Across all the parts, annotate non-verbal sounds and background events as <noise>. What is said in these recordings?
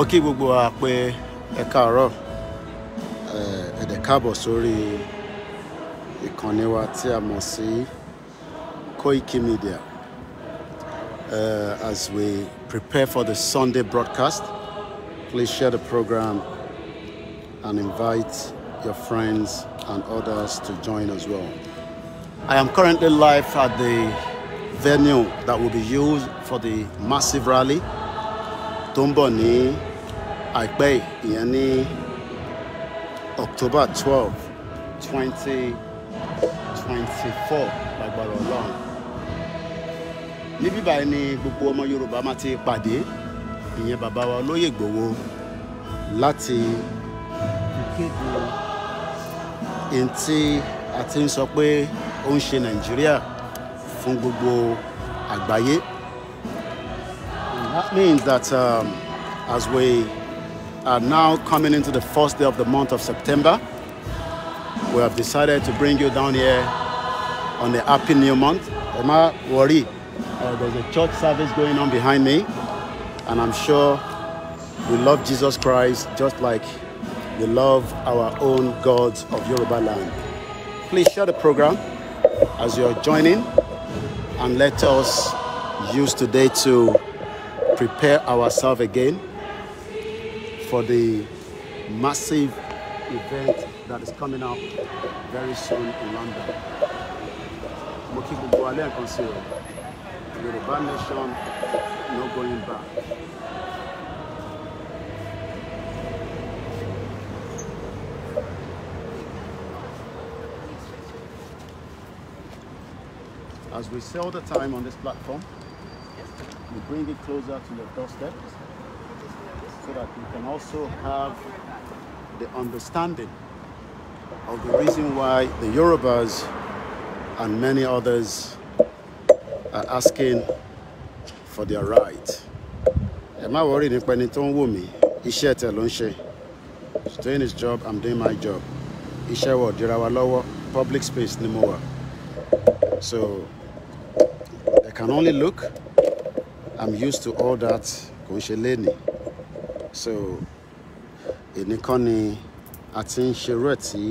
mo kí gbogbo wa pé ẹ káàárọ̀ ẹ dẹ̀ káàbọ̀ sórí ìkànnì wa tí a mọ̀ sí Koiki Media uh, as we prepare for the Sunday broadcast please share the program and invite your friends and others to join as well. I am currently live at the venue that will be used for the massive rally tó ń bọ̀ ní àìpẹ́ ìyẹn ní October twelve twenty twenty four lágbára Ọlọ́run níbí báyìí ni gbogbo ọmọ Yorùbá máa ti pàdé ìyẹn bàbá wa olóyè Ìgbòho láti kéde ntí a ti ń sọ pé ó ń ṣe Nàìjíríà fún gbogbo àgbáyé. That means that um, as we are now coming into the first day of the month of September. We have decided to bring you down here on the happy new month. Emma Wari, uh, there's a church service going on behind me, and I'm sure we love Jesus Christ just like we love our own gods of Yoruba land. Please share the program as you're joining, and let us use today to prepare ourselves again for the massive event that is coming up very soon in London. Mo kí gbogbo alẹ́ nǹkan nation no going back. As we sell the time on this platform, we bring it closer to your doorstep so that we can also have the understanding of the reason why the Yorubas and many others are asking for their right. Am I worried if ẹni tó ń me, he share tẹ̀ He's doing his job, I'm doing my job. share what? dira are lower public space no more. So, I can only look. I'm used to all that so èmi kọ́ ni a ti ń ṣerú ẹ̀ tí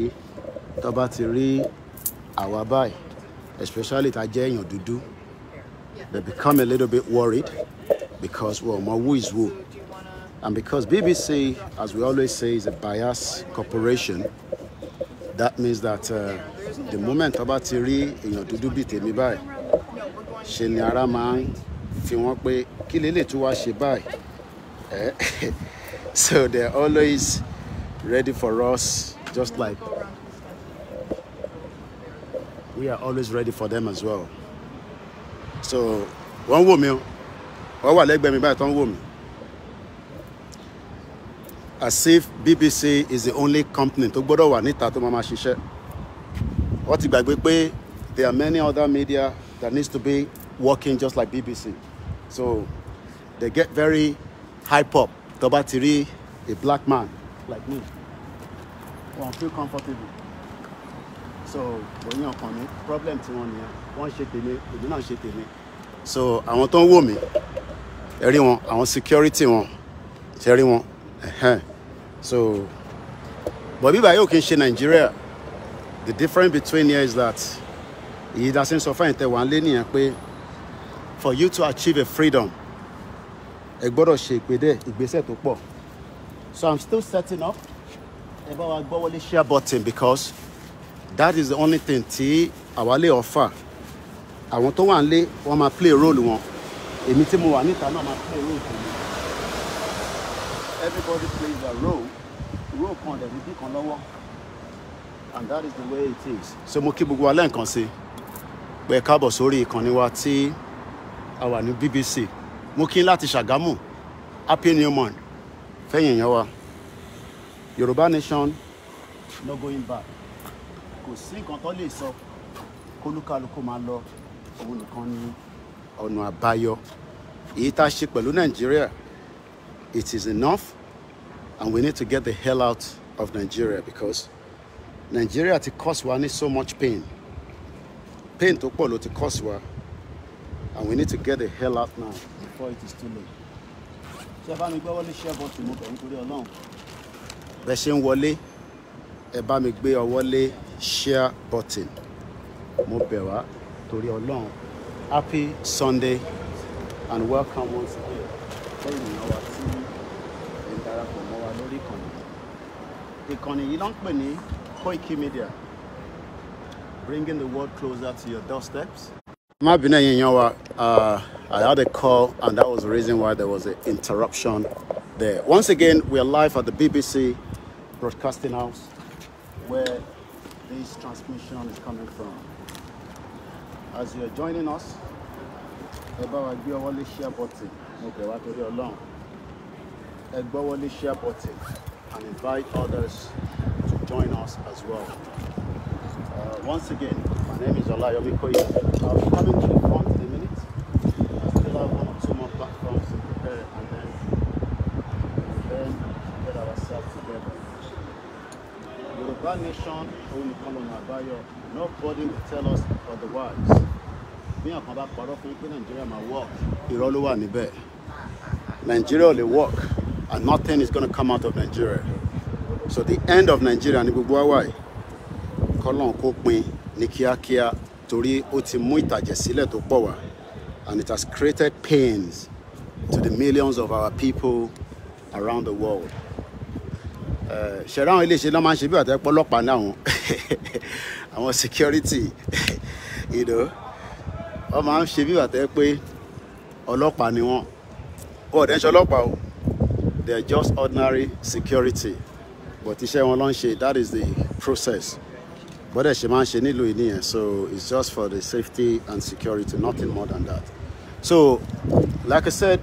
tó bá ti rí àwa báyìí especially ta jẹ́ èèyàn dúdú they become a little bit worried because well my who is who and because BBC as we always say is a bias corporation that means that uh, the moment tó bá ti rí èèyàn dúdú bíi tèmi báyìí ṣe ni ara máa ń fi wọ́n pé kí lélẹ̀ tó wá ṣe báyìí Eh? <laughs> so they're always ready for us, just like we are always ready for them as well. So one woman, mí what wọ́n me lẹ́gbẹ̀ẹ́ one woman? As if BBC is the only company tó gbọ́dọ̀ wà níta tó mama shisha. What Wọ́n ti gbàgbé pé there are many other media that needs to be working just like BBC. So they get very hip hop tó bá ti rí a black man like me wọn feel comfortable so òyìn ọkàn mi problem tí wọn nìyẹn wọn ṣe tèmi èmi náà ṣe tèmi so àwọn tó ń wò mí ẹ rí wọn àwọn security wọn ṣe rí wọn so but bíbá yóò kí n ṣe Nàìjíríà the difference between here is that èyí dá sí ń sọ fún ẹ̀yìn tẹ̀ wá lé nìyẹn pé for you to achieve a freedom ẹ gbọ́dọ̀ ṣe ìpèdè ìgbésẹ̀ tó pọ̀ so i'm still setting up ẹ bá wa gbọ́ wọlé share button because that is the only thing tí àwa lè offer àwọn tó wà ń lé wọn máa play role wọn èmi tí mo wà níta náà máa play role tèmi everybody plays their role role kan dẹ̀ ní bí kan lọ́wọ́ and that is the way it is. so mo kí gbogbo wa lẹ́ẹ̀kan sí pé ẹ káàbọ̀ sórí ìkànnì wa tí a wà ní BBC mo kí n láti ṣàgámù happy new month fẹ́yìn èèyàn wa yorùbá nation no going back kò sí nǹkan tó lè sọ kólúkálukú máa lọ òun nìkan ní ọ̀nà àbáyọ èyí tá a ṣe pẹ̀lú nàìjíríà it is enough and we need to get the hell out of nigeria because nigeria ti cause wa ní so much pain pain tó pọ̀ ló ti cause wa and we need to get the hell out now before it is too late. ṣé bá mi gbé wọlé share button mo bẹ̀ nítorí ọlọ́run. bẹ́ẹ̀ ṣe ń wọlé ẹ bá mi gbé ọwọ́ lé share button mo bẹ̀ wá torí ọlọ́run happy sunday and welcome once again lẹ́yìn ìnáwó wa tí mọ́ wa lórí ìkànnì ìkànnì yìí ló ń pè ní Koiki Media bringing the world closer to your doorsteps. My Uh, I had a call, and that was the reason why there was an interruption there. Once again, we are live at the BBC Broadcasting House, where this transmission is coming from. As you are joining us, ẹ bá wa share button Okay, what are you alone? ẹ gbọ́wọ́ lé share button and invite others to join us as well. Uh, once again, my name is Olayomi Koyi. I'll be coming to the front in a minute. I still have one or two more platforms to prepare and then, and then get ourselves together. Yoruba Nation, come on our Àbáyọ, nobody will tell us otherwise. Bí àwọn kan bá parọ́ fún pé Nàìjíríà máa work, irọ́ ló wà níbẹ̀. Nigeria will work and nothing is going to come out of Nigeria. So the end of Nigeria ni gbogbo wa wáyé kọ́lọ́n kó pin ní kíákíá torí ó ti mú ìtàjẹ̀sílẹ̀ tó pọ̀ wá and it has created pains to the millions of our people around the world. Eh, ṣẹ̀rọ àwọn iléeṣẹ́ náà máa ń ṣe bí àtẹ́ pọ́lọ́pàá náà wọn <laughs> àwọn security <laughs> you know wọ́n máa ń ṣe bí àtẹ́ pé ọlọ́pàá ni wọ́n wọ́n ọ̀dẹ́ ń ṣe ọlọ́pàá o they are just ordinary security but iṣẹ́ wọn ló ṣe that is the process bọ́dẹ̀ ṣe máa ń ṣe nílùú yìí nìyẹn so it's just for the safety and security nothing more than that so like I said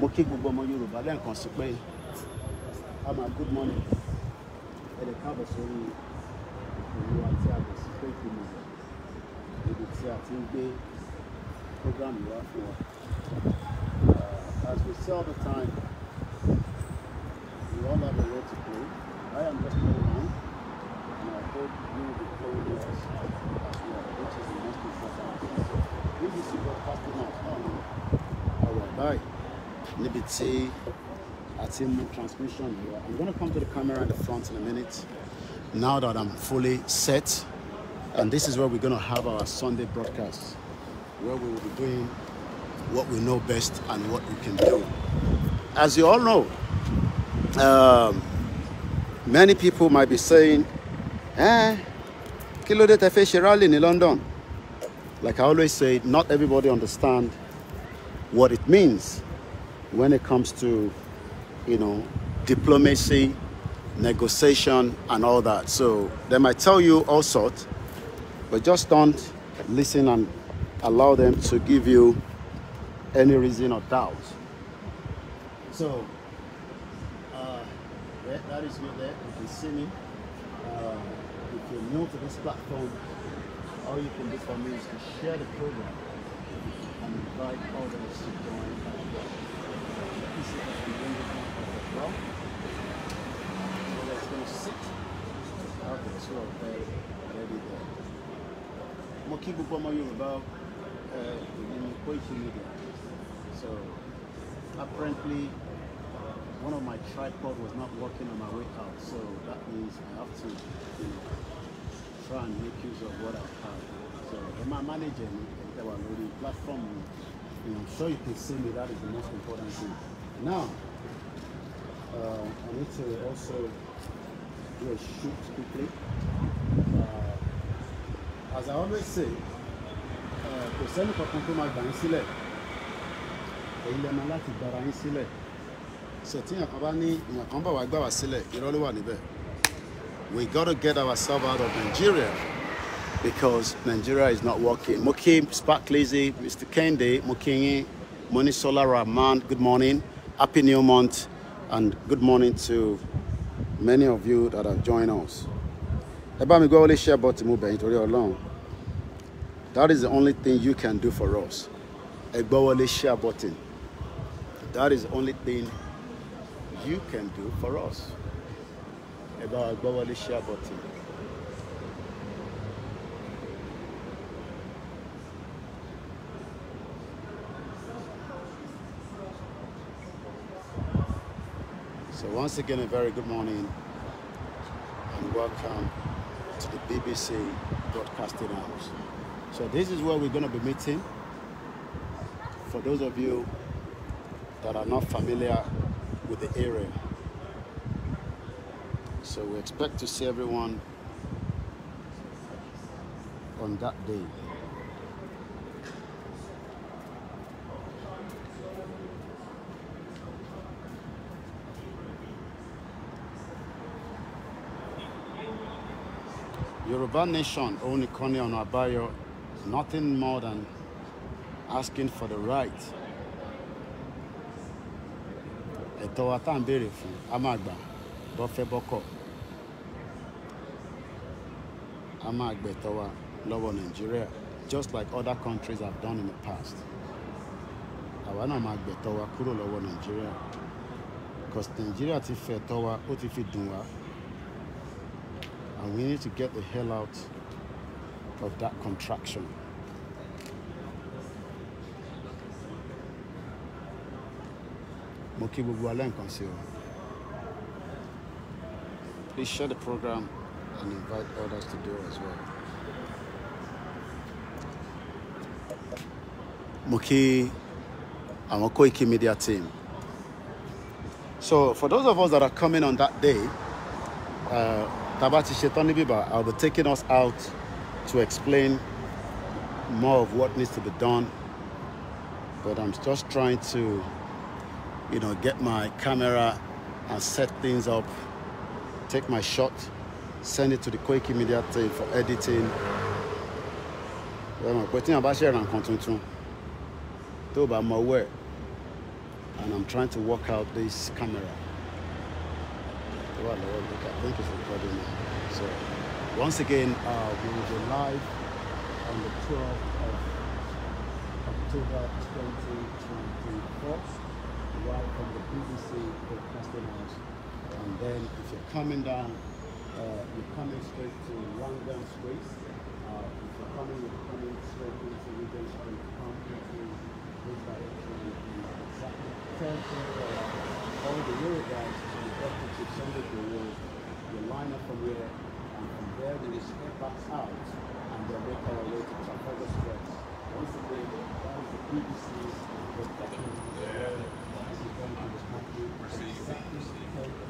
mo kí gbogbo ọmọ Yorùbá lẹ́ẹ̀kan sí pé a máa good morning ẹ̀rẹ̀ káàbọ̀ sórí ìlú àti àgbẹ̀ sí pé kí mo bẹ̀ ibi tí a ti ń gbé program yìí wá fún wa uh, as we say all the time we all have a role to play I am just playing around. bbc broadcast náà transmission i i'm gonna come to the camera in the front in a minute now that i'm fully set and this is where we're gonna have our sunday broadcast where we will be doing what we know best and what we can do as you all know um, many people might be saying eh kí dé tẹ́ fẹ́ ní london like I always say, not everybody understand what it means when it comes to, you know, diplomacy, negotiation, and all that. So they might tell you all sorts, but just don't listen and allow them to give you any reason or doubt. So, uh, that is good. there. You can see me. Uh, if you're new to this platform, all you can do for me is to share the program and invite others to join as well. is a well. So let's go sit. Okay, so already there. Mo kí gbogbo ọmọ Yorùbá uh, in ni Koiki Media. So apparently one of my tripod was not working on my way out, so that means I have to you know, try and make use of what I have. So I'm a manager, they were already platform. You know, sure you can see me. That is the most important thing. Now, uh, I need to also do a shoot quickly. Uh, as I always say, uh, kò sẹ́ni kankan tó máa gbà yín sílẹ̀ èyí lè máa láti gbára yín sílẹ̀ ṣètìyàn kan bá ní ìyàn kan bá wàá gbà wá sílẹ̀ irọ́ ló wà níbẹ̀. we got to get ourselves out of Nigeria because Nigeria is not working. Mukim, Sparklizy, Mr. Kende, Mukingi, Monisola Rahman, good morning. Happy New Month and good morning to many of you that have joined us. Ẹ mi share button mo bẹ̀yìn alone. That is the only thing you can do for us. Ẹ gbọ́ wọlé share button. That is the only thing you can do for us. About bá wa share button. So once again, a very good morning and welcome to the BBC Broadcasting House. So this is where we're going to be meeting. For those of you that are not familiar with the area, so we expect to see everyone on that day. Yoruba Nation, Onikoni Onabayo, nothing more than asking for the right. Ẹ̀tọ́ wa tá à bọ́fẹ́ bọ́kọ̀ a máa gbẹ̀tọ́ wa lọ́wọ́ Nàìjíríà just like other countries have done in the past àwa náà máa gbẹ̀tọ́ wa kúrò lọ́wọ́ Nàìjíríà because Nàìjíríà ti fẹ̀tọ́ wa ó ti fi dùn wa and we need to get the hell out of that contraction. mo kí gbogbo alẹ́ nǹkan sí o. Please share the program and invite others to do as well. Muki and àwọn Media team. So for those of us that are coming on that day, uh, Tabati Shetani Biba, I'll be taking us out to explain more of what needs to be done. But I'm just trying to, you know, get my camera and set things up take my shot, send it to the Koiki Media team for editing. Wọ́n mọ̀ pé tí wọ́n bá ṣe ra nǹkan tuntun tó bá and I'm trying to work out this camera. Thank you for recording me. So once again, uh, we will be live on the 12th of October 2024 live from the BBC Broadcasting House. And then if you're coming down, uh, you're coming straight to London Street. Uh, if you're coming, you're coming straight into Regent Street. Come into this direction. Exactly. Turn to uh, all the Euro guys to the Dr. Chipsender Road. You line up from here, and from there then you step back out, and then make our way to Trafalgar Square. Once again, that is the BBC's reflection. Yeah. This is going to be exactly 10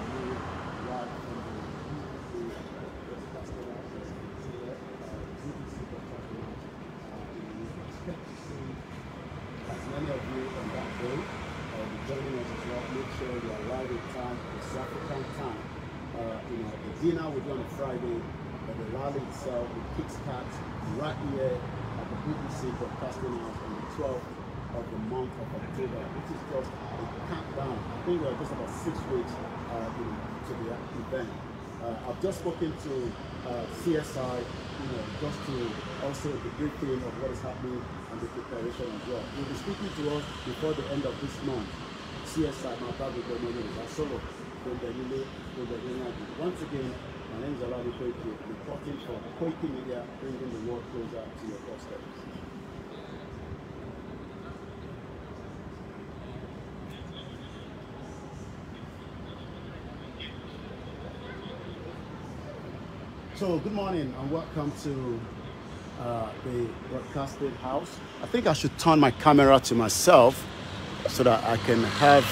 dinner will be on a Friday, but the rally itself will kickstart right here at the BBC Broadcasting House on the 12th of the month of October, which is just a countdown. I think we're just about six weeks uh, in, to the event. Uh, I've just spoken to uh, CSI, you know, just to also the thing of what is happening and the preparation as well. he will be speaking to us before the end of this month. CSI, my Bible, Government, Solo. Once again, my name is Aladi Koike, reporting for Koike Media, bringing the world closer to your doorsteps. So, good morning and welcome to uh, the broadcasted house. I think I should turn my camera to myself so that I can have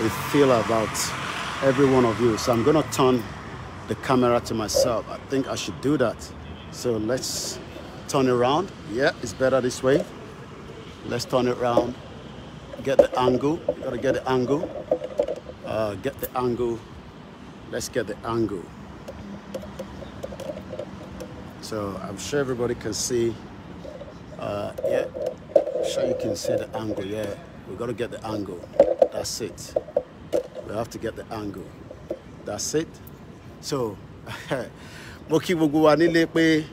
a feel about every one of you. So I'm going to turn the camera to myself. I think I should do that. So let's turn around. Yeah, it's better this way. Let's turn it around. Get the angle. You got to get the angle. Uh, get the angle. Let's get the angle. So I'm sure everybody can see. Uh, yeah, I'm sure you can see the angle. Yeah, we got to get the angle. That's it. We have to get the angle. That's it. So, <laughs> mo kí Shedadani, wa nílé pé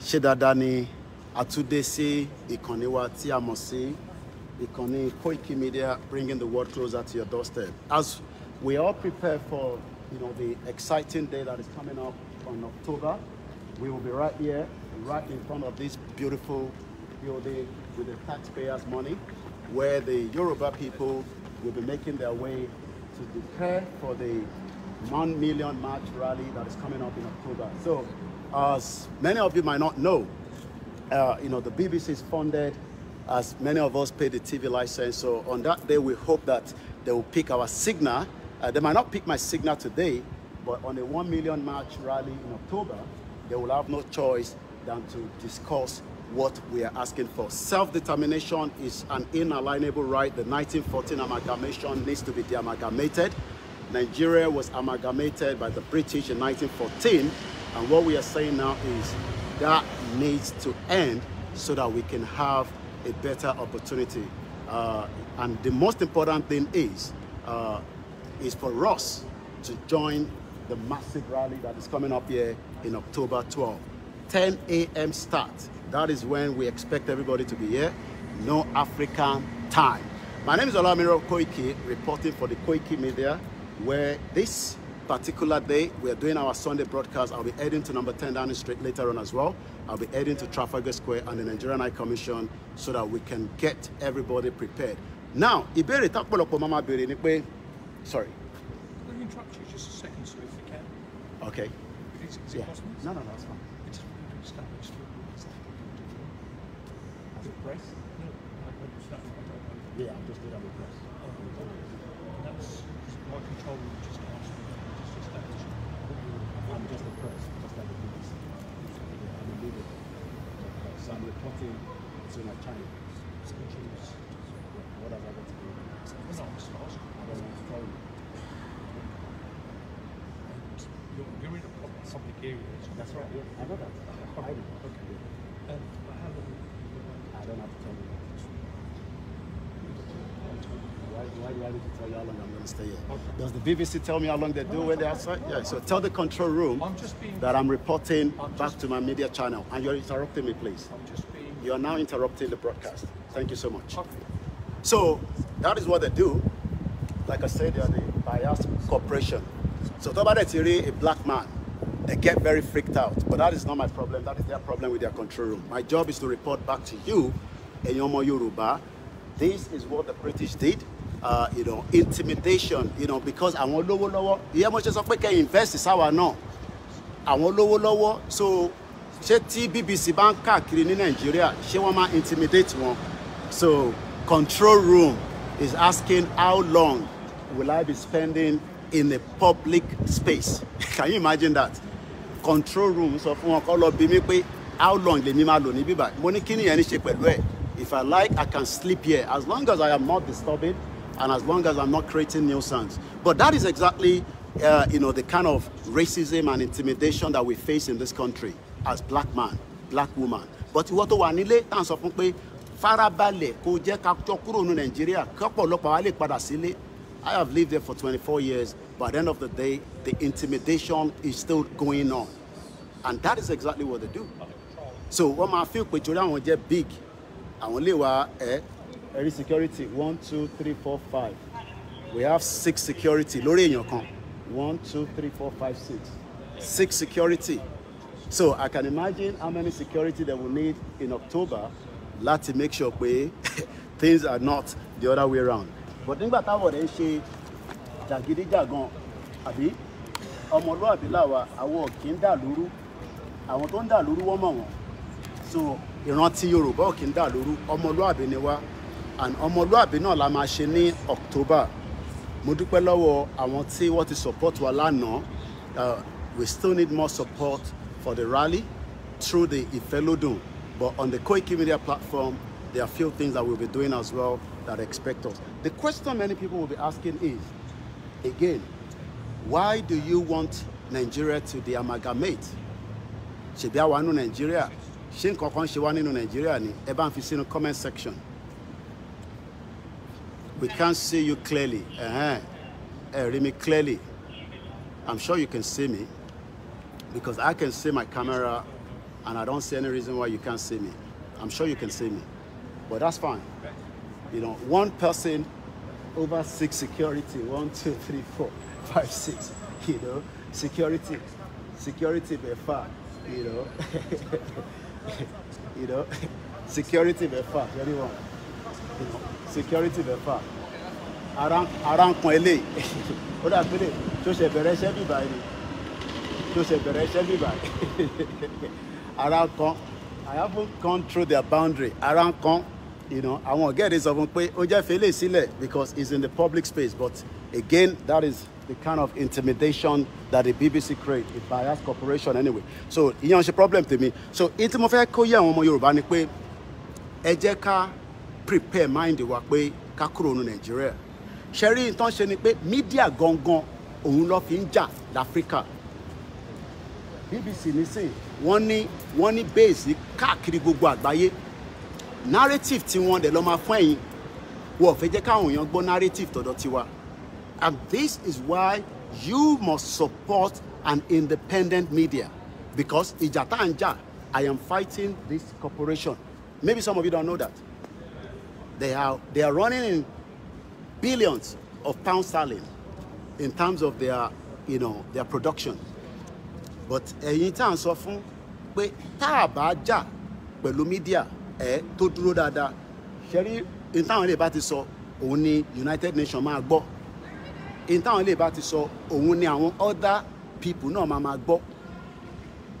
ṣe dáadáa tí Koiki Media bringing the world closer to your doorstep. As we all prepare for you know, the exciting day that is coming up on October, we will be right here, right in front of this beautiful building with the taxpayers' money, where the Yoruba people will be making their way to prepare for the one million march rally that is coming up in October. So, as many of you might not know, uh, you know, the BBC is funded as many of us pay the TV license. So on that day, we hope that they will pick our signal. Uh, they might not pick my signal today, but on the 1 million march rally in October, they will have no choice than to discuss what we are asking for. Self-determination is an inalienable right. The 1914 amalgamation needs to be de-amalgamated. Nigeria was amalgamated by the British in 1914. And what we are saying now is that needs to end so that we can have a better opportunity. Uh, and the most important thing is, uh, is for us to join the massive rally that is coming up here in October 12. 10 a.m. start. That is when we expect everybody to be here. No African time. My name is Olamiro Koiki, reporting for the Koiki Media, where this particular day we are doing our Sunday broadcast. I'll be heading to number 10 Downing Street later on as well. I'll be heading to Trafalgar Square and the Nigerian High Commission so that we can get everybody prepared. Now, ìbéèrè tápọ̀lọpọ̀ máa máa sorry. Let me interrupt you just a second, sir, if you can. Okay. Is, is yeah. possible? No, no, no, it's fine. press? Yeah, I just did have a press. Oh, just my control just just I'm just a press, just like a police. I'm a leader. So I'm reporting to my channel. BBC tell me how long they do when they outside? Yeah, so tell the control room I'm being, that I'm reporting I'm back to my media channel. And you're interrupting me, please. Being, you are now interrupting the broadcast. Thank you so much. Okay. So that is what they do. Like I said, they are the biased corporation. So Tobade Tiri, a black man, they get very freaked out. But that is not my problem. That is their problem with their control room. My job is to report back to you, Eyomo Yoruba. This is what the British did. Uh, you know, intimidation you know, because àwọn olówó lọ́wọ́ ìyẹn mo ṣe sọ pé kẹ́ invest sáwa náà àwọn olówó lọ́wọ́ so ṣé tí BBC bá ń káàkiri ní Nàìjíríà ṣé wọ́n máa intimidate wọn so control room is asking how long will I be spending in a public space <laughs> can you imagine that control room sọ fún wọn kọ́ lọ bí mi pé how long lèmi máa lò ní bíbá mo ní kí nìyẹn ní ṣe pẹ̀lú ẹ̀ if I like I can sleep here as long as I am not disturbing and as long as I'm not creating nuisance. But that is exactly, uh, you know, the kind of racism and intimidation that we face in this country as black man, black woman. But what tó wà nílé tá à ń sọ fún pé farabalẹ̀ kó jẹ́ ká jọ kúrò ní wa lè padà sílé. I have lived there for 24 years. but at the end of the day, the intimidation is still going on. And that is exactly what they do. So what máa feel pé torí àwọn jẹ́ big, àwọn lè wa eh ẹ̀rí security one two three four five we have six security lórí èèyàn kan one two three four five six six security so I can imagine how many security they will need in October láti make sure pé <laughs> things are not the other way around. but nígbà táwọn ọ̀rẹ́ ṣe jàgídíjàgan àbí ọmọlúwàbí làwa àwọn kì í dà lóru àwọn tó ń dà lóru wọ́n mọ̀ wọ́n so ìrántí Yorùbá ò kì í dà lóru ọmọlúwàbí ni wá and ọmọlúàbí náà la máa ṣe ní October mo dúpẹ́ lọ́wọ́ àwọn tí wọ́n ti support wa lánàá uh, we still need more support for the rally through the Ifelodun but on the Koiki Media platform there are few things that we'll be doing as well that expect us. The question many people will be asking is, again, why do you want Nigeria to be amalgamate? ṣebí àwa nù Nàìjíríà ṣé nǹkan kan ṣe wá nínú Nàìjíríà ni ẹ bá ń fi sínú comment section. We can't see you clearly. Uh-huh. me clearly. I'm sure you can see me because I can see my camera and I don't see any reason why you can't see me. I'm sure you can see me, but that's fine. You know, one person over six security, one, two, three, four, five, six, you know, security, security by far, you know, <laughs> you know, security by far, anyone, you know, security lẹ́fà ara ń ó dà pé lè tó ṣe bẹ̀rẹ̀ iṣẹ́ bíbá yìí tó ṣe bẹ̀rẹ̀ iṣẹ́ bíbá yìí ara I haven't gone through their boundary ara you know àwọn ọ̀gá ẹ̀rí sọ fún pé ó jẹ́ fèlè sílẹ̀ because it's in the public space but again that is the kind of intimidation that the BBC create a biased corporation anyway so ìyẹn ṣe problem tèmi so ìtí mo fẹ́ kó yẹ àwọn ọmọ Yorùbá ni pé ẹ jẹ́ ká prepare mind wa pé ká kúrò ní nàìjíríà ṣe rí nǹkan ṣe ni pé mídíà gangan òun ló fi ń jà láfíríkà bbc nísìn wọ́n ní wọ́n ní bẹ́ẹ̀sì káàkiri gbogbo àgbáyé narrative tí wọ́n dẹ̀ lọ́ máa fún ẹ̀yìn wọ́n ò fẹ́ jẹ́ káwọn èèyàn gbọ́ narrative tọ̀dọ̀ tiwa and this is why you must support an independent media because ìjà tá à ń jà I am fighting this corporation maybe some of you don't know that. They are, they are running in billions of pound sterling in terms of their, you know, their production. But ẹ̀yin tá à ń sọ fún pé tá a bá jà pẹ̀lú mídíà ẹ̀ tó dúró dáadáa ṣẹ́rí in táwọn ilé bá ti sọ òun ni United Nations máa gbọ́ in táwọn ilé bá ti sọ òun ni àwọn other people náà máa máa gbọ́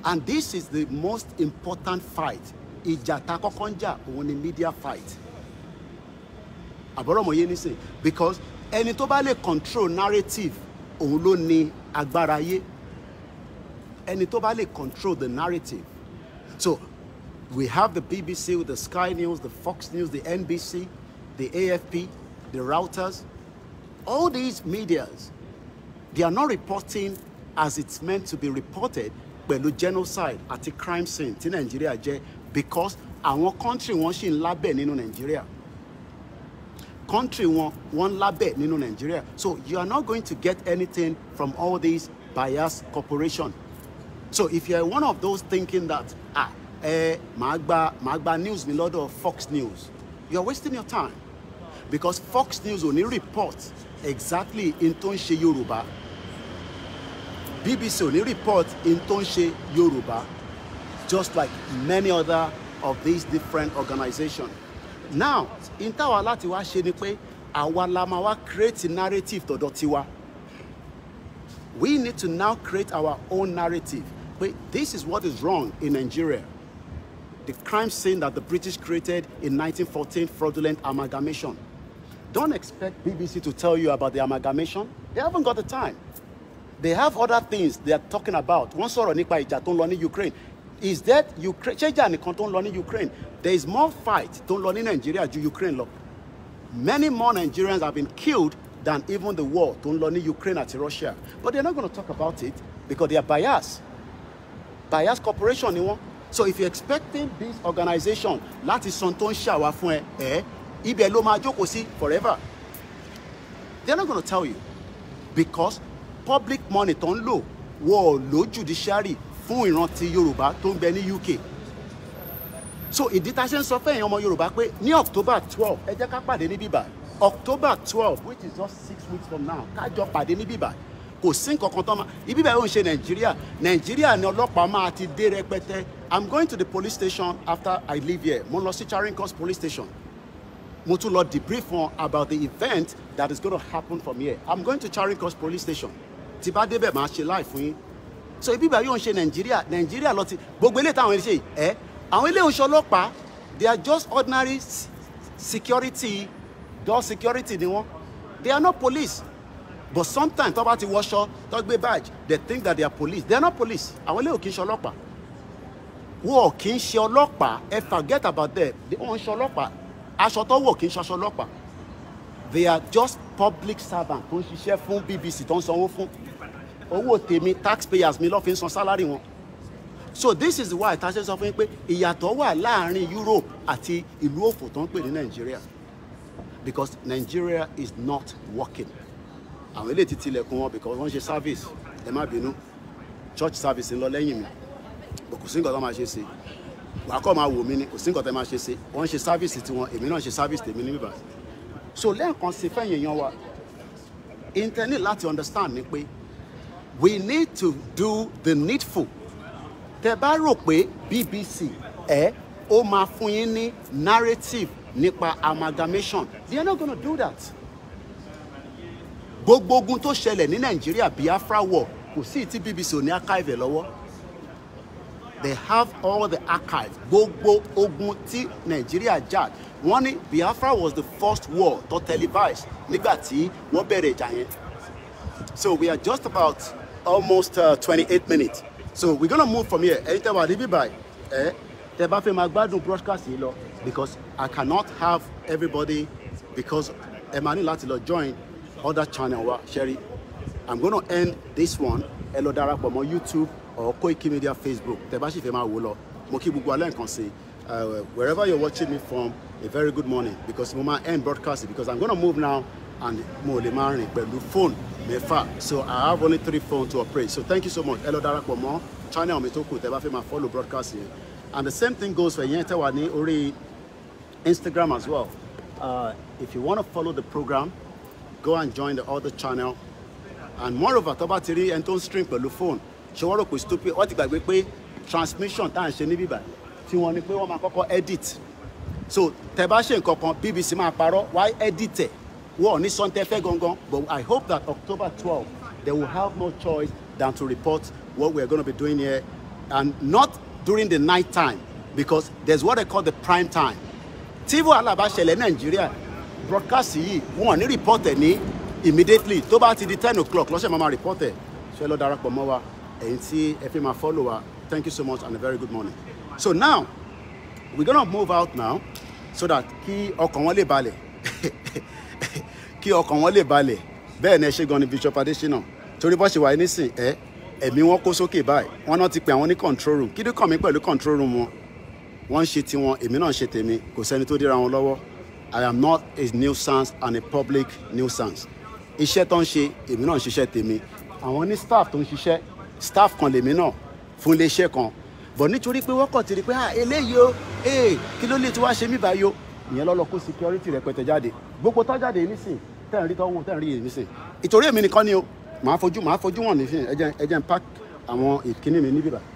and this is the most important fight ìjà tá a kọ́kọ́ ń jà òun ni media fight àbọ̀rọ̀mọ̀yé nísìn because ẹni tó bá lè control narrative òun ló ní agbára ayé ẹni tó bá lè control the narrative so we have the BBC the Sky News the Fox News the NBC the AFP the Reuters all these medias they are not reporting as it's meant to be reported pẹ̀lú genocide àti crime scene ti Nàìjíríà jẹ́ because àwọn country wọn ṣì ń lábẹ́ nínú Nàìjíríà country one wọ́n lábẹ́ nínú Nigeria so you are not going to get anything from all these bias corporation so if you are one of those thinking that ah eh, magba gba màá gba news mi Fox News you are wasting your time because Fox News only reports exactly in tó Yoruba. BBC only reports in tó Yoruba, just like many other of these different organizations now in táwa láti wá ṣe ni pé àwa la máa wá create narrative tọ̀dọ̀ tiwa we need to now create our own narrative pé this is what is wrong in Nigeria the crime scene that the British created in 1914 fraudulent amalgamation don't expect BBC to tell you about the amalgamation they haven't got the time they have other things they are talking about wọ́n sọ̀rọ̀ nípa ìjà tó ń lọ ní Ukraine is that Ukraine ṣéjà nìkan tó ń lọ ní Ukraine there is more fight tó ń lọ ní Nigeria ju Ukraine lọ many more Nigerians have been killed than even the war tó ń lọ ní Ukraine àti Russia but they are not going to talk about it because they are biased biased corporation ni wọn so if you expecting this organisation láti san tó ń ṣàwá fún ẹ ẹ ibẹ̀ ló máa jókòó sí forever they are not going to tell you because public money tó ń lò wọ́ọ̀ ló judiciary fún ìrántí yorùbá tó ń bẹ ní uk so ìdí tá a ṣe ń sọ fẹ́yìn ọmọ yorùbá pé ní october twelve ẹ jẹ́ ká pàdé ní bíbá october twelve which is just six weeks from now ká jọ pàdé ní bíbá kò sí nǹkan tán ma ibi báyìí ó ń ṣe nàìjíríà nàìjíríà ni ọlọ́pàá máa ti dé rẹpẹtẹ i'm going to the police station after i leave here mo lọ sí charing cross police station mo tún lọ debrief wọn about the event that is going to happen from here i'm going to charing cross police station tí bá débẹ̀ máa ṣe live fún yín so ibi ìbá yóò ń ṣe nàìjíríà nàìjíríà lọ ti gbogbo eléyìí táwọn ṣe ẹ àwọn eléyìí ń ṣe ọlọ́pàá they are just ordinary security door security ni wọn they are not police but sometimes tó bá ti wọṣọ tó gbé badge they think that they are police they are not police àwọn eléyìí kì í ṣe ọlọ́pàá wọn ò kì í ṣe ọlọ́pàá ẹ forget about them wọn ń ṣe ọlọ́pàá aṣọ tó wọ̀ kì í ṣaṣọ ọlọ́pàá they are just public servants tó ń ṣiṣẹ́ fún BBC tó ń sanwó fún owó tèmi taxpayers mi ló fi ń san sálárì wọn so this is why tá a ṣe sọ fún yín pé ìyàtọ̀ wà láàárín Europe àti ìlú òfò tó ń pè ní Nàìjíríà because Nigeria is not working àwọn eléyìí ti tilẹ̀kùn wọn because wọ́n ṣe service ẹ má bínú church service ń lọ lẹ́yìn mi but kò sí nǹkan tó máa ṣe sí wàá kọ́ máa wò mí ni kò sí nǹkan tó máa ṣe sí wọ́n ṣe service tiwọn èmi náà ṣe service tèmi níbí so lẹ́ẹ̀kan sí fẹ́yìn èèyàn wa intanet láti understand ni pé we need to do the needful tẹ bá rò pé BBC ẹ ó máa fún yín ní narrative nípa amalgamation they are not gonna do that gbogbo ogun tó ṣẹlẹ̀ ní Nàìjíríà Biafra war kò sí tí BBC ò ní archive lọ́wọ́ they have all the archives gbogbo ogun tí Nàìjíríà jà wọ́n ní Biafra was the first war to televised nígbà tí wọ́n bẹ̀rẹ̀ ìjà yẹn so we are just about almost uh, 28 minutes so we're gonna move from here Anytime I leave níbí by, eh? The bá fẹ́ máa gbádùn broadcast yìí because I cannot have everybody because Emmanuel máa join other channel wa sherry I'm gonna end this one Hello, lọ darapọ̀ mọ́ YouTube or Koiki Media Facebook The bá sì fẹ́ máa wò lọ mo kí uh, wherever you're watching me from a very good morning because mo máa end broadcasting because I'm gonna move now and mo lè máa rìn pẹ̀lú phone mẹ́fà so i have only three phones to operate so thank you so much ẹ lọ darapọ̀ mọ́ channel mi tó kù tẹ́ bá fẹ́ máa follow broadcast yẹn and the same thing goes for yẹn tẹ́ wà ní orí instagram as well uh, if you want to follow the program go and join the other channel and moreover tó bá ti rí ẹni tó ń stream pẹ̀lú phone ṣé wọ́n rò pé stupid wọ́n ti gbàgbé pé transmission tá à ń ṣe níbí báyìí tí wọ́n ní pé wọ́n máa kọ́kọ́ edit so tẹ́ bá ṣe nǹkan kan bbc máa parọ́ why edit ẹ̀ wọ́n ní sọ́ńtẹ́ fẹ́ gangan but I hope that October twelve they will have no choice than to report what we are going to be doing here and not during the night time because there is what they call the prime time tí alaba bá Nigeria Nàìjíríà broadcast yìí wọ́n ní report ẹ̀ ní immediately tó bá ti di ten o'clock lọ́sẹ̀ máa ma report ẹ̀ ṣe lọ darapọ̀ mọ́ wa ẹ̀yin tí ẹ fi máa follow wa thank you so much and a very good morning so now we're gonna move out now so that kí ọkàn wọn lè balẹ̀ <laughs> kí ọkàn wọn lè balẹ̀ bẹ́ẹ̀ ni ẹ ṣe gan ni Bishop Adesina torí bó ṣe wà nísìn ẹ ẹ̀mí wọn kó sókè báyìí wọn náà ti pè àwọn ní control room kí ló kàn mí pẹ̀lú control room wọn wọn ń ṣe tiwọn èmi náà ń ṣe tèmi kò sẹ́ni tó dira wọn lọ́wọ́ I am not a nuisance and a public nuisance iṣẹ́ tó ń ṣe èmi náà ń ṣiṣẹ́ tèmi àwọn ní staff tó ń ṣiṣẹ́ staff kan lèmi náà fún iléeṣẹ́ kan bọ̀ nítorí pé wọ́n kàn ti rí pé ah eléyìí o ee eh, kí ló lè tí wàá ṣe mí báyìí o ìyẹn lọ́lọ́ kó security rẹpẹtẹ jáde gbogbo tó jáde nísìn tẹ́ ń rí tọ́wọ́ tẹ́ ń rí èmi sìn ìtòrí èmi nìkan ni o màá fojú màá fojú wọn nísìn ẹjẹ ẹjẹ ń pack àwọn ìkíní mi níbí báyìí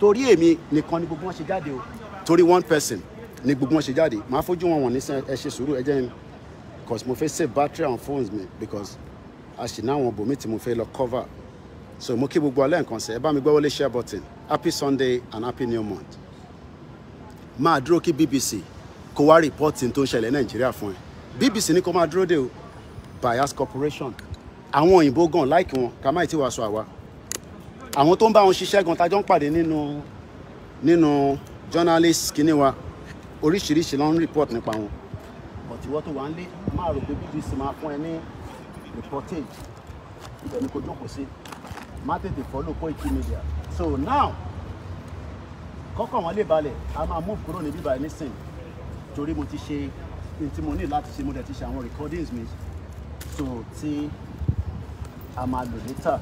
torí èmi nìkan ni gbogbo wọn ṣe jáde o torí one person ni gbogbo wọn ṣe jáde màá fojú wọn wọn nísìn ẹ ṣe sùúrù ẹjẹ ń cause mo fẹ́ save battery and phones mi because a ṣì ní àwọn bòmí tí mo fẹ́ lọ cover so mo kí gbogbo alẹ́ nǹkan sẹ́ ẹ bá mi gbọ́ wọlé share button happy sunday and happy new month máa dúró kí bbc kó wá rìpọ́ọ̀tì tó ń ṣẹlẹ̀ nàìjíríà fún ẹ bbc ní kó máa dúró dé o bias corporation àwọn òyìnbó gan láìkí wọn ká má ì tí wàá sọ àwa àwọn tó ń bá wọn ṣiṣẹ́ gan tájọ́ ń pàdé nínú nínú journalist kínní wa oríṣiríṣi ló ń report nípa wọn but ìwọ tó wà ń lé máa rò pé BBC máa fún ẹ ní reportage ibẹ̀ ni kò jókòó sí má tètè follow Koiki Media so now kọ́kọ́ wọn lè balẹ̀ a máa move kúrò ní bíbá ẹ nísìn torí mo ti ṣe ní tí mo ní láti ṣe mo dẹ̀ ti ṣe àwọn recordings mi capsule tí a máa lò níta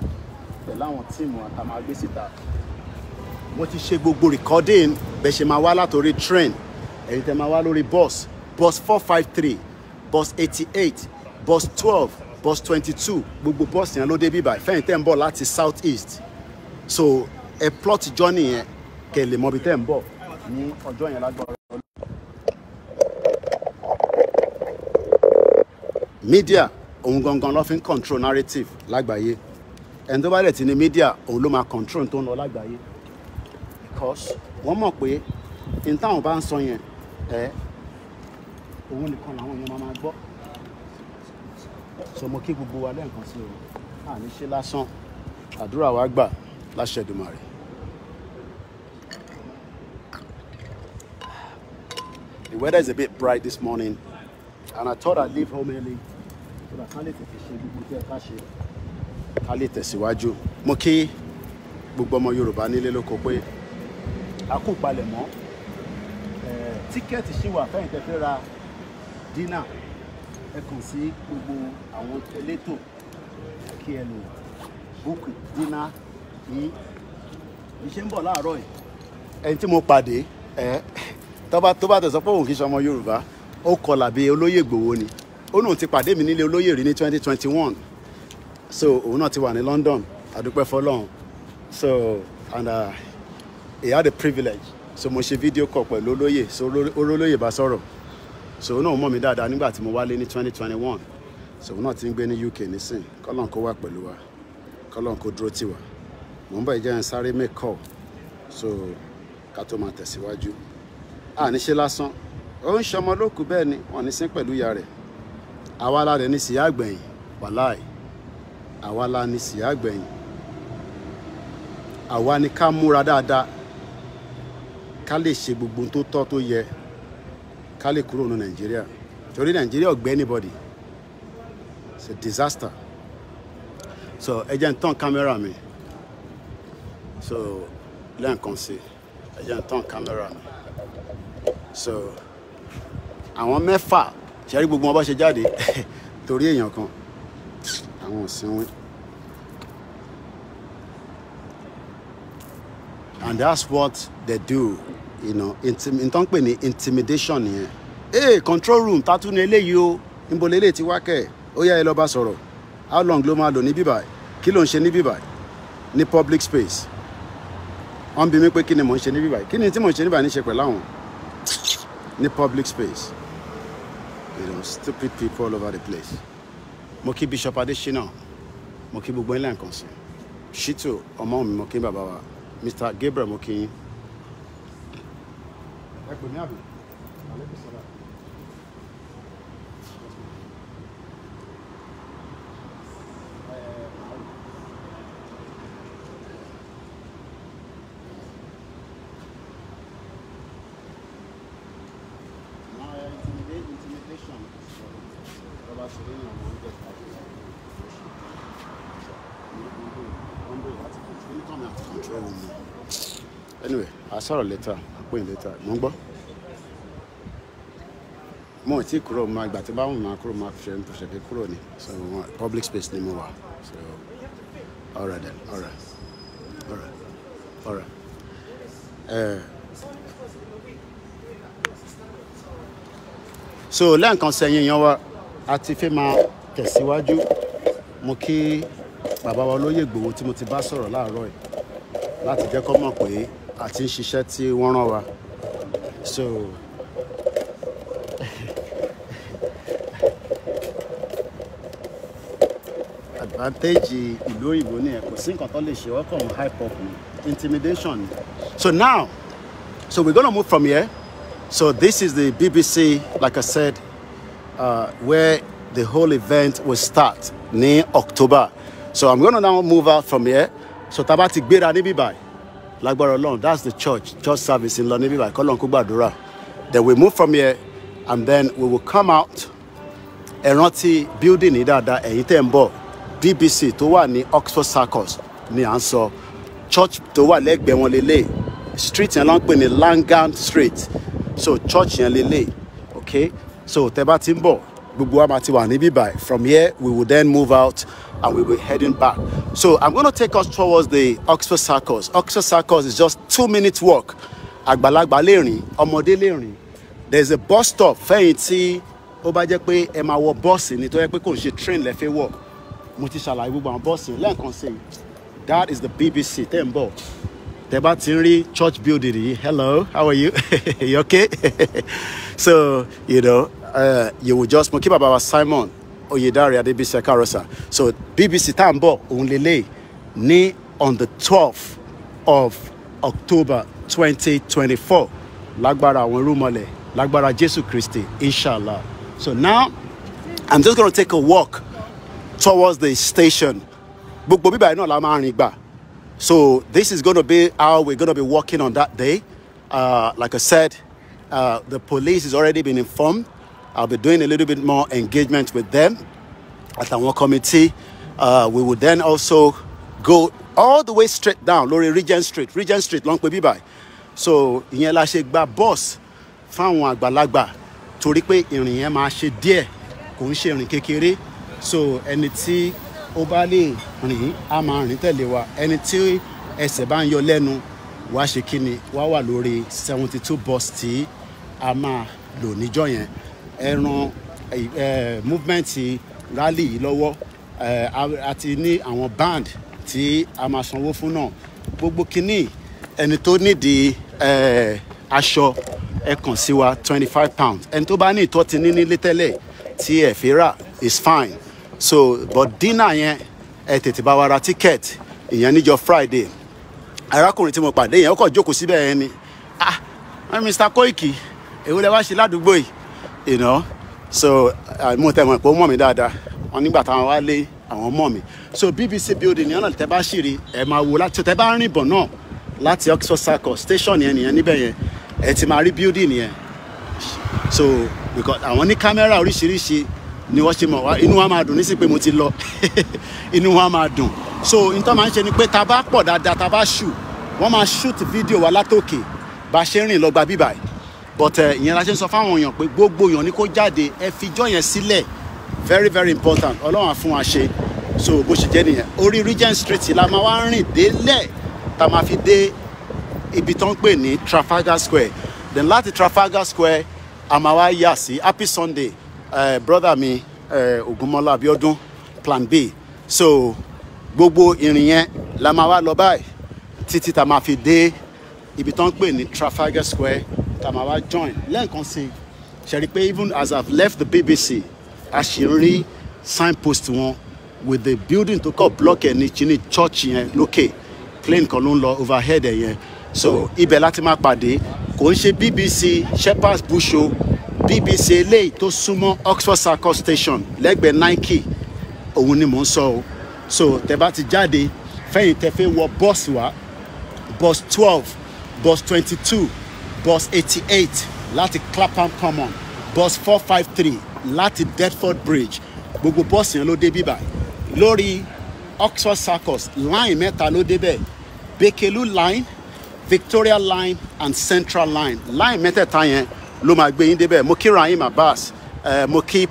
pẹ̀lú àwọn tíìmù àti àwọn agbé síta mo ti ṣe gbogbo recording bẹ́ẹ̀ ṣe máa wá látòrí train ẹ̀yin tẹ́ máa wá lórí bus bus four five three bus eighty eight bus twelve bus twenty two gbogbo bus yẹn ló dé bíbá ìfẹ́yìn tẹ́ ń bọ̀ láti south east so ẹ plot journey yẹn kẹ́ ẹ lè mọ tẹ́ ń bọ̀ ní ọjọ́ yẹn lágbára. media òun gangan ló fi ń control narrative lágbàáyé ẹni tó bá dẹ̀ ti ní media òun ló máa control tó ń lọ lágbàáyé because wọ́n mọ̀ pé n táwọn bá ń sọ yẹn ẹ òun nìkan làwọn èèyàn máa gbọ́ sọmọ kí gbogbo wa lẹ́ẹ̀kan sí o àní ṣe lásán àdúrà wa gbà láṣẹ The weather is a bit bright this morning, and I thought I'd leave home early kódà ká lè tètè ṣe gbogbo tí ẹ ká ṣe ká lè tẹ̀síwájú mo kí gbogbo ọmọ Yorùbá nílé lóko pé a kú palẹ̀mọ́ tíkẹ́ẹ̀tì ṣì wà fẹ́yìn tẹ́ fẹ́ ra dínà ẹ kàn sí gbogbo àwọn elétò kí ẹ lò búùkù dínà yìí iṣẹ́ ń bọ̀ láàárọ̀ yìí. ẹni tí mo pàdé ẹ tó bá tó bá pé òun kì í ṣe ọmọ Yorùbá ó kọlà bíi olóyè Ìgbòho ni ó náà ti pàdé mi nílé olóyè rí ní twenty twenty one so òun náà ti wà ní London àdúpẹ́ fọlọ́run so and uh, he had a privilege so mo ṣe fídíò kọ pẹ̀lú olóyè so olóyè bá sọ̀rọ̀ so òun náà mọ̀ mí dáadáa nígbà tí mo wálé ní twenty twenty one so òun náà ti ń gbé ní UK nísìn kọ́lọ́n kó wà pẹ̀lú wa kọ́lọ́n kó dúró tiwa mò ń bọ̀ ìjẹun sáré mẹ́kọ̀ so ká tó máa tẹ̀síwájú à ní ṣe lásán ó ń ṣọmọ lókù bẹ́ẹ̀ ni wọ́n ní sín pẹ̀lú ìyá rẹ̀ àwa la rẹ̀ ní síyá àgbẹ̀yìn wàláì àwa la ní síyá àgbẹ̀yìn àwa ni ká múra dáadáa ká lè ṣe gbogbo tó tọ́ tó yẹ ká lè kúrò ní nàìjíríà torí nàìjíríà ò gbé anybody it's a disaster so ẹ jẹ́ n tán kámẹ́rà mi so lẹ́ǹkan sí ẹ jẹ́ n tán kámẹ́rà mi so àwọn mẹ́fà ṣe gbogbo wọn bá ṣe jáde <laughs> torí èèyàn kan àwọn òsínwín and that's what they do you know nǹkan pè ní intimidation nìyẹn Hey, control room tatu ni eléyìí o níbo lélẹ̀ ti wá ó yá ẹ lọ́ọ́ bá sọ̀rọ̀ how long ló máa lò ní bíbà kí ló ń ṣe ní bíbà ní public space wọ́n bi mí pé kí ni mò ń ṣe ní bíbà kí ni tí mò ń ṣe ní bíbà ní ṣe pẹ̀lú àwọn ní public space you know stupid people all over the place mo kí bishop adesina mo kí gbogbo ilé nǹkan sí shitu ọmọ mi mo kí bàbá mr gabriel mo sọ̀rọ̀ lẹ́tà àpò ìlẹ́tà mo ń gbọ́ mo ò tí kúrò máa gbà tí bá wọn máa kúrò máa fi ṣe ṣẹ̀fẹ̀ kúrò ní so public space ni mo wà so all right then all right all right all right. Uh, so lẹ́ẹ̀kan sẹ́yìn yan wa a ti fẹ́ máa tẹ̀síwájú mo kí bàbá wa olóyè Ìgbòho tí mo ti bá sọ̀rọ̀ láàárọ̀ yìí láti jẹ́ kó mọ̀ pé àti ń ṣiṣẹ́ tí wọ́n rán wa so advantage ìlú òyìnbó nìyẹn kò sí nǹkan tó lè ṣe ọkọ̀ ọ̀hún high pop intimidation so now so we're gonna move from here so this is the BBC like I said uh, where the whole event will start ní October so I'm gonna now move out from here so tá a bá ti gbéra níbí báyìí lágbára ọlọ́run that's the church church service in lọ níbí báyìí kọ́lọ́n kó gbàdúrà then we move from here and then we will come out ẹ rántí building ní dáadáa ẹ̀yìn tẹ̀ ń bọ̀ BBC tó wà ní Oxford Circus ni à ń sọ church tó wà lẹ́gbẹ̀ẹ́ wọn lélẹ̀ street yẹn ló ń pè ní Langham Street so church yẹn lélẹ̀ okay so tẹ bá ti ń bọ̀ gbogbo wa from here we will then move out and we will be heading back so i'm going to take us towards the oxford circus oxford circus is just two minutes walk àgbàlagbà lè rìn ọmọdé lè a bus stop fẹ̀yìntì ó bá jẹ́ pé ẹ máa wọ bọ́ọ̀sì ni tó yẹ pé kò ń ṣe train lẹ́fẹ̀ẹ́ wọ̀ mo ti ṣàlàyé gbogbo àwọn bọ́ọ̀sì lẹ́ẹ̀kan sí i that is the bbc tẹ́ ń bọ̀ tẹ́ bá ti ń rí church building yìí hello how are you <laughs> you okay <laughs> so you know Uh, you will just keep about bàbá Simon Oyedari Adebisi Karosa so BBC Tambo only lay bọ̀ lélẹ̀ ní on the twelfth of October twenty twenty four lágbára àwọn irúmọlẹ̀ lágbára Jésù Christi, inshallah so now I'm just gonna take a walk towards the station so this is gonna be how we're gonna be walking on that day uh, like I said. Uh, the police has already been informed I'll be doing a little bit more engagement with them at our committee. Uh, we will then also go all the way straight down lórí Regent Street Regent Street ló ń pè so ìyẹn la ṣe gba bus fáwọn àgbàlagbà torí pé ìrìn yẹn máa ṣe so ẹni tí ó bá lè rìn á máa rìn tẹ̀lé wa ẹni tí ẹsẹ̀ bá ń seventy two bus tí a máa ẹ ran eh, eh, movement rally yìí lọ́wọ́ àti eh, ní àwọn band tí a máa sanwó fún náà gbogbo kínní ẹni tó nídìí aṣọ ẹ kàn sí wa twenty five pounds ẹni tó bá ní ìtọ́tí ní nílé tẹ́lẹ̀ tí ẹ fi rà is fine so but dinner yẹn ẹ tètè bá wa ra ticket ìyẹn níjọ́ friday arákùnrin tí mo pàdé yẹn ó kàn jókòó síbẹ̀ yẹn ni ah mr Koiki èwo lẹ wá ṣe ládùúgbò yìí you know so mo tẹ̀ wọ́n pé ó mọ̀ mí dáadáa wọ́n nígbà táwọn wá lé àwọn mọ̀ mí so BBC building ní ọ̀nà tẹ́ bá ṣìrì ẹ̀ máa wo láti tẹ́ bá rìn bọ̀ náà láti Oxford Circle station yẹn nìyẹn níbẹ̀ yẹn ẹ̀ ti máa rí building yẹn so because àwọn ní kámẹ́rà oríṣiríṣi ni wọ́n ṣe mọ̀ wá inú wa máa dùn nísìnyí pé mo ti lọ <laughs> inú wa máa dùn so n tó máa ń ṣe ni pé ta bá pọ̀ dáadáa ta bá ṣù wọ́n máa shoot fídíò wa látòkè bá ṣe ń rìn lọ gba bíbáyìí but eh, ìyẹn la ṣe ń sọ fáwọn èèyàn pé gbogbo èèyàn ni kó jáde ẹ fijọ́ yẹn sílẹ̀ very very important ọlọ́run á fún wa ṣe so bó ṣe jẹ́ nìyẹn orí regent street la máa wá rìn délẹ̀ tá máa fi dé ibi tó ń pè ní trafalgar square then láti trafalgar square a máa wá yà sí happy sunday uh, brother mi uh, eh, ogunmọ́lá abiodun plan b so gbogbo ìrìn yẹn la máa wá lọ báyìí títí tá máa fi dé ibi tó ń pè ní trafalgar square tá a máa join lẹ́ẹ̀kan sí i ṣe rí i pé even as I've left the BBC a ṣì ń rí signpost wọn with the building tó kọ́ block ẹ̀ ní chinní church yẹn lókè plane kan ló ń lọ overhead ẹ̀ yẹn so ibẹ̀ láti máa pàdé kò ń ṣe BBC Shepherd's Bush o BBC eléyìí tó súnmọ́ Oxford Circus station lẹ́gbẹ̀ẹ́ Nike òun ni mò ń sọ o so tẹ bá ti jáde fẹ́yìn tẹ fẹ́ wọ bọ́ọ̀sì wa bus twelve bus twenty two bus 88, eight láti clapham common bus 453, five láti deptford bridge gbogbo bus yẹn ló dé bíbà lórí oxford circus line mẹ́ta ló débẹ̀ bekelu line victoria line and central line line mẹ́tẹ̀ẹ̀ta yẹn ló máa gbé yín débẹ̀ mo kí rahim abbas eh, mo kí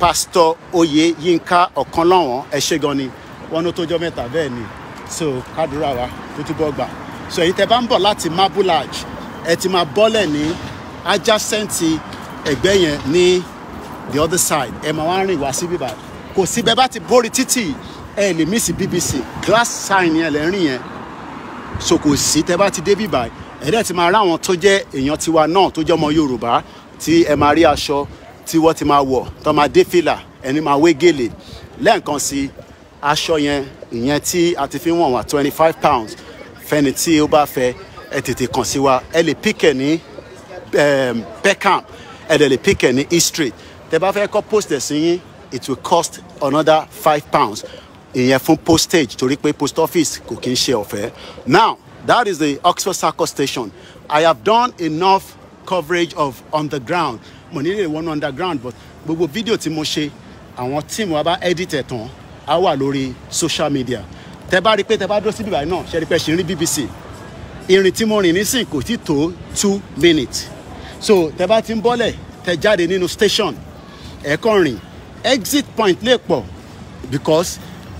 pastor oyè yinka ọ̀kanlọ́wọ̀n ẹ ṣé gan ni wọn ló tójọ́ mẹ́ta bẹ́ẹ̀ ni so kádùrà wa tó túbọ̀ gbà so èyí tẹ bá ń bọ̀ láti mabulaj ẹ ti máa bọ́lẹ̀ ní adjacent ẹ̀gbẹ́ yẹn ní the other side ẹ máa wá rìn wá sí bíbá kò sí bẹ́ẹ̀ bá ti borí títì ẹ lè mí sí BBC glass sign yẹn lẹ́ rìn yẹn so kò sí tẹ́ bá ti dé bíbá ẹ dẹ̀ ti máa rí àwọn tó jẹ́ èèyàn tiwa náà tó jẹ́ ọmọ Yorùbá tí ẹ máa rí aṣọ tí wọ́n ti máa wọ̀ tó máa dé fìlà ẹni máa wé gèlè lẹ́ẹ̀kan sí aṣọ yẹn ìyẹn tí a ti fi wọ̀n wá twenty five pounds fẹ́ni tí ó bá fẹ́ ẹ tètè kàn sí wa ẹ lè pick any ní Peckham um, ẹ dẹ̀ lè pick any ní East Street tẹ bá fẹ́ kọ́ post ẹ̀ sí yín it will cost another five pounds ìyẹn fún postage torí pé post office kò kí ń ṣe ọ̀fẹ́ now that is the Oxford Circus station I have done enough coverage of underground mo nílò ìwọ́nú underground but gbogbo fídíò tí mo ṣe àwọn tíìmù wa bá edit ẹ̀ tán á wà lórí social media tẹ bá rí i pé tẹ bá dúró síbí báyìí náà ṣe rí i pé ṣe ń rí BBC ìrìn tí mo rìn nísìn kò tí tó two minutes so tẹ bá ti ń bọ́lẹ̀ tẹ jáde nínú station ẹ̀ẹ́kọ́ rìn exit point lè pọ̀ because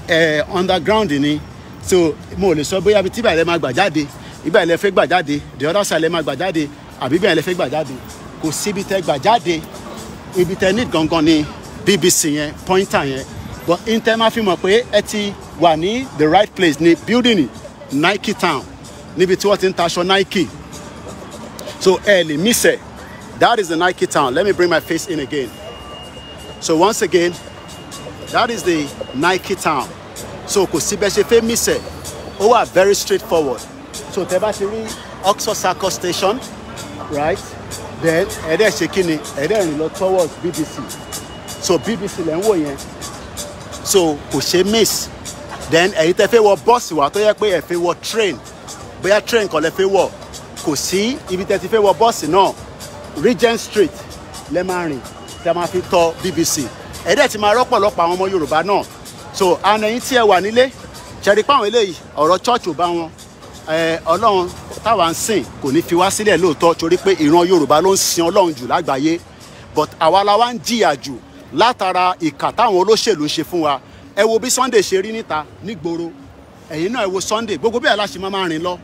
ẹ̀ eh, underground ni so mo lè sọ bóyá ibi tí ibà ilẹ̀ máa gbà jáde ibà ilẹ̀ fẹ́ gbà jáde the other side ilẹ̀ máa gbà jáde àbí ibà ilẹ̀ fẹ́ gbà jáde kò síbi tẹ gbà jáde ibi tẹ ní gangan ni BBC yẹn pointer yẹn but intel máa fi mọ̀ pé ẹ ti wà ní the right place ní building Nike Town níbi tí wọ́n ti ń taṣọ Nike so ẹ lè mísẹ̀ that is the Nike town let me bring my face in again so once again that is the Nike town so kò síbẹ̀ ṣe fẹ́ mísẹ̀ ó wà very straightforward so tẹ bá ti rí Oxford Circus station right then ẹ̀ẹ́dẹ̀ ṣe kí ni ẹ̀ẹ́dẹ̀ rìn lọ towards BBC so BBC lẹ́ ń wò yẹn so kò ṣe miss then ẹ̀yin tẹ́ fẹ́ wọ bọ́ọ̀sì wá tó yẹ pé ẹ fẹ́ wọ train bóyá train kọ́ lẹ fẹ́ wọ̀ kò sí ibi tẹ́ ti fẹ́ wọ bọ́ọ̀sì náà Regent Street lẹ máa rìn tẹ́ máa fi tọ BBC ẹ̀dẹ̀ ti máa rọ́pọ̀lọpọ̀ àwọn ọmọ Yorùbá náà so àna yín tí ẹ wà nílé ṣẹ̀rí pàwọn eléyìí ọ̀rọ̀ church ò bá wọn Ọlọ́run táwa ń sìn kò ní fi wá sílẹ̀ lóòótọ́ torí pé ìran Yorùbá ló ń sin Ọlọ́run jù lágbàáyé but àwa la wá ń jìyà jù látara ìkà táwọn olóṣèlú ṣe fún wa ẹ wo bí Sunday ṣe rí níta nígboro ẹ̀yin náà ẹ wo Sunday gbogbo bí aláṣẹ máa máa rìn lọ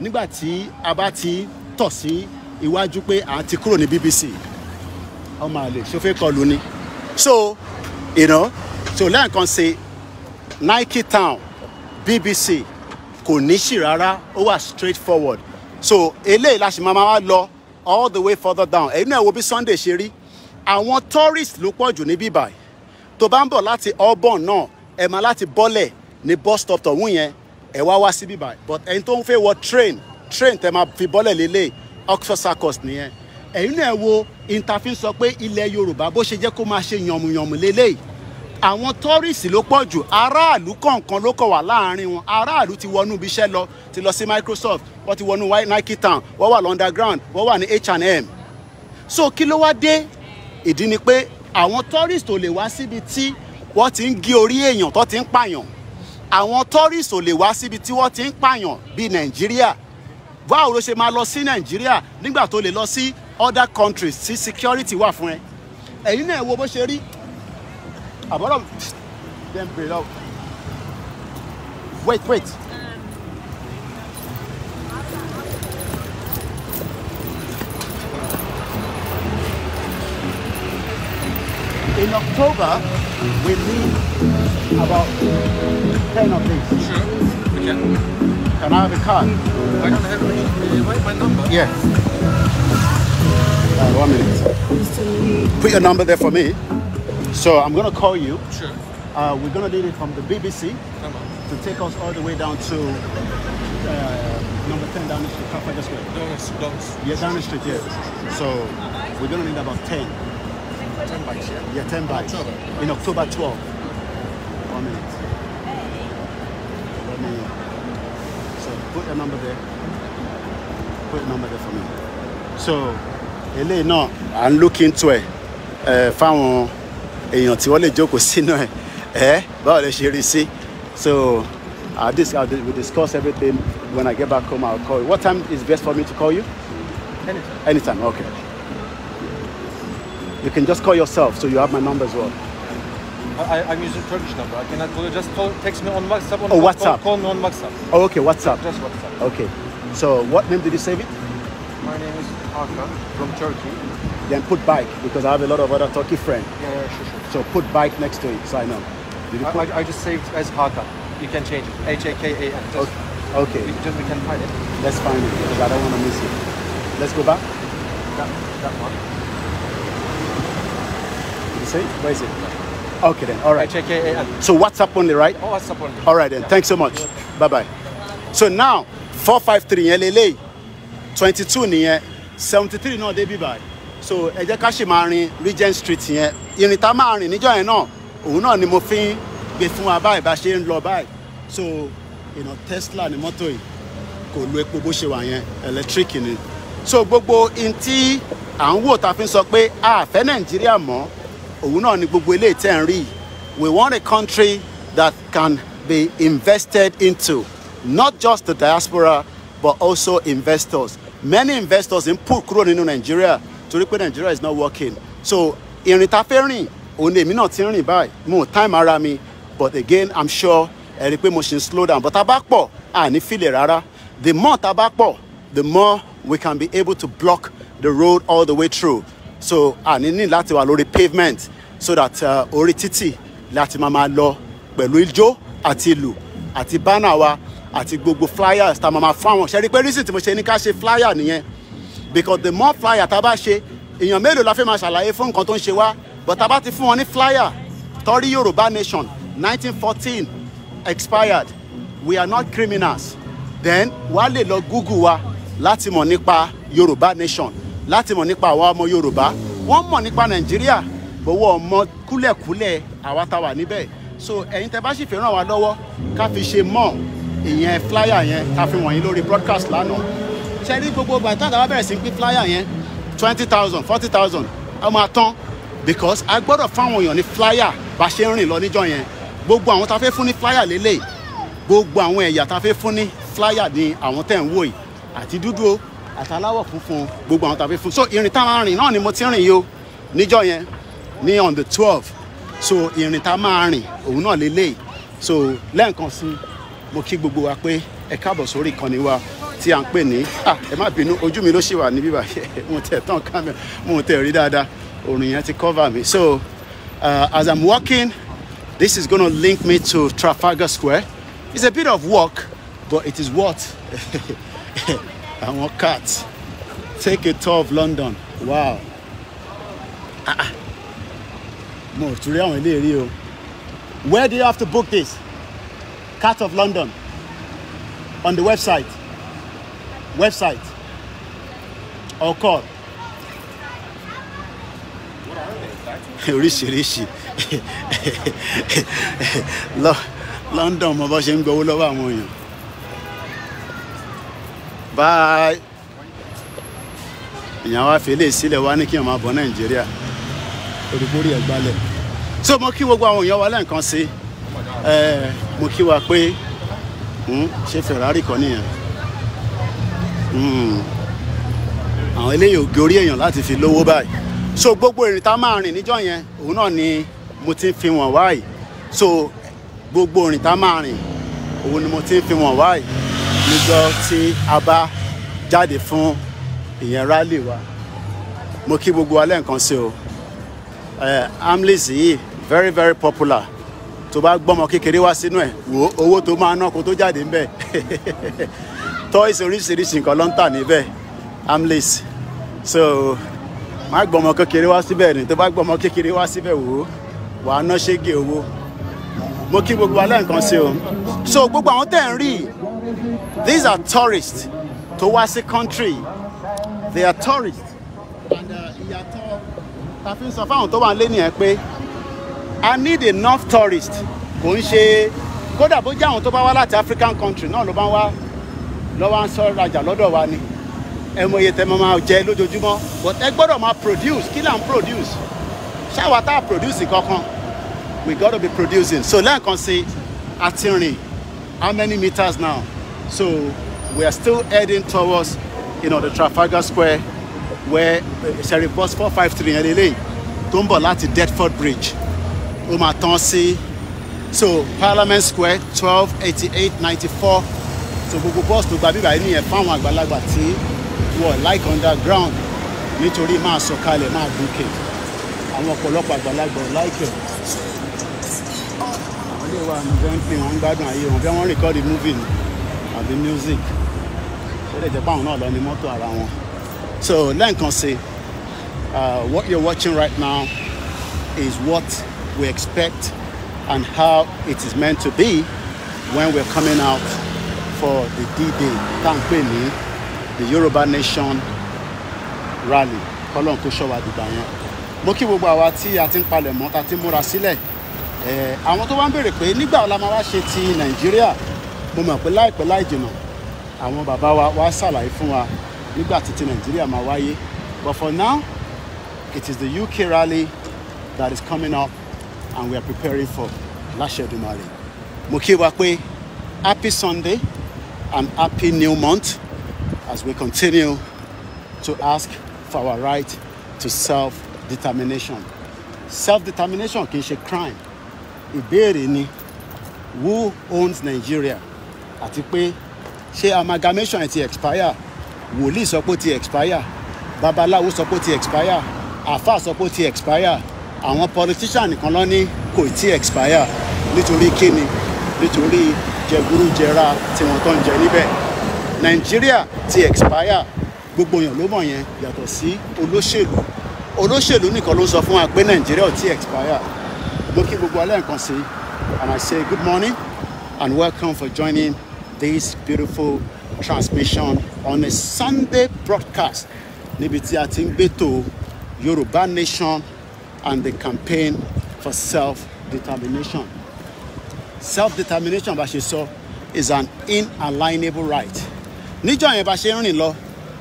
nígbà tí a bá ti tọ̀ sí iwájú pé à ń ti kúrò ní BBC ọmọ àlè ṣòfé kọlù ni so ìná so lẹ́ẹ̀kan ṣe Nike Town BBC kò ní sí rárá ó wà straight forward so eléyìí la sì máa máa lọ all the way further down ẹ̀yin náà wo bí Sunday ṣe rí àwọn tourist ló pọ̀ jù ní bíbáyìí tó bá ń bọ̀ láti Auburn náà ẹ̀ máa láti bọ́lẹ̀ ní bus stop tọ̀hún yẹn ẹ wá wá síbí báyìí but ẹni tó ń fẹ́ wọ train train tẹ máa fi bọ́lẹ̀ lélẹ̀ Oxford Circus nìyẹn ẹ̀yin náà wo interfin sọ pé ilẹ̀ Yorùbá bó ṣe jẹ́ kó máa ṣe yànmùyànmù lélẹ̀ àwọn tọ́rìsì ló pọ̀ jù aráàlú kọ̀ọ̀kan ló kọ̀ wá láàrin wọn aráàlú ti wọnú ibi iṣẹ́ lọ ti lọ sí Microsoft wọ́n ti wọnú Nike Town wọ́n wà underground wọ́n wà ní H&M so kí ló wá dé ìdí ni pé àwọn tọ́rìsì ò lè wá síbi tí wọ́n ti ń gé orí èèyàn tó ti ń pààyàn àwọn tourist ò lè wá síbi tí wọ́n ti ń pààyàn bíi nàìjíríà báwo ló ṣe máa lọ sí nàìjíríà nígbà tó lè lọ sí other countries tí security wà fún ẹ ẹ̀yin náà wo bó ṣe rí àbọ̀rọ̀ dem bèrè lọ wait wait. in October, we need about 10 of these. Sure, Okay. can. I have a card? I don't have any. wait, my number? Yeah. Uh, one minute. Put your number there for me. So I'm going to call you. Sure. Uh, we're going to need it from the BBC to take us all the way down to uh, number 10 down the street, Trafalgar Square. street. Yeah, down the street, yeah. So we're going to need about 10. 10 bikes. yeah? Yeah, 10 bytes. October. In October 12. One minute. Let me. So put your number there. Put your number there for me. So, eléyìí no, I'm looking to. into ẹ̀ ẹ̀ fáwọn èèyàn tí wọ́n lè jókòó sínú ẹ̀ ẹ̀ báwo lè ṣe rí sí. So, I'll dis I'll, we discuss everything when I get back home. I'll call you. What time is best for me to call you? Anytime. Anytime, okay. You can just call yourself, so you have my number as well. I, I'm using Turkish number. I cannot call you. Just call, text me on WhatsApp. On oh, WhatsApp. Call, call me on WhatsApp. Oh, okay, WhatsApp. Just WhatsApp. Okay. So, what name did you save it? My name is Hakan from Turkey. Then put bike because I have a lot of other Turkey friends. Yeah, yeah, sure, sure. So put bike next to it, so I know. Did you I, put... I, I just saved as Hakan. You can change it. H A K A N. okay. We, just, we can find it. Let's find it because I don't want to miss it. Let's go back. That, that one. say? Where is it? Okay then, all right. H-A-K-A-N. So WhatsApp only, right? Oh, WhatsApp only. All right then, yeah. thanks so much. Bye-bye. So now, 453 yẹn lélẹ́yìí, 22 nìyẹn, 73 náà débi báyìí. So ẹ jẹ́ ká ṣì máa rin Regent Street niye Ìrìn tá máa rìn níjọ́ yẹn náà, ni mo fi ń gbé fún wa báyìí bye. ṣe ń lọ So ìnà Tesla ni mọ́tò yìí kò lo epo bó ṣe electric ni. So gbogbo inti à ń wò tá a fi a fẹ́ Nàìjíríà mọ́ òun náà ni gbogbo eléyìí tẹ̀ ń rí we want a country that can be invested into not just the diaspora but also investors many investors ń pull kúrò nínú Nigeria torí pé Nigeria is not working so ìrìn ta fẹ́ rìn òun ni èmi náà ti ń rìn báyìí mo time ara mi but again i'm sure ẹ rí pé mo ṣe ń slow down but tá a bá pọ̀ àní fìlè rárá the more tá pọ̀ the more we can be able to block the road all the way through so àní ní láti wà lórí pavement so that uh, orí títì láti máa máa lọ pẹ̀lú ijó àti ìlù àti bánà wa àti gbogbo flyers tá a máa máa fún àwọn ṣe rí pé reason tí mo ṣe ní ká ṣe flyer nìyẹn because the more flyer tá a bá ṣe èèyàn mélòó la fẹ́ máa ṣàlàyé fún nǹkan tó ń ṣe wá but tá a bá ti fún wọn ní flyer torí yorùbá nation 1914 expired we are not criminals then wàá lè lọ google wa láti mọ̀ nípa yorùbá nation láti mọ̀ nípa àwa ọmọ Yorùbá wọ́n mọ̀ nípa Nàìjíríà bọ̀wọ́ ọmọ kúlẹ̀kúlẹ̀ àwa tá wà níbẹ̀ so ẹ̀yin tẹ́ bá sì fẹ́ ràn wá lọ́wọ́ ká fi ṣe mọ̀ ìyẹn flyer yẹn ká fi wọ̀nyí lórí broadcast lánàá ṣe rí gbogbo ìgbà tí àtàwọn bẹ̀rẹ̀ sí pín flyer yẹn twenty thousand forty thousand a máa tán because a gbọ́dọ̀ fáwọn èèyàn ní flyer bá ṣe ń rìn lọ níjọ yẹn gbogbo àwọn tá a fẹ́ fún ní flyer lélẹ̀ gbogbo àwọn ẹ̀yà tá a fẹ́ fún ní flyer ní àwọn tẹ̀ ń wò yìí àti dúdú àtàláwọ̀ funfun gbogbo àwọn tàbí fún so ìrìn tá a máa rìn náà ni mo ti rìn yìí o níjọ́ yẹn ní on the twelve so ìrìn tá a máa rìn òun náà lélẹ́yìí so lẹ́ẹ̀kan sí mo kí gbogbo wa pé ẹ káàbọ̀ sórí ìkànnì wa tí à ń pè ní ẹ má bínú ojú mi ló ṣì wà ní bíbá <laughs> mo tẹ̀ tán kámẹ́ mo tẹ̀ rí dáadáa òrùn yẹn ti cover mi so uh, as I'm walking this is gonna link me to Trafalgar Square it's a bit of walk but it is worth <laughs> I want cat take a tour of London wow ah ah mo ò tún rí o where do you have to book this cat of London on the website website or call oríṣiríṣi <laughs> London mo bá ṣe ń gbowó lọ́wọ́ àwọn èèyàn báyìí èèyàn wá fi eléyìí sílẹ̀ wá ní kí èèyàn máa bọ̀ nàìjíríà olùkórè ẹ̀ gbalẹ̀ so mo kí gbogbo àwọn èèyàn wa lẹ́ǹkan sí mo kí wa pé hmm, ṣé Ferrari kan nìyẹn hmm. àwọn eléyìí ògè orí èèyàn láti fi lówó báyìí so gbogbo ìrìn tá máa rìn níjọ́ yẹn òun náà ni mo ti ń fi wọ̀n wáyìí so gbogbo ìrìn tá máa rìn òun ni mo ti ń fi wọ̀n wáyìí níjọ́ tí a bá jáde fún ìyẹn rally wa mo kí gbogbo alẹ́ nǹkan sí o amlis yìí very very popular tó bá gbọ́mọ kékeré wá sínú ẹ̀ wo owó tó máa ná kó tó jáde ń bẹ̀ <laughs> toys oríṣiríṣi nǹkan ló ń tà níbẹ̀ amlis so má gbọ́mọ kékeré wá síbẹ̀ ni tó bá gbọ́mọ kékeré wá síbẹ̀ wò ó wàá ná ṣége owó mo kí gbogbo alẹ́ nǹkan sí o so gbogbo àwọn tẹ̀ ń rí i These are tourists towards the country. They are tourists. And uh, ìyàtọ̀ ta fi ń sọ fáwọn tó I need enough tourists kò ń ṣe kódà bó jẹ́ àwọn tó bá wá láti African country náà ló bá wá lọ́wọ́ ń sọ rajà lọ́dọ̀ wa ni ẹ mọ iye tẹ máa jẹ lójoojúmọ́ but ẹ gbọ́dọ̀ máa produce kí là ń produce ṣáwa tá a produce kankan we gotta be producing so lẹ́ẹ̀kan sí àti rìn how many meters now So we are still heading towards you know, the Trafalgar Square where Sheriff eh, Bus 453 eléyìí tó ń bọ̀ láti Deptford Bridge ó máa tán sí so Parliament Square 1288 94 so gbogbo bus to gba bíbá yìí nìyẹn fáwọn àgbàlagbà tí wọ́n like underground nítorí máa sọ̀kalẹ̀ máa gòkè àwọn ọ̀pọ̀lọpọ̀ àgbàlagbà like ẹ̀ wọ́n lè wà ní bẹ́ńpì wọ́n ń gbádùn ayé wọn bẹ́ẹ̀ wọ́n rìkọ́dì múvì ni àbí music ó jẹ́ pé náà lọ ní mọ́tò ara wọn so lẹ́ǹkan sí uh, what you're watching right now is what we expect and how it is meant to be when we're coming out for the D-Day tá n the Yorùbá Nation rally kọ́lọ́n kó ṣọ́wá dìgbà yẹn mo kí gbogbo àwa tí a ti ń palẹ̀ mọ́ ta ti múra sílẹ̀ eh, àwọn tó wá ń béèrè pé nígbà wo la máa wá ṣe ti Nàìjíríà mo mọ̀ pé láìpẹ́ láì jìnà àwọn bàbá wa wá ṣàlàyé fún wa nígbà títí nàìjíríà máa wáyé but for now it is the UK rally that is coming up and we are preparing for láṣẹ Èdùmàrè mo kí wa pé happy Sunday and happy new month as we continue to ask for our right to self-determination self-determination kì í ṣe crime ìbéèrè ni who owns Nigeria àti pé ṣé amalgamation ti expire wòlíì sọ pé ó ti expire babaláwo sọ pé ó ti expire àáfàá sọ pé ó ti expire àwọn politician nìkan ló ní kò tí expire nítorí kíni nítorí jẹgúrújẹra tí wọ́n tó ń jẹ níbẹ̀ nàìjíríà ti expire gbogbo èèyàn ló mọ̀ yẹn yàtọ̀ sí olóṣèlú olóṣèlú nìkan ló sọ fún wa pé nàìjíríà ò tí expire mo kí gbogbo alẹ́ nǹkan sí and I say good morning and welcome for joining this beautiful transmission on a Sunday broadcast níbi tí a ti ń Nation and the campaign for self-determination. Self-determination bá ṣe sọ is an inalienable right. níjọ́ yẹn bá ṣe ń rìn lọ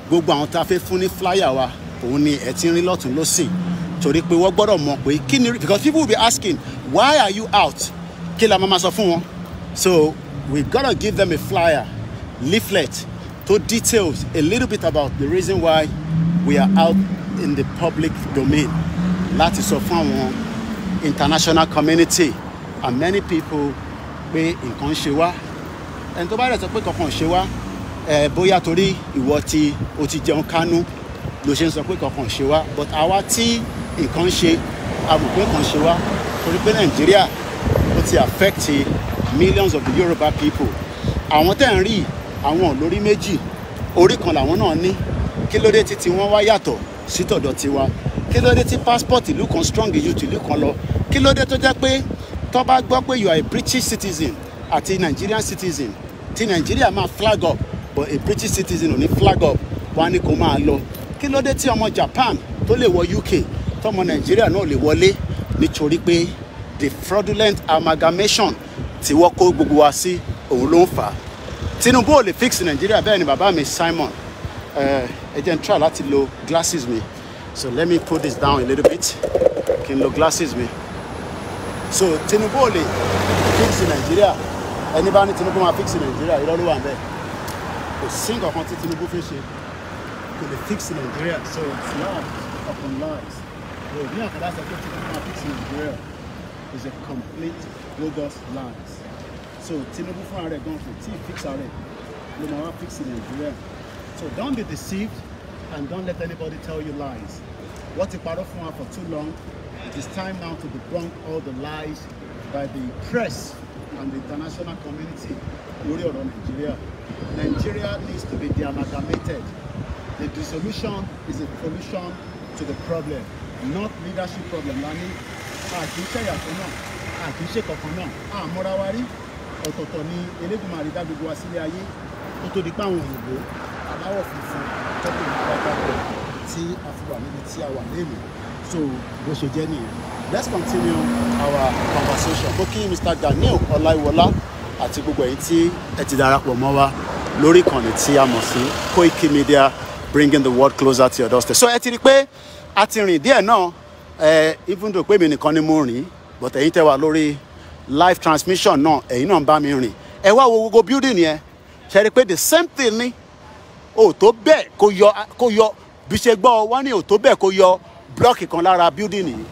gbogbo àwọn tá a fẹ́ fún ní flyer wa òun ni ẹ̀ ti ń rí lọ́tún lọ́sìn torí pé wọ́n gbọ́dọ̀ because people will be asking why are you out kí la máa ma so we're gonna give them a flyer, leaflet to details a little bit about the reason why we are out in the public domain. That is fún àwọn international community and many people be in ṣe And Ẹni tó a quick sọ pé kankan ṣe wá ẹ bóyá torí ìwọ tí o ti jẹun kánú but àwa tí nǹkan ṣe a mọ̀ pé nǹkan ṣe wá torí pé Nàìjíríà ó ti millions of the Yorùbá people àwọn tẹ́ ń rí àwọn olórí méjì orí kan làwọn náà ní kí ló dé tí tí wọ́n wá yàtọ̀ sí tiwa kí ló dé tí passport ìlú kan strong ju tìlú kan lọ kí ló dé tó jẹ́ pé tó bá gbọ́ pé you are a British citizen àti Nigerian citizen ti Nigeria máa flag up but a British citizen ò ní flag up wọ́n á ní kó máa lọ kí ló dé tí ọmọ Japan tó lè wọ UK tọmọ Nigeria náà lè wọlé nítorí pé the fraudulent amalgamation tí wọ́n kó gbogbo wa sí òun ló ń fà á Tinubu ò lè fix Nàìjíríà bẹ́ẹ̀ ni bàbá mi Simon ẹ jẹ́ n try láti lo glasses mi so let me put this down a little bit kí n lo glasses mi so Tinubu ò lè fix Nàìjíríà ẹni bá ní Tinubu máa fix Nàìjíríà irọ́ ló wà ń bẹ̀ kò sí nǹkan kan tí Tinubu fi ṣe kò lè fix Nàìjíríà so it's lies upon lies. Bro, ní àkàdá sọ pé Tinubu máa fix Nàìjíríà is a complete Lagos lands so Tinubu fúnra rẹ̀ gan kò tí fix ara rẹ̀ ló máa wá fix so don't be deceived and don't let anybody tell you lies What ti parọ́ fún wa for too long it is time now to debunk all the lies by the press and the international community lórí ọ̀rọ̀ Nàìjíríà Nigeria needs to be de-amalgamated the dissolution is a solution to the problem not leadership problem I àti ìṣẹ̀yà tó náà àkíṣe kankan náà àmọ́ra wa rí ọ̀tọ̀ọ̀tọ̀ ni Elédùmarè dá gbogbo wa sílé ayé tó tó di pé àwọn òyìnbó aláwọ̀ funfun tọ́pọ̀ ìgbàgbọ́ tí a fi wà níbi tí a wà lónìí so bó ṣe jẹ́ nìyẹn let's continue our conversation mo Mr. Daniel, Ọláìwọlá àti gbogbo ẹ̀yin tí ẹ ti darapọ̀ mọ́ wa lórí ìkànnì tí a mọ̀ sí Koiki Media bringing the world closer to your doorstep so ẹ ti rí i pé a ti rìn díẹ̀ náà even though pé mi nìkan ni mo rìn but ẹ̀yin tẹ́ wà lórí live transmission náà ẹ̀yin náà ń bá mi rìn ẹ wá wo gbogbo building yẹn ṣe rí i pé the same thing ni ò tó bẹ́ẹ̀ kó yọ kó yọ bí ṣe gbọ́ wọ́n ní ò tó bẹ́ẹ̀ kó yọ blọ́ọ̀kì kan lára building yìí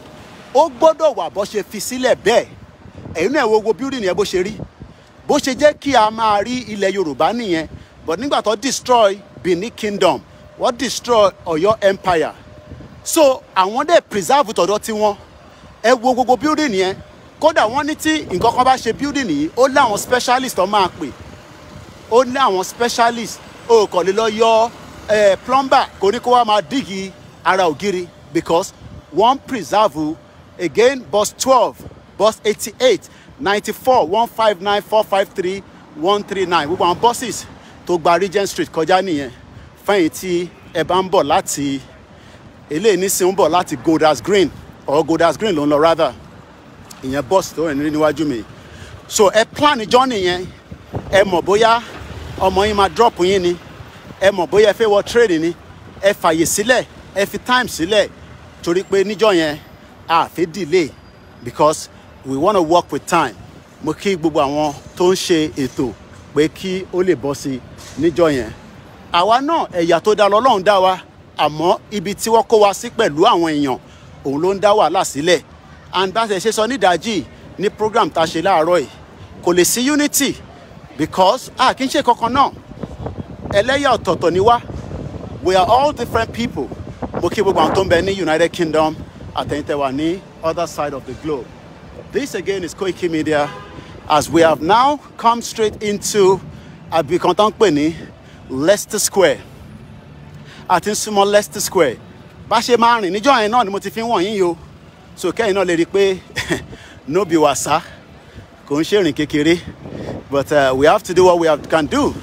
ó gbọ́dọ̀ wà bó ṣe fi sílẹ̀ bẹ́ẹ̀ ẹ̀yin náà wo gbogbo building yẹn bó ṣe rí bó ṣe jẹ́ kí a máa rí ilẹ̀ yorùbá nìyẹn but nígbà tó destroy benin kingdom wọ́n destroy ọ̀yọ́ empire so àwọn dẹ̀ preserve tọ̀dọ̀ tiwọn ẹ wo gbogbo building yẹn kódà wọ́n ní tí nǹkan kan bá ṣe building yìí ó láwọn specialist tó máa pè ó ní specialist ó kàn lè lọ yọ ẹ plumber kò ní kó wá máa dígì ara ògiri because one preserve again bus twelve bus eighty-eight ninety-four one five nine four five three one three nine gbogbo àwọn buses tó gba Regent Street kọjá nìyẹn fẹ́yìntì ẹ bá ń bọ̀ láti eléyìí nísìnyí ń bọ̀ láti Golders Green or Godas Green ló ń lọ rather ìyẹn bọ́ọ̀sì tó rìn níwájú mi so a plan journey eh? A mọ̀ or ọmọ yín máa drop yín ni A mọ̀ if ẹ fẹ́ wọ trade ni ẹ fàyè sílẹ̀ ẹ fi time sílẹ̀ torí pé níjọ́ yẹn a fẹ́ delay because we want to work with time mo kí gbogbo àwọn tó ń ṣe ètò pé kí ó lè bọ́ sí níjọ́ yẹn àwa náà ẹ̀yà tó dá lọ́lọ́run dá wa àmọ́ ibi tí wọ́n wa sí pẹ̀lú òun ló ń dá wàhálà sílẹ̀ and bá ṣe sọ nídàájì ní program tá a ṣe láàárọ̀ yìí kò lè sí unity because a kì í ṣe kankan náà ẹlẹ́yà ọ̀tọ̀ọ̀tọ̀ ni wá we are all different people mo kí gbogbo àwọn tó ń bẹ ní United Kingdom àtẹ̀yìntẹ̀wà ní other side of the globe this again is Koiki Media as we have now come straight into àbíkan tó ń pè ní Leicester Square àti ń súnmọ́ Leicester Square bá ṣe máa rìn níjọ́ yẹn náà ni mo ti fi ń wọ̀nyí o so kẹ́yìn náà lè rí i pé <laughs> no be wàsá kò ń ṣèrìn kékeré but uh, we have to do what we have, can do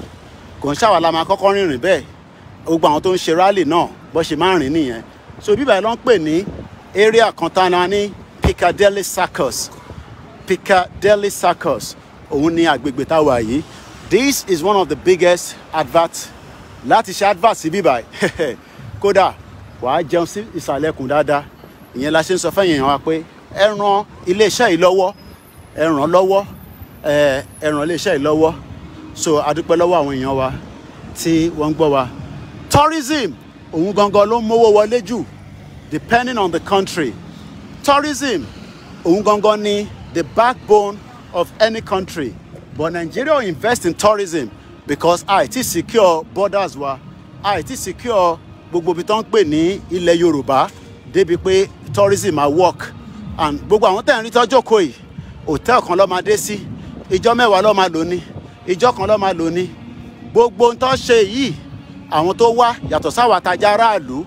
kò ń ṣàwàlà máa kọ́kọ́ rìnrìn bẹ́ẹ̀ gbogbo àwọn tó ń ṣe rally náà bó ṣe máa rìn nìyẹn so bíbá yìí ló ń pè ní area kan tá a náà ní Piccadilly Circus Piccadilly Circus òun ni agbègbè tá a wà yìí this is one of the biggest advert láti ṣe advert sí bíbá yìí <laughs> kódà wàá jẹun sí ìsàlẹ̀ kùn dáadáa ìyẹn la ṣe ń sọ fẹ́yìn wa pé ẹ ran iléeṣẹ́ yìí lọ́wọ́ ẹ ràn lọ́wọ́ ẹ ràn iléeṣẹ́ yìí lọ́wọ́ so adúpẹ́ lọ́wọ́ àwọn èèyàn wa tí wọ́n ń gbọ́ wa tourism òun gangan ló ń mówó wọlé jù depending on the country tourism òun gangan ni the backbone of any country but Nigeria invest in tourism because I àìtí secure borders wa àìtí secure gbogbo ibi tó ń pè ní ilẹ̀ yorùbá débi pé tourism á work and gbogbo àwọn tẹ̀ ń rí tọ́jú òkò yìí hòtẹ́ẹ̀ kan ló máa dé sí ìjọ mẹ́wàá ló máa lò ní ìjọ kan ló máa lò ní gbogbo ń tó ṣe yìí àwọn tó wá yàtọ̀ sáwà tajà aráàlú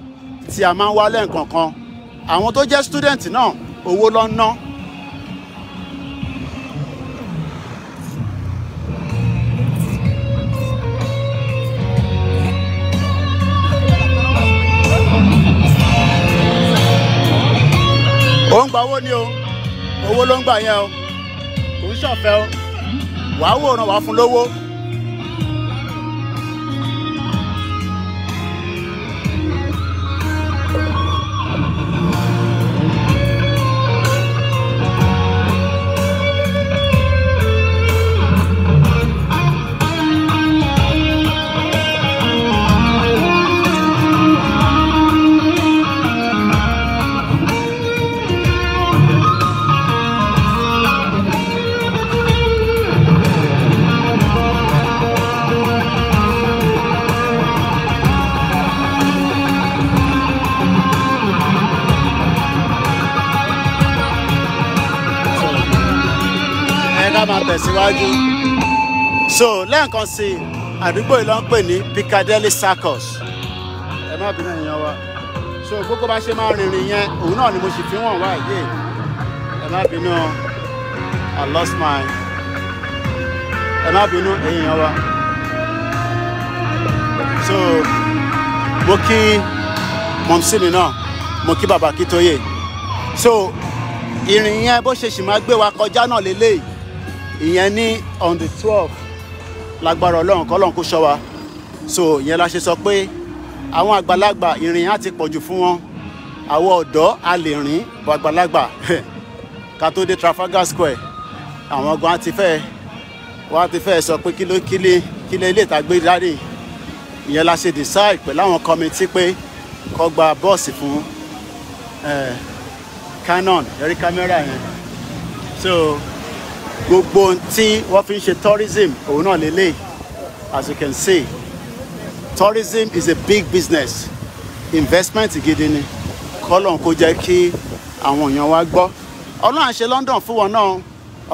tí a máa ń wá lẹ́ǹkankan àwọn tó jẹ́ student náà owó ló ń ná ó ń gba owó ni o owó ló ń gbà yẹn o kò ń ṣọ̀fẹ́ o wàá wòran wàá fún lówó. tẹ̀síwájú. so lẹ́ẹ̀kan sí i àdúgbò yìí ló ń pè ní Piccadilly Circus ẹ má bínú ìyẹn wa so gbogbo bá ṣe máa rìnrìn yẹn òun náà ni mo sì fi wọ́n wá yìí ẹ má bínú I lost my ẹ má bínú èèyàn wa so mo kí mọ̀mísí mi náà mo kí bàbá kí tó yè so ìrìn yẹn bó ṣe sì máa gbé wa kọjá náà lélẹ́yìí ìyẹn ní on the twelve lágbára ọlọ́run kọ́lọ́run kó ṣọ́ wa so ìyẹn la ṣe sọ pé àwọn àgbàlagbà ìrìn á ti pọ̀jù fún wọn àwọn ọ̀dọ́ a lè rìn bọ̀ àgbàlagbà <laughs> ká tó dé Trafalgar Square àwọn gan ti fẹ́ wọ́n ti fẹ́ sọ pé kí ló kí lè kí lè ilé ìtàgbé dárì ìyẹn la ṣe decide pẹ̀lú àwọn kọ́mítì pé kọ́ gba bọ́ọ̀sì fún eh, Canon ẹ̀rí kámẹ́rà yẹn so gbogbo ohun tí wọ́n fi ń ṣe tourism òun náà lélẹ̀ as you can see tourism is a big business investment gidi ni kọ́lọ́n kó jẹ́ kí àwọn èèyàn wa gbọ́ ọlọ́run ṣe London fún wọn náà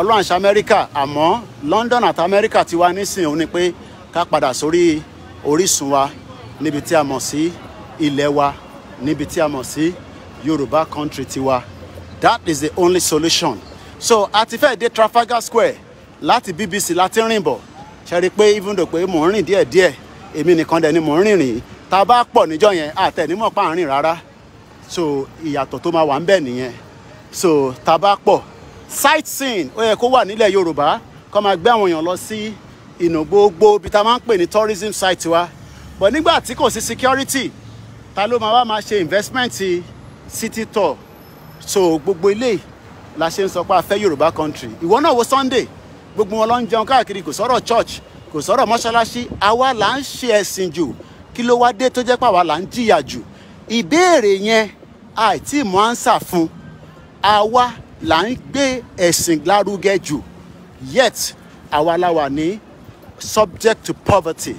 ọlọ́run ṣe Amẹ́ríkà àmọ́ London àti Amẹ́ríkà ti wá nísìnyí òun ni pé ká padà sórí orísun wa níbi tí a mọ̀ sí ilẹ̀ wa níbi tí a mọ̀ sí Yorùbá country tiwa that is the only solution so a ti fẹ́ dé Trafalgar Square láti BBC láti rìn bọ̀ ṣe rí i pé even though pé mò ń rìn díẹ̀díẹ̀ èmi nìkan dẹ̀ ni mò ń rìn rìn tá a bá pọ̀ níjọ́ yẹn àtẹ̀nímọ̀ pa àárín rárá so ìyàtọ̀ tó máa wà ń bẹ̀ nìyẹn so tá a bá pọ̀ sightseeing ó yẹ kó wà nílẹ̀ Yorùbá kó máa gbé àwọn èèyàn lọ sí ìnà gbogbo ibi tá a máa ń pè ní tourism site wa but nígbà tí kò sí security ta ló máa wá máa ṣe investment city tour so gbogbo eléyìí la ṣe ń sọ pé a fẹ́ yorùbá country ìwọ náà wo sunday gbogbo wọn ló ń jẹun káàkiri kò sọ̀rọ̀ church kò sọ̀rọ̀ mọ́ṣáláṣí àwa là ń ṣe ẹ̀sìn jù kí ló wá dé tó jẹ́ pé àwa là ń jìyà jù ìbéèrè yẹn àìtí mọ́ ánsà fún àwa là ń gbé ẹ̀sìn lárugẹ jù yet àwa la ní subject to poverty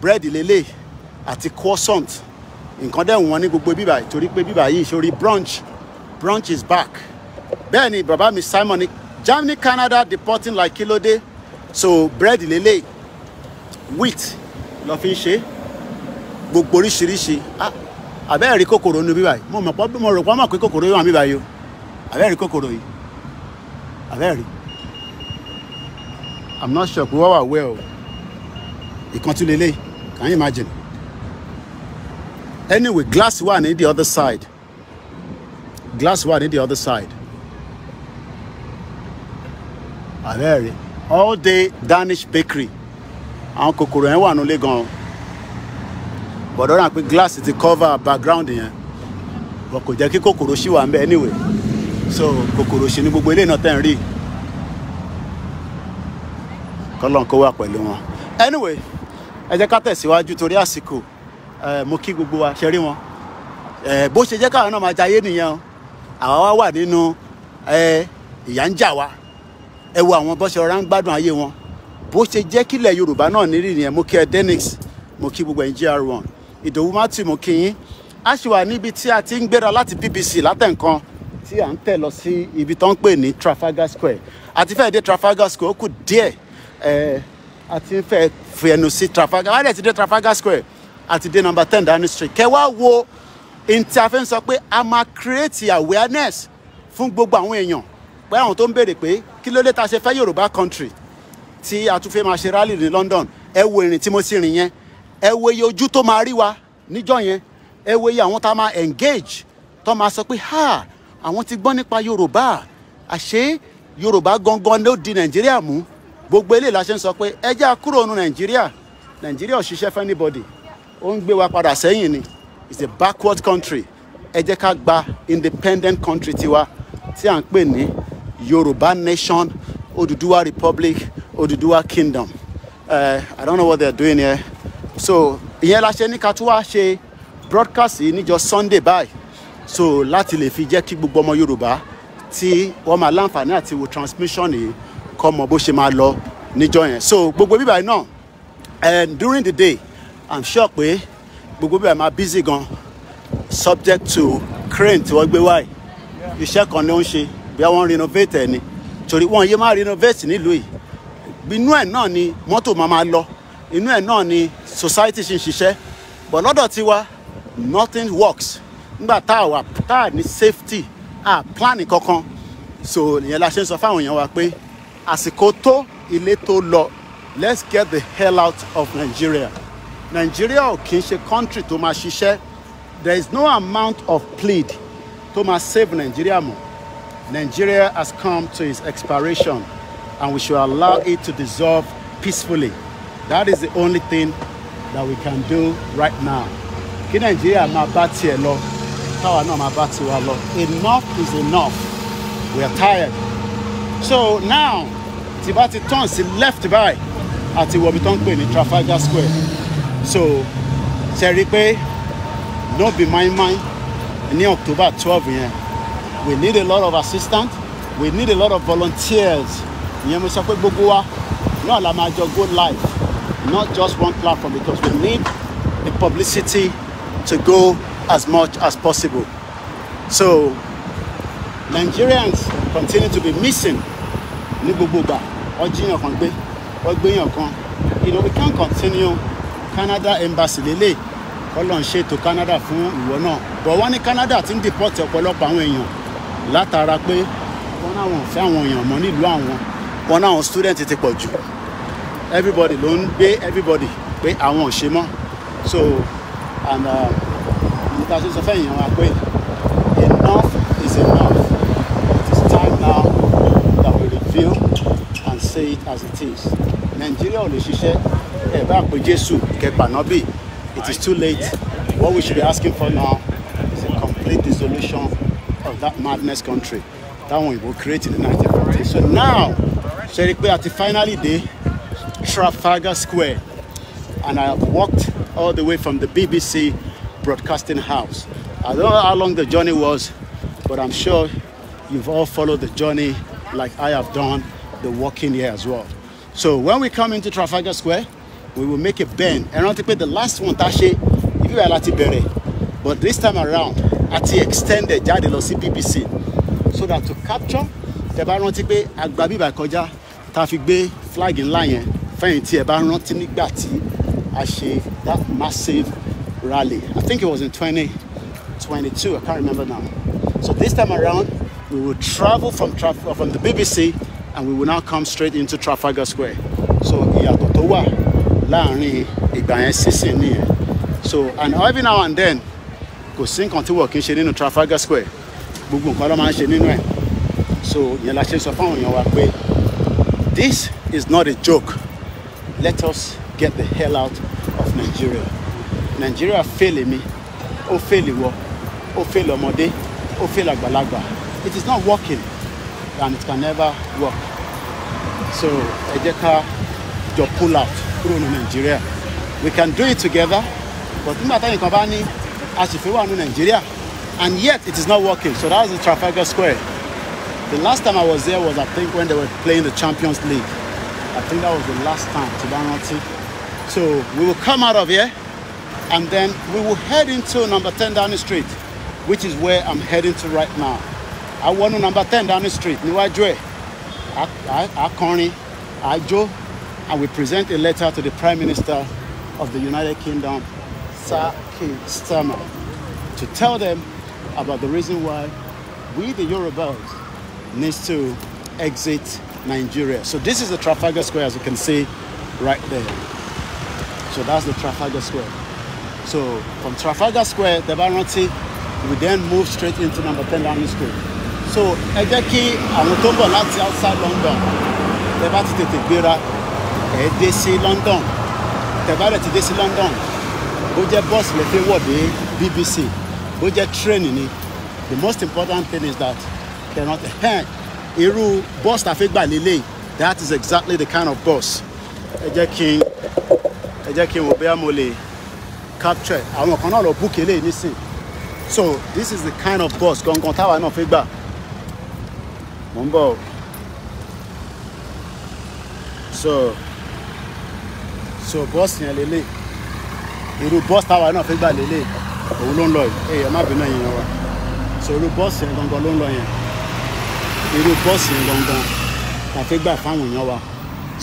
bread lélẹ̀ àti croissant nǹkan dẹ̀ wọ́n ní gbogbo bíbà torí pé bíbà yìí sórí brunch brunch is back bẹ́ẹ̀ ni bàbá mi Simon ní Germany Canada deporting like kílódé so bread lele, wheat lọ fi ń ṣe gbogbo oríṣiríṣi ah, àbẹ́ẹ̀rí kòkòrò nu bíbáyìí mo mọ̀ pọ́ mo rò pọ́ mọ̀ pé kòkòrò yóò wà bíbáyìí o àbẹ́ẹ̀rí kòkòrò yìí àbẹ́ẹ̀rí i'm not sure pé wọ́n wà wẹ́ o ìkan tún lélẹ̀ can you imagine anyway glass wà ní the other side glass wà ní the other side àbẹ́rẹ́ all day danish bakery àwọn kòkòrò yẹn wà nílé gan-an bọ̀dọ̀ náà pé glass ti cover background yẹn bọ̀ kò jẹ́ kí kòkòrò ṣì wà mbẹ́ anyway so kòkòrò ṣì ni gbogbo eléyìí náà tẹ̀ ń rí kọ́lọ́n kó wà pẹ̀lú wọn anyway ẹ jẹ́ ká tẹ̀síwájú torí àsìkò mo kí gbogbo wa ṣe rí wọn bó ṣe jẹ́ káwọn náà máa jayé nìyẹn àwa wà nínú ìyà ń jà wa. ẹ wo àwọn bọ́sẹ̀ ọ̀rá ń gbádùn ayé wọn bó ṣe jẹ́ kílẹ̀ yorùbá náà nírì nìyẹn mo kí ẹ denix mo kí gbogbo ẹ̀ ń gr1 ìdòwú matthew mo kí yín a ṣì wà níbi tí a ti ń gbéra láti bbc látẹ̀ǹkan tí à ń tẹ̀ lọ sí ibi tó ń pè ní trafalgar square àti fẹ́ẹ̀ dé trafalgar square ó kù díẹ̀ ẹ̀ àti fẹ́ẹ̀ fi ẹnu sí trafalgar wáyé ti dé trafalgar square àti dé number ten downing street kẹwàá wo ntí a fẹ́ sọ pé a máa create awareness fún gbogbo àwọn èèyàn pé àwọn tó ń béèrè pé kí ló dé ta ṣe fẹ́ yorùbá country tí a tún fẹ́ máa ṣe rally ní London ẹ wo ìrìn tí mo sì rìn yẹn ẹ wo iye ojú tó máa rí wa níjọ́ yẹn ẹ wo iye àwọn tá a máa engage tó máa sọ pé ha àwọn ti gbọ́ nípa yorùbá àṣé yorùbá gangan ló di nàìjíríà mú gbogbo eléyìí la ṣe ń sọ pé ẹ jẹ́ àkúrò nu nàìjíríà nàìjíríà ò ṣiṣẹ́ fún anybody ó ń gbé wa padà sẹ́yìn ni it's a backward country ẹ jẹ́ ká gba independent country tiwa tí à ń pè ní Yoruba Nation, Oduduwa Republic, Oduduwa Kingdom. Uh, I don't know what they're doing here. So ìyẹn la ṣe ní ká tún wá ṣe broadcast yìí níjọ́ Sunday báyìí. So láti lè fi jẹ́ kí gbogbo ọmọ Yorùbá tí wọ́n máa láǹfààní àti wo transmission yìí kọ́ mọ bó ṣe máa lọ níjọ́ yẹn. So gbogbo bíbáyìí náà and eh, during the day I'm sure pé gbogbo bíbáyìí máa busy gan subject to crane tí wọ́n gbé wáyìí iṣẹ́ kan ni ó ń ṣe bí wọ́n renovate ẹ̀ ni torí wọ́n yé máa renovate nílùú yìí inú ẹ̀ náà ni mọ́tò máa máa lọ inú ẹ̀ náà ni society ṣì ń ṣiṣẹ́ but lọ́dọ̀ tiwa nothing works nígbà tá a wà tá ní safety a plan kankan so ìyẹn la ṣe ń sọ fáwọn èèyàn wa pé àsìkò tó ilé tó lọ let's get the hell out of Nigeria Nigeria ò kì í ṣe country tó máa ṣiṣẹ́ there is no amount of plead tó máa save Nigeria mọ́ Nigeria has come to its expiration and we should allow it to dissolve peacefully. That is the only thing that we can do right now. Kí Nàìjíríà máa bá tiẹ̀ lọ, káwa náà máa bá tiwa lọ. Enough is enough. We are tired. So now, tí bá ti turn sí left by àti wọ̀bi tó ń pè ní Trafalgar Square. So ṣe rí i pé no be my mind ní October 12 yẹn. Yeah we need a lot of assistance we need a lot of volunteers ìyẹn mo sọ pé gbogbo wa náà la máa jọ go live not just one platform because we need the publicity to go as much as possible so Nigerians continue to be missing ní gbogbo ìgbà wọ́n jíyàn kan gbé wọ́n kan you know we can continue Canada embassy lélẹ̀ kọ́ lọ́n ṣètò Canada fún ìwọ náà but wọ́n ní Canada ti ń deport ọ̀pọ̀lọpọ̀ àwọn èèyàn látara pé wọn náwọn fẹ́ àwọn èèyàn mọ́ nílùú àwọn wọn náwọn student ti pọ̀ jù everybody ló ń gbé everybody pé àwọn ò ṣe mọ́ so and nípa sísọ fẹ́yìn wa pé enough is enough it is time now that we reveal and say it as it is Nigeria ò lè ṣiṣẹ́ ẹ bá pe jésù kẹpànábì it is too late what we should be asking for now is a complete dissolution. that madness country That we will create in 1940 so now ṣe rí at the final finally Trafalgar Square and I have walked all the way from the BBC broadcasting house I don't know how long the journey was but I'm sure you've all followed the journey like I have done the walking here as well so when we come into Trafalgar Square we will make a bend ẹ to pay the last one tá if you are láti bẹ̀rẹ̀ but this time around àti extended jáde lọ sí BBC so that to capture tẹ bá rántí pé àgbà bíbà kọjá tá fi gbé flag ńlá yẹn fẹ̀yìntì ẹ bá rántí nígbà tí a ṣe that massive rally I think it was in 2022 I can't remember now so this time around we will travel from traf from the BBC and we will now come straight into Trafalgar Square so ìyàtọ̀ tó wà láàrin ìgbà yẹn sísìn nìyẹn so and every now and then kò sí nǹkan tí wọ́n kì ṣe nínú Trafalgar Square gbogbo nǹkan ló máa ń ṣe nínú ẹ̀ so ìyẹn la ṣe sọ fáwọn èèyàn wa pé this is not a joke let us get the hell out of Nigeria Nigeria fail mi ó fail wọ ó fail ọmọdé ó fail àgbàlagbà it is not working and it can never work so ẹ jẹ́ ká jọ pull out kúrò ní Nigeria we can do it together but nígbà táyìn kan bá ní. As were in Nigeria and yet it is not working so that was the Trafalgar Square the last time I was there was I think when they were playing the Champions League I think that was the last time to Banati so we will come out of here and then we will head into number 10 the Street which is where I'm heading to right now I want to number 10 the Street I, ẹ̀ akọrin àjò and we present a letter to the Prime Minister of the United Kingdom Sir Stammer to tell them about the reason why we, the Yorubas, needs to exit Nigeria. So this is the Trafalgar Square, as you can see right there. So that's the Trafalgar Square. So from Trafalgar Square, the Baranti, we then move straight into number 10 Downing Street. So ẹ jẹ́ kí àwọn outside London the bá to tètè gbéra ẹ London the bá to ti dé London bó jẹ́ bọ́ọ̀sì lè fi wọ̀ dé BBC bó jẹ́ tírẹ́nì ni the most important thing is that cannot eh, irú bọ́ọ̀sì tá a fi gbà lélẹ̀ that is exactly the kind of bus ẹ jẹ́ kí n ẹ jẹ́ kí n wò bí mo lè capture àwọn kan náà lọ book eléyìí nísìn so this is the kind of bus gangan táwa náà fi gbà mò ń bọ̀ so so bọ́ọ̀sì yẹn lélẹ̀ èrò bọ́ọ̀sì táwa náà fẹ́ gbà lélẹ̀ òun ló ń lọ yìí ẹ̀yọ́ má bínú ẹ̀yìn wa so èrò bọ́ọ̀sì yẹn gangan ló ń lọ yẹn èrò bọ́ọ̀sì yẹn gangan la fẹ́ gbà fáwọn èèyàn wa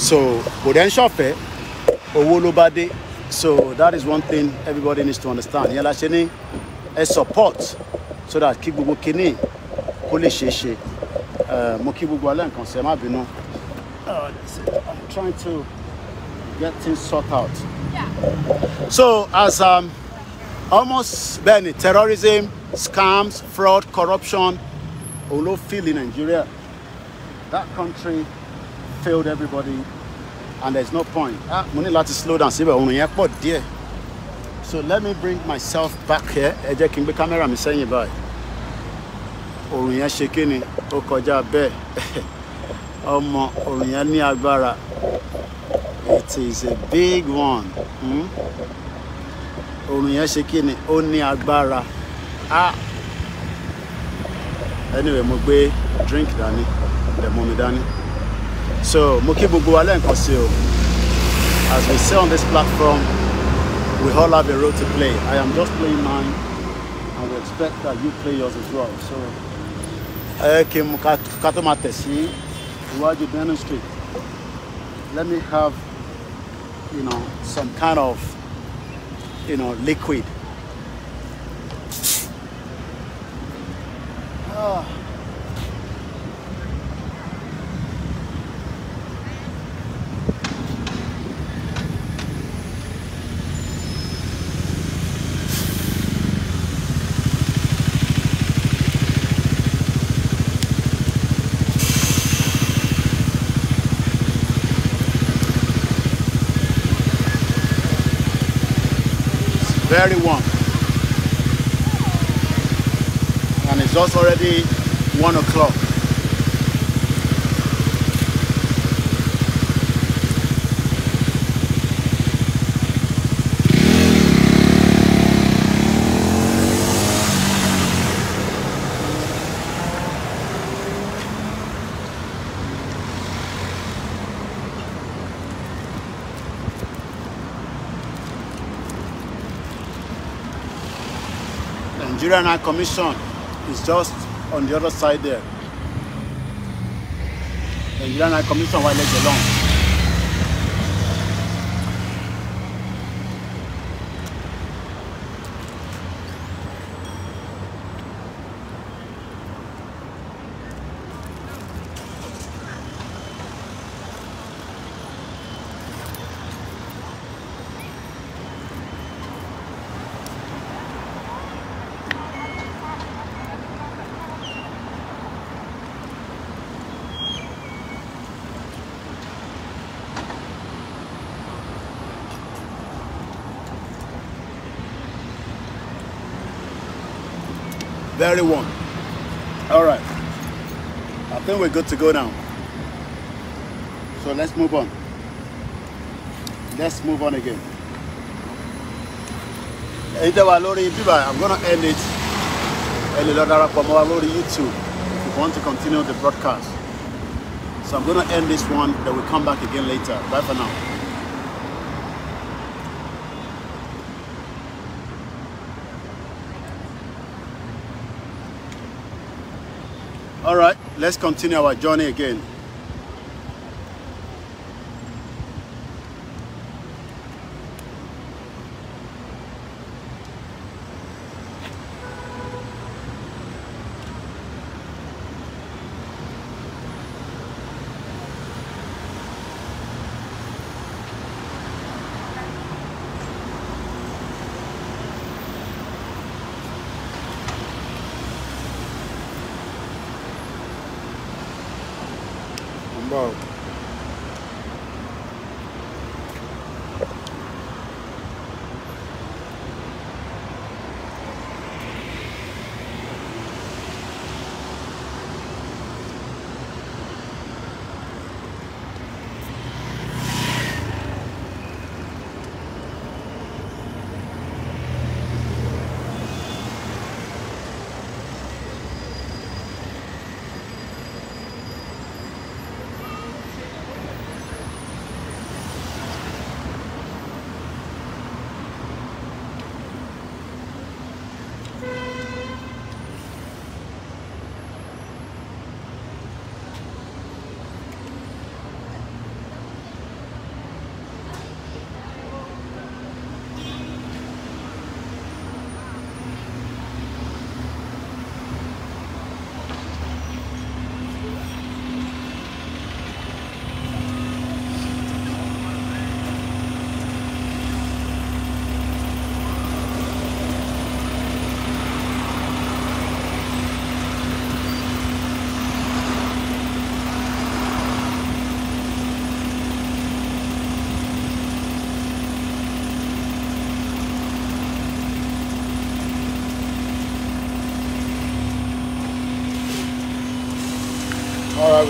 so kò dẹ́ ṣọ̀fẹ́ owó ló bá dé so that is one thing everybody needs to understand yẹn la ṣe ní ẹ support so that kí gbogbo kinní kó lè ṣeé ṣe mo kí gbogbo alẹ́ nǹkan ṣe má bínú oh, I'm trying to get things sorted out. So as um, almost been terrorism, scams, fraud, corruption, all of feel in Nigeria. That country failed everybody and there's no point. Ah, Money, ní láti slow down síbẹ̀ òun yẹn pọ̀ díẹ̀. So let me bring myself back here. Eje king kí camera. gbé saying mi sẹ́yìn báyìí. Òrùn yẹn ṣe kíni, ó kọjá bẹ́ẹ̀. <laughs> Ọmọ òrùn yẹn that is a big one hmm? oòrùn yẹn ṣe kí ni ó ní agbára ah anyway mo gbé drink dání dẹ̀ mú mi dání so mo kí gbogbo wa lẹ́ǹkan sí o as we say on this platform we all have a role to play i am just playing mine and we expect that you play yours as well so ẹ kí n ká tó máa tẹ̀ sí iwájú benin street let me have you know, some kind of, you know, liquid. Ah. warm, And it's just already 1 o'clock. Nigerian Commission is just on the other side there. The Nigerian Commission wà lẹ́gbẹ̀ẹ́ lọ́hùn. very one. All right. I think we're good to go now. So let's move on. Let's move on again. I'm going to end it. YouTube if you want to continue the broadcast. So I'm going to end this one, then we'll come back again later. Bye for now. Let's continue our journey again.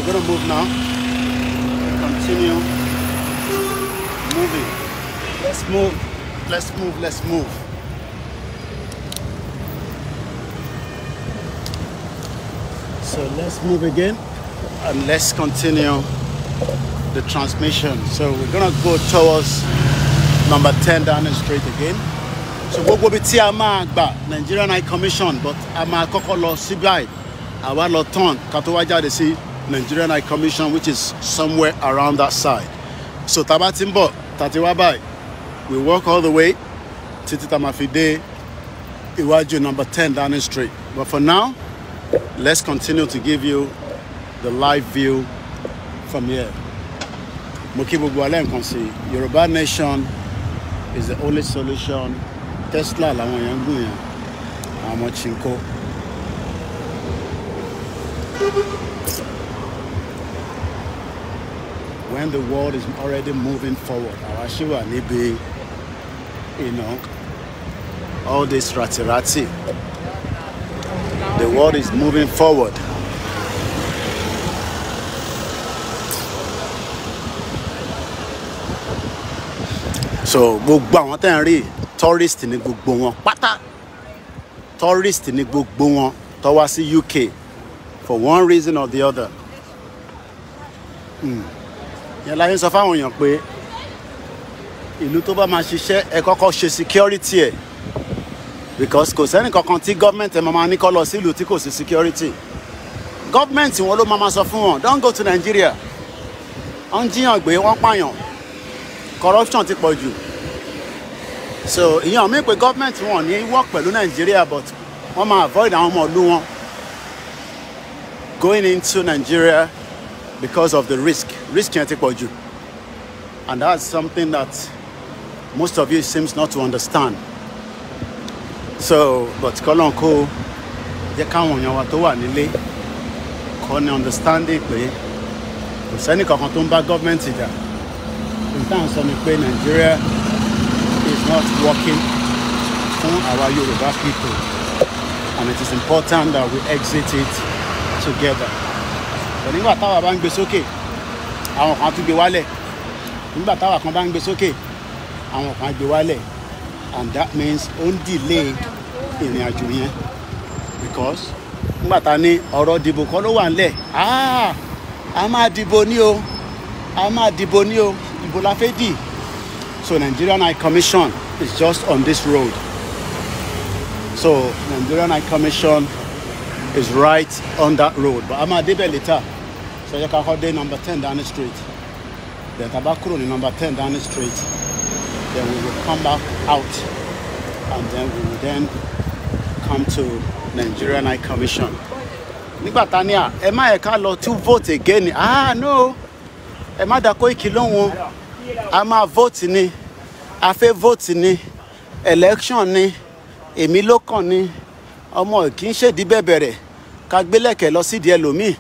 We're going to move now. Continue moving. Let's move. Let's move. Let's move. So let's move again and let's continue the transmission. So we're going to go towards number 10 down the street again. So gbogbo will tí a máa gbà Nigerian High Commission but I'm kọ́kọ́ lọ sí àwa lọ Ton, ká tó wá sí Nigerian High Commission which is somewhere around that side so tabatimbo, a we walk all the way to tá a máa number ten Downing Street but for now let's continue to give you the live view from here mo kí gbogbo alẹ́ Nation is the only solution Tesla làwọn èèyàn ń gùn and the world is already moving forward àwa ṣì wà níbi you know all this rati-rati the world is moving forward. so gbogbo àwọn tẹ́ ń rí tourist ni gbogbo wọn pátá tourist ni gbogbo wọn tó wá sí UK for one reason or the other. Mm yẹn la ṣe ń sọ fáwọn èèyàn pé ìlú tó bá máa ṣiṣẹ́ ẹ kọ́kọ́ ṣe security ẹ̀ because kò sẹ́ni kankan tí gọ́ọ̀mẹ̀ntì ẹ̀ máa máa ní kọ́ lọ sí ìlú tí kò sí security gọ́ọ̀mẹ̀ntì wọn ló máa máa sọ fún wọn don't go to Nigeria wọ́n jíyàn gbé wọ́n pààyàn corruption ti pọ̀ jù so ìyẹn mi pé gọ́ọ̀mẹ̀ntì wọn ní work pẹ̀lú Nigeria but wọ́n máa avoid àwọn ọmọ ìlú wọn going into Nigeria because of the risk risk yẹn take pọ̀ jù and that's something that most of you seems not to understand so but kọ́lọ́n they jẹ́ káwọn your water, tó wà nílé kọ́ ni understanding pé kò sẹ́ni kankan tó ń bá gọ́ọ̀mẹ̀ntì jà nǹkan sọ Nigeria is not working fún our Yorùbá people and it is important that we exit it together nígbà táwa bá ń gbé sókè àwọn kan tún gbé wálẹ̀ nígbà táwa kan bá ń gbé sókè àwọn kan gbé wálẹ̀ and that means ó ń delay ìrìn àjò yẹn because nígbà tá a ní ọ̀rọ̀ dìbò kọ́ ló wà ńlẹ̀ ah, a máa dìbò ní o a máa dìbò ní o ìbò la fẹ́ dì so Nigeria, High Commission is just on this road so Nigeria, High Commission is right on that road but I'm a little débẹ̀ later so you can kọ́ dé number ten the street then tá a bá kúrò ní number ten Downing street then we will come back out and then we will then come to Nigerian High Commission nígbà tá a ní à to vote again ah no Am I dá Koiki lóhùn a máa vote ni a fẹ́ vote ni election ni èmi ló ọmọ kì í ṣèdí bẹ̀bẹ̀ ká gbélẹ̀kẹ̀ lọ sídìí ẹlòmíì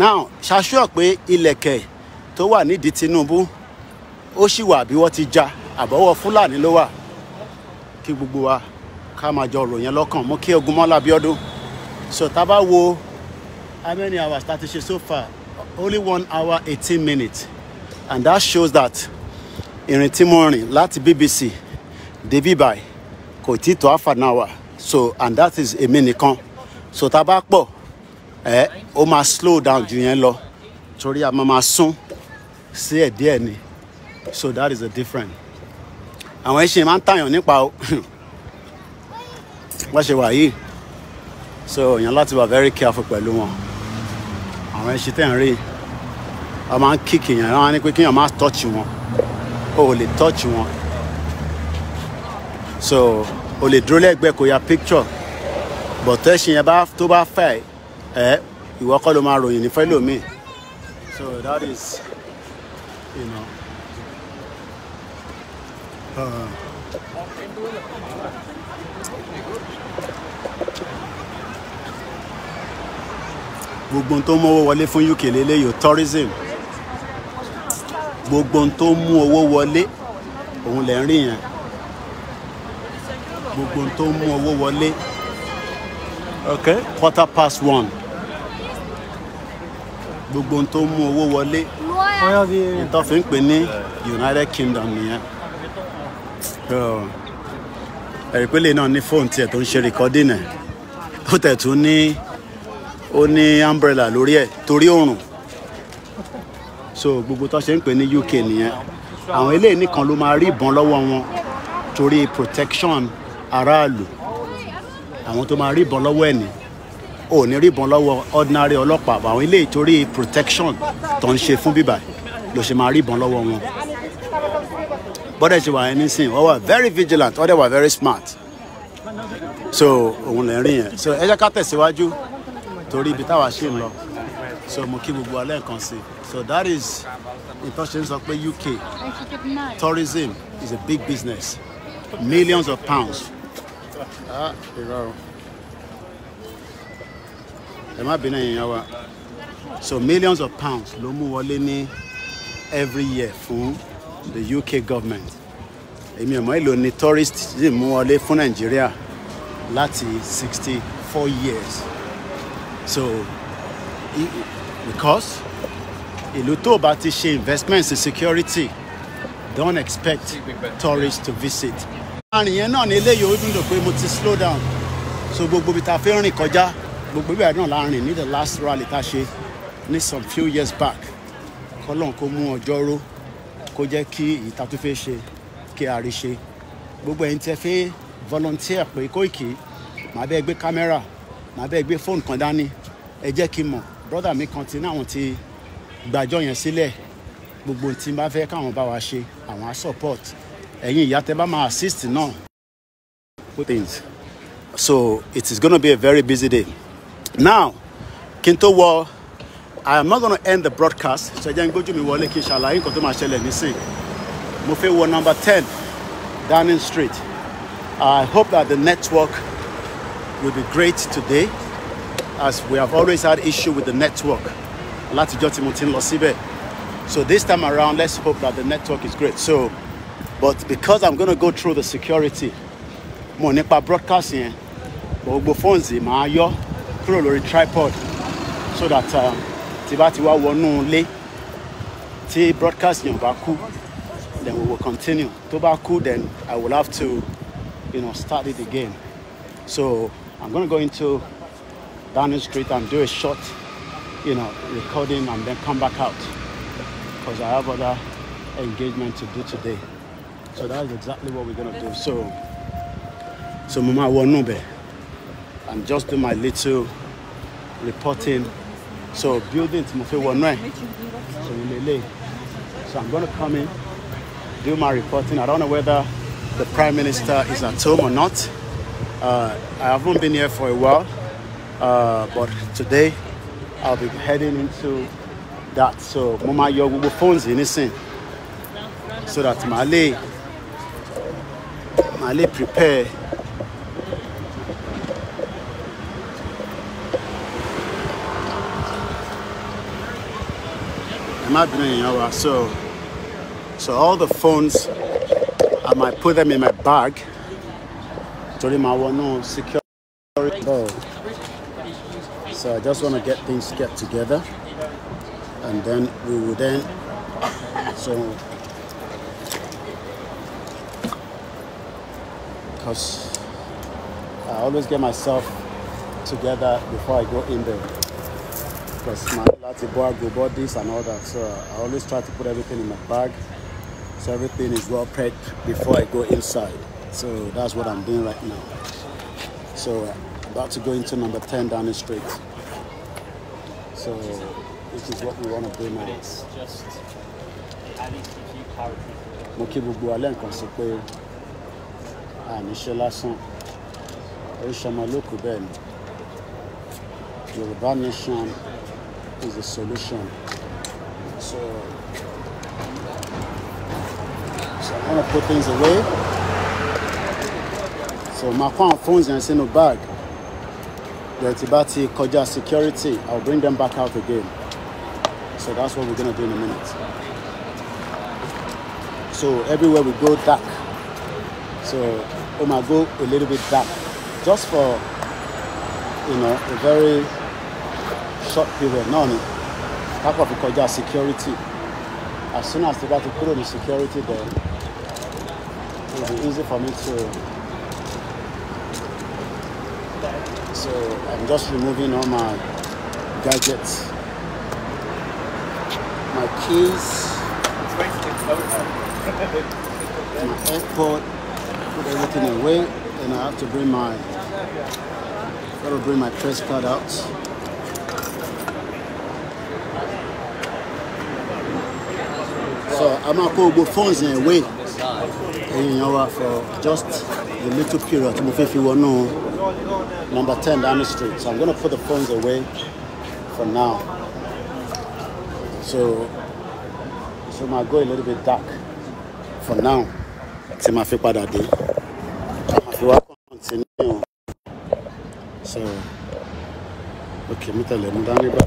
now ṣaṣọ́ pé ilẹ̀kẹ̀ tó wà nídìí Tinubu ó sì wà bí wọ́n ti ja àbọ̀wọ́ Fúlàní ló wà kí gbogbo wa ká máa jọ ròyìn lọ́kàn mú kí Ògúnmọ́lá Abíọ́dún so tá a bá wo how many hours that is so far only one hour eighteen minutes and that shows that ìrìn tí mo rìn láti BBC débí báyìí kò tí tó half an hour so and that is èmi nìkan so tá a bá pọ̀ ẹ ó máa slow down jù yẹn lọ torí a máa máa sún sí ẹ̀ díẹ̀ ni so that is a different àwọn ẹṣin máa ń tàyàn nípa o <laughs> wọ́n ṣe wà yìí so èèyàn láti wà very careful pẹ̀lú wọn àwọn ẹṣin tẹ̀ ń rí wọ́n máa ń kíkì yẹn wọ́n á ní pé kéèyàn má touch wọn o ò lè touch wọn so o lè dúró lẹ́gbẹ̀ẹ́ kó ya picture bọ̀tẹ́ ṣì yẹn tó bá fẹ́ ẹ ìwọ kọ́ ló máa ròyìn ní fẹ́lòmíì so that is you know. Uh, gbogbo tó mú owó wọlé fún UK lélẹ́yìí tourism gbogbo tó mú owó wọlé òun lè ń rí yẹn gbogbo tó ń mú owó wọlé okay quarter past one gbogbo tó ń mú owó wọlé ìtọ́ fi ń pè ní United Kingdom nìyẹn ẹ̀rí pélé náà ní fóònù tiẹ̀ tó ń ṣe recording. ẹ̀ ó tẹ̀ tún ní ó ní umbrella lórí ẹ̀ torí òrùn so gbogbo tó ṣe ń pè ní UK nìyẹn àwọn eléyìí nìkan ló máa rí ìbọn lọ́wọ́ wọn torí protection aráàlú àwọn tó máa ríbọn lọ́wọ́ ẹ̀ ní ò ní ríbọn lọ́wọ́ ordinary ọlọ́pàá àwọn ilé ìtorí protection tó ń ṣe fún bíbà ló ṣe máa ríbọn lọ́wọ́ wọn bọ́dẹ̀ ṣe wà ẹ́ nísìnyí wọ́n wà very vigilant wọ́n dẹ̀ wà very smart so òun lè rìn yẹn so ẹ jẹ́ ká tẹ̀síwájú torí ibi táwa ṣì ń lọ so mo kí gbogbo alẹ́ nǹkan sí so that is ìtọ́sẹ̀ ń sọ pé UK tourism is a big business millions of pounds ah irọ́ o ẹ má bínú ẹ̀yìn yẹn so millions of pounds lomu walini, every year fún the UK government èmi ò mọ èlò ni tourist sì mú wọlé fún Nigeria, láti sixty four years so because ìlú tó bá ti ṣe investments in security don't expect tourists to visit arìn yẹn náà ní eléyìí ó dùn dò pé mo ti slow down so gbogbo ibi tá a fẹ́ rìn kọjá gbogbo ibi àdúrà la rìn ní the last rally tá a ṣe ní some few years back kọ́lọ́n kó mú ọjọ́ ró kó jẹ́ kí ìta tó fẹ́ ṣe kí a rí ṣe gbogbo ẹ̀yin tẹ́ fẹ́ volunteer pé Koiki màá bẹ́ẹ̀ gbé kámẹ́rà màá bẹ́ẹ̀ gbé fóònù kan dání ẹ jẹ́ kí n mọ̀ brọ́dà mi kan ti ní àwọn ti gbàjọ yẹn sílẹ̀ gbogbo tí n bá fẹ́ káwọn bá wa ṣe àwọn á support ẹ̀yin ìyá tẹ́ bá máa assist náà good things so it is going to be a very busy day now kí n wọ I am not going to end the broadcast ṣe jẹ́ n gbójú mi wọlé kí n ṣàlàyé nǹkan tó máa ṣẹlẹ̀ nísìn mo fẹ́ wọ number ten Downing Street I hope that the network will be great today as we have always had issue with the network látijọ́ tí mo ti ń lọ síbẹ̀ so this time around let's hope that the network is great so but because i'm gonna go through the security mo nípa broadcast yẹn gbogbo phones yìí màá yọ kúrò lórí tripod so that um, tí bá ti wá wọnú ilé tí broadcast yẹn bá kú then we will continue tó bá kú then i will have to you know start it again so i'm gonna go into Downing Street and do a short you know recording and then come back out because I have other engagement to do today. So that's exactly what we're gonna do. So, so Mama Wanube, I'm just doing my little reporting. So building to Mufe Wanwe. So Mele. So I'm gonna come in, do my reporting. I don't know whether the Prime Minister is at home or not. Uh, I haven't been here for a while, uh, but today I'll be heading into that. So Mama, your Google phones in, listen, so that Malay. m'aller prepare so so all the phones I might put them in my bag him I want no security oh. so I just want to get things kept together and then we will then so because I always get myself together before I go in there. Because my Latiboa go bought this and all that. So I always try to put everything in my bag. So everything is well packed before I go inside. So that's what I'm doing right now. So about to go into number 10 down the street. So this is what we want to do now. It's just, at least if you àníṣe lásán oríṣọmọ lókù bẹ́ẹ̀ ni Yorùbá nation is the solution so so I'm gonna put things away so màá kó àwọn phones yẹn sínú bag dẹ̀tí bá ti kọjá security I will bring them back out again so that's what we're gonna do in a minute so everywhere we go dark so. I might go a little bit back, just for you know a very short period náà ni kápọ̀ fi kọjá security as soon as tí bá ti to put on the security then it will be easy for me to so I'm just removing all my gadgets my keys my airport everything away and I have to bring my I gotta bring my press card out. So I'm gonna put both phones in away. And you know for just a little period if you want to number 10 down the street. So I'm gonna put the phones away for now. So so might go a little bit dark for now. See my fit that day. èmi tẹ̀lé mú dání bá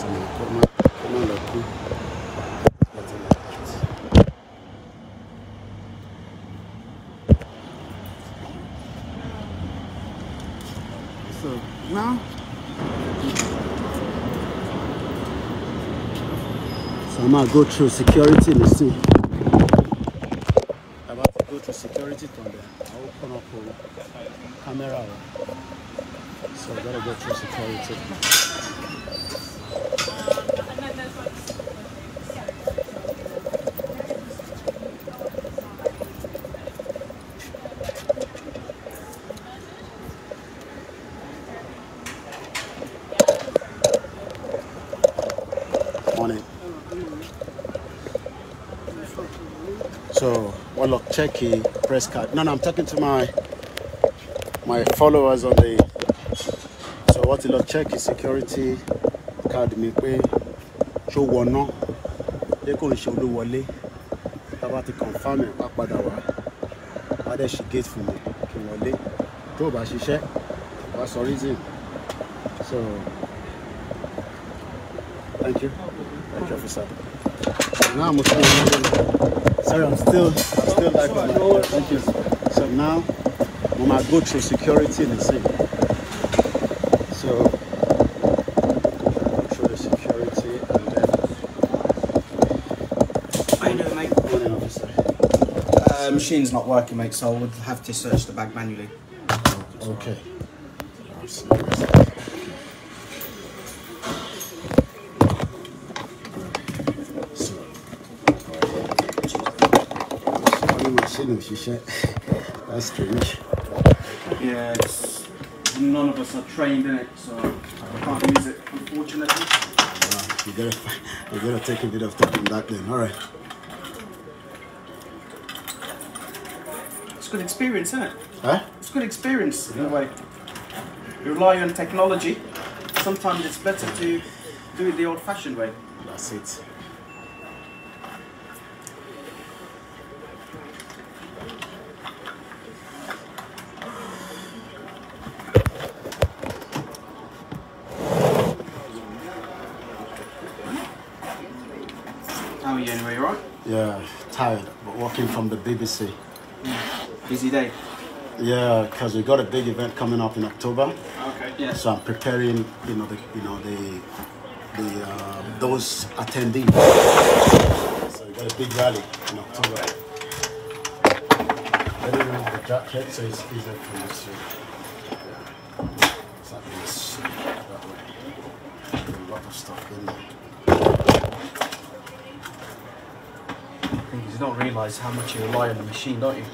sọmọ kọ́ má kọ́ má lọ kú. So now. So I'm gonna go through security and see. I'm about to go through security from there. I open up a camera. So I gotta go to security. So Warlock Turkey press card. No, no, I'm talking to my my followers on the wọ́n ti lọ chẹ́ẹ̀kì security card mi pé ṣó wọná pé kò ń ṣe olúwọlé tá a bá ti confam ẹ̀ wá padà wá wá dẹ̀ ṣí gate fún mi kí n wọlé tó o bá ṣiṣẹ́ wá sọ reason so thank you thank you officer now I'm still sorry I'm still I'm still like thank you so now mo ma go through security nìsín. So for the security and then I know mate morning officer. Uh, machine's not working mate so I would have to search the bag manually. Okay. <laughs> That's strange none of us are trained in it, so I can't use it, unfortunately. we you gotta, you gotta take a bit of time on that then, alright. It's good experience, isn't it? Huh? It's good experience, in a way. You rely on technology. Sometimes it's better to do it the old-fashioned way. That's it. from the BBC. Busy day. Yeah, because we got a big event coming up in October. Okay. Yeah. So I'm preparing, you know, the you know the the uh, those attendees. So we got a big rally in October. Okay. Let me remove the jacket so it's easier for you to. Yeah. It's That way. A lot of stuff in there. realise how much you rely on the machine, don't you?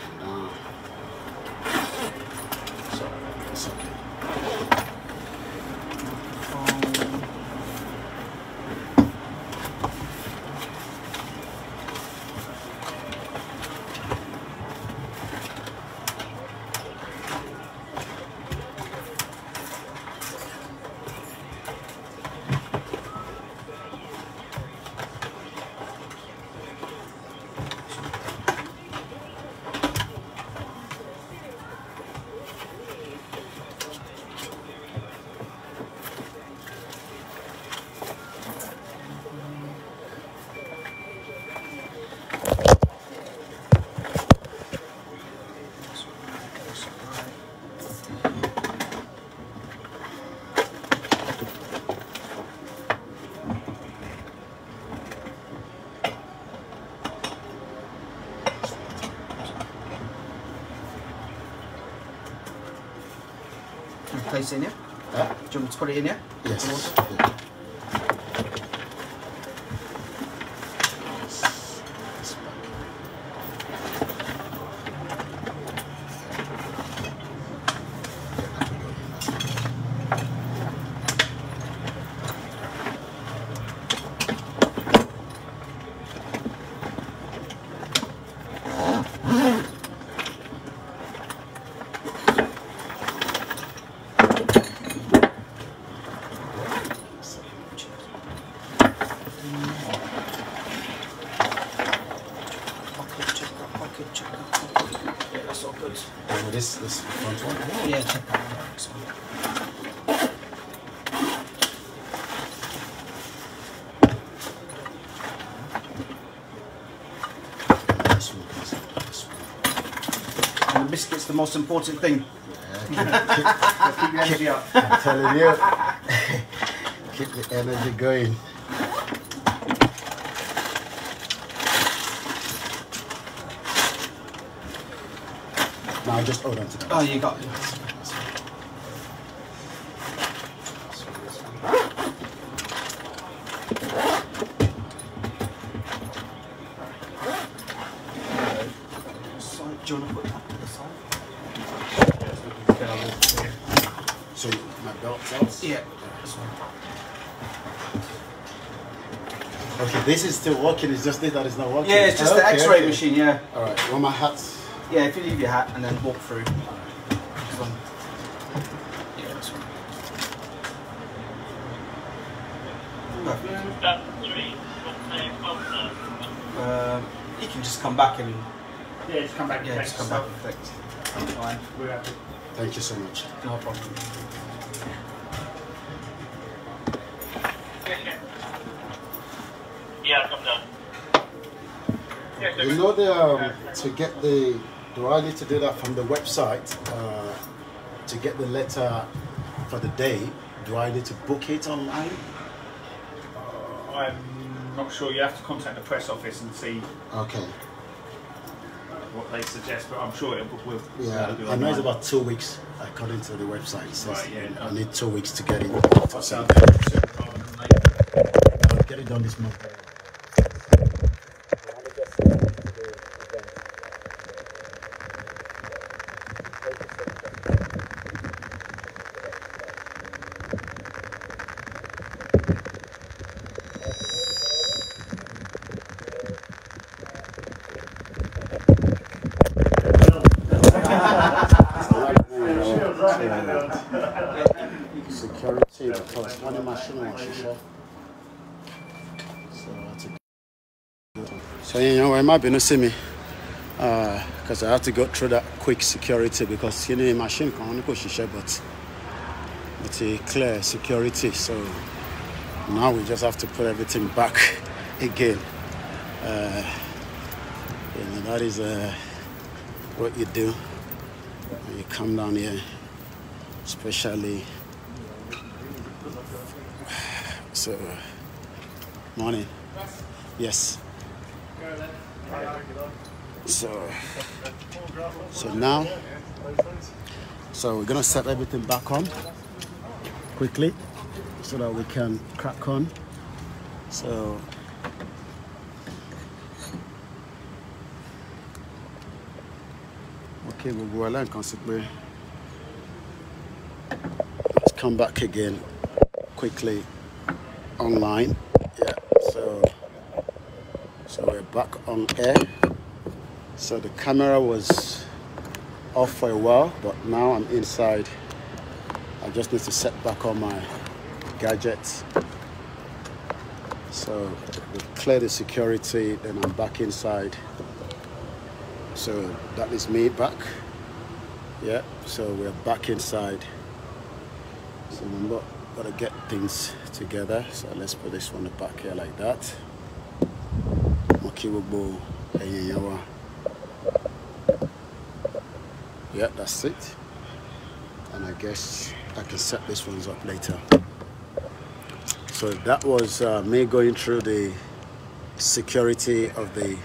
place in here. Yeah? Do you want me to put it in here? Yes. most important thing. Yeah, keep, keep, the energy up. I'm telling you, <laughs> keep the energy going. Now just hold on to that. Oh, you got it. Do you want to put that to the side? So my belt belts? Yeah. Okay, this is still working, it's just this that is not working. Yeah, it's just the x-ray okay. machine, yeah. Alright, well my hat's... Yeah, if you leave your hat and then walk through. Yeah, one. Um, you can just come back and... Yeah, just come back and yeah, just come back and fix happy. Thank you so much. No problem. yeah, come down. you know the um, to get the do I need to do that from the website uh, to get the letter for the day? Do I need to book it online? Uh, I'm not sure. You have to contact the press office and see. Okay what they suggest, but I'm sure it will. Yeah, I know it's about two weeks according to the website. So right, yeah, I need two weeks to get it. I'll um, get it done this month. má bínú sí me, because uh, I had to go through that quick security because you know machine can only push ṣiṣẹ́ but a clear security so now we just have to put everything back <laughs> again uh, you know, that is uh, what you do when you come down here especially <sighs> so morning yes. So, so now, so we're gonna set everything back on quickly so that we can crack on. So, okay, we'll go along, consequently. Let's come back again quickly online back on air so the camera was off for a while but now i'm inside i just need to set back on my gadgets so we clear the security then i'm back inside so that is me back yeah so we're back inside so remember gotta get things together so let's put this one back here like that gbogbo wa yeah that's it and I guess I can set this ones up later so that was uh, me going through the security of the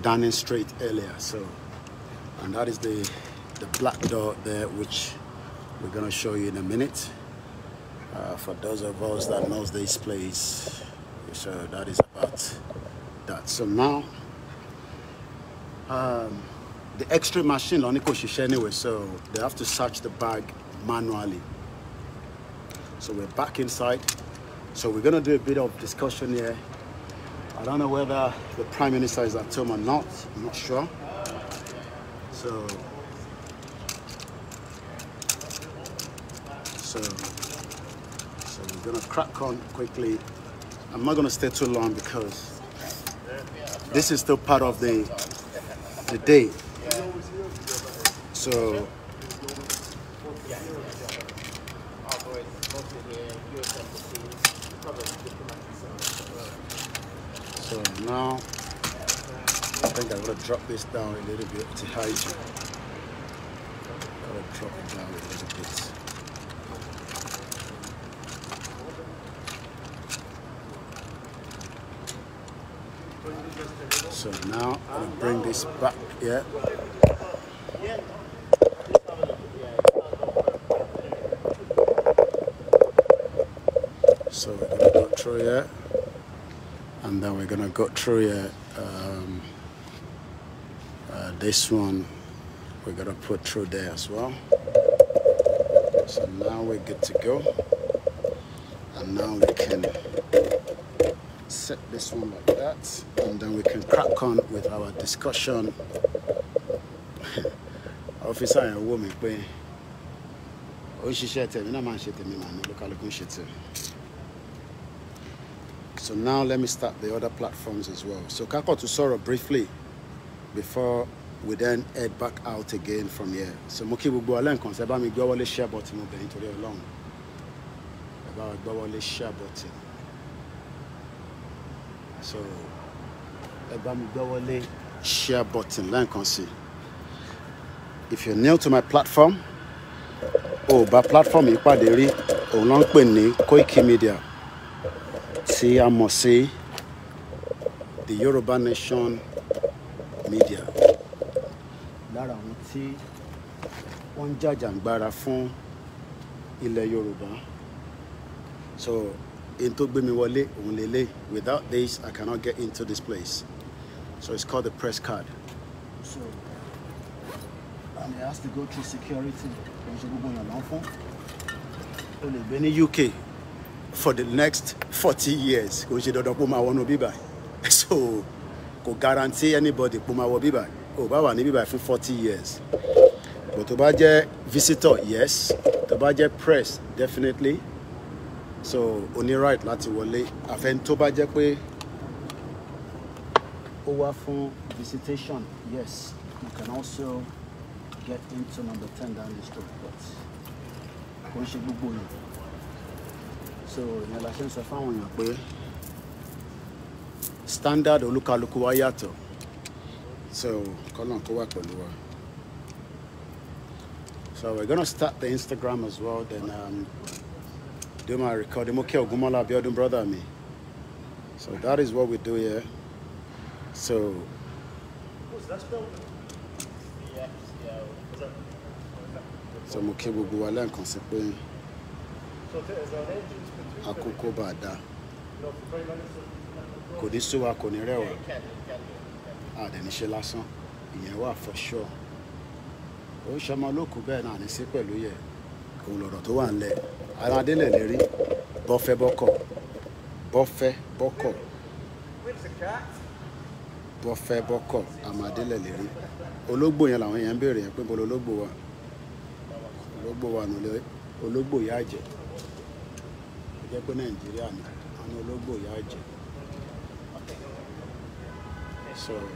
Downing Street earlier. so and that is the the black door there which we're going to show you in a minute uh, for those of us that knows this place so that is about that now, Um, the extra machine only could share anyway, so they have to search the bag manually. So we're back inside. So we're gonna do a bit of discussion here. I don't know whether the Prime Minister is at home or not, I'm not sure. So, so, so we're gonna crack on quickly. I'm not gonna stay too long because this is still part of the the day. So So now I think I'm gonna drop this down a little bit to hide you. to drop it down a little bit. and bring this back yeah. So we're going to go through here and then we're going to go through here. Um, uh, this one we're going to put through there as well. So now we're good to go and now we can set this one like that and then we can crack on with our discussion <laughs> officer and woman. mí pé she ṣiṣẹ́ tèmi náà máa ń ṣe tèmi màá ní olúkálukú ń ṣe tèmi so now let me start the other platforms as well so kako to sọ̀rọ̀ briefly before we then head back out again from here so mo kí gbogbo alẹ́ nǹkan ṣe bá mi gbọ́wọ́lé share button mo bẹ̀rẹ̀ nítorí long. About bá wa gbọ́wọ́lé share button so ẹ bá mi gbọ́ share button lẹ́ẹ̀kan sí if you're new to my platform o ò bá platform yìí pàdé rí òun ló ń pè ní Koiki Media tí a mọ̀ sí the Yorùbá Nation Media lára àwọn tí wọ́n ń jàjàǹgbara fún ilẹ̀ Yorùbá so Into tó gbé without this I cannot get into this place so it's called the press card. so I'm asked to go through security kò ṣe UK for the next forty years kò ṣe my one máa be bíbá <laughs> so kò guarantee anybody kó máa be bíbá Oh, Baba, wà be bíbá for forty years but tó bá visitor yes tó bá press definitely so o ní right láti wọlé àfẹn tó bá jẹ́ pé ó wá fún visitation yes you can also get into number ten down the street but kò ń ṣe gbogbo yẹn so ìyẹn la ṣe ń sọ fáwọn èèyàn pé standard olúkálùkù wa yàtọ̀ so kọ́nà kó wà pẹ̀lú wa. So we're gonna start the Instagram as well, then um, do my recording. Mo kẹ́ Ògúnmọ́lá Abíọ́dún brother me. So that is what we do here. So. So mo kí gbogbo wa lẹ́ẹ̀kan sí pé àkókò bá a dá. Kò ní sú wa, kò ní rẹ̀ wá. Àdẹ̀níṣe lásán. Ìyẹn wà for sure. Ó ṣọmọ olókùú bẹ́ẹ̀ náà ní sí pẹ̀lú yẹ̀ òun lọ̀rọ̀ tó wà ńlẹ̀ àwọn adélẹ̀ lè rí bọ́fẹ́ bọ́kọ̀ bọ́fẹ́ bọ́kọ̀ bọ́fẹ́ bọ́kọ̀ àwọn adélẹ̀ lè rí ológbò yẹn làwọn yẹn ń béèrè yẹn pé bọ́lá ológbò wa ológbò wa nulẹ̀ ológbò yá jẹ ó jẹ́ pé Nàìjíríà ni àwọn ológbò yá jẹ sọ̀rọ̀.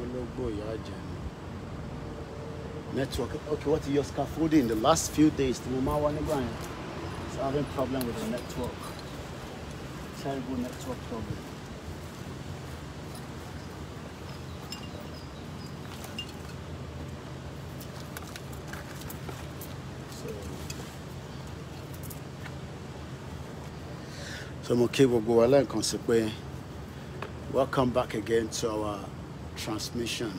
ológbò ìyá jẹ ni network okay what is your scaffolding the last few days tí mo máa wá nígbà yẹn so having problem with the network terrible network problem. So mo kí gbogbo wa lẹ́ẹ̀kan sí pé welcome back again to our transmission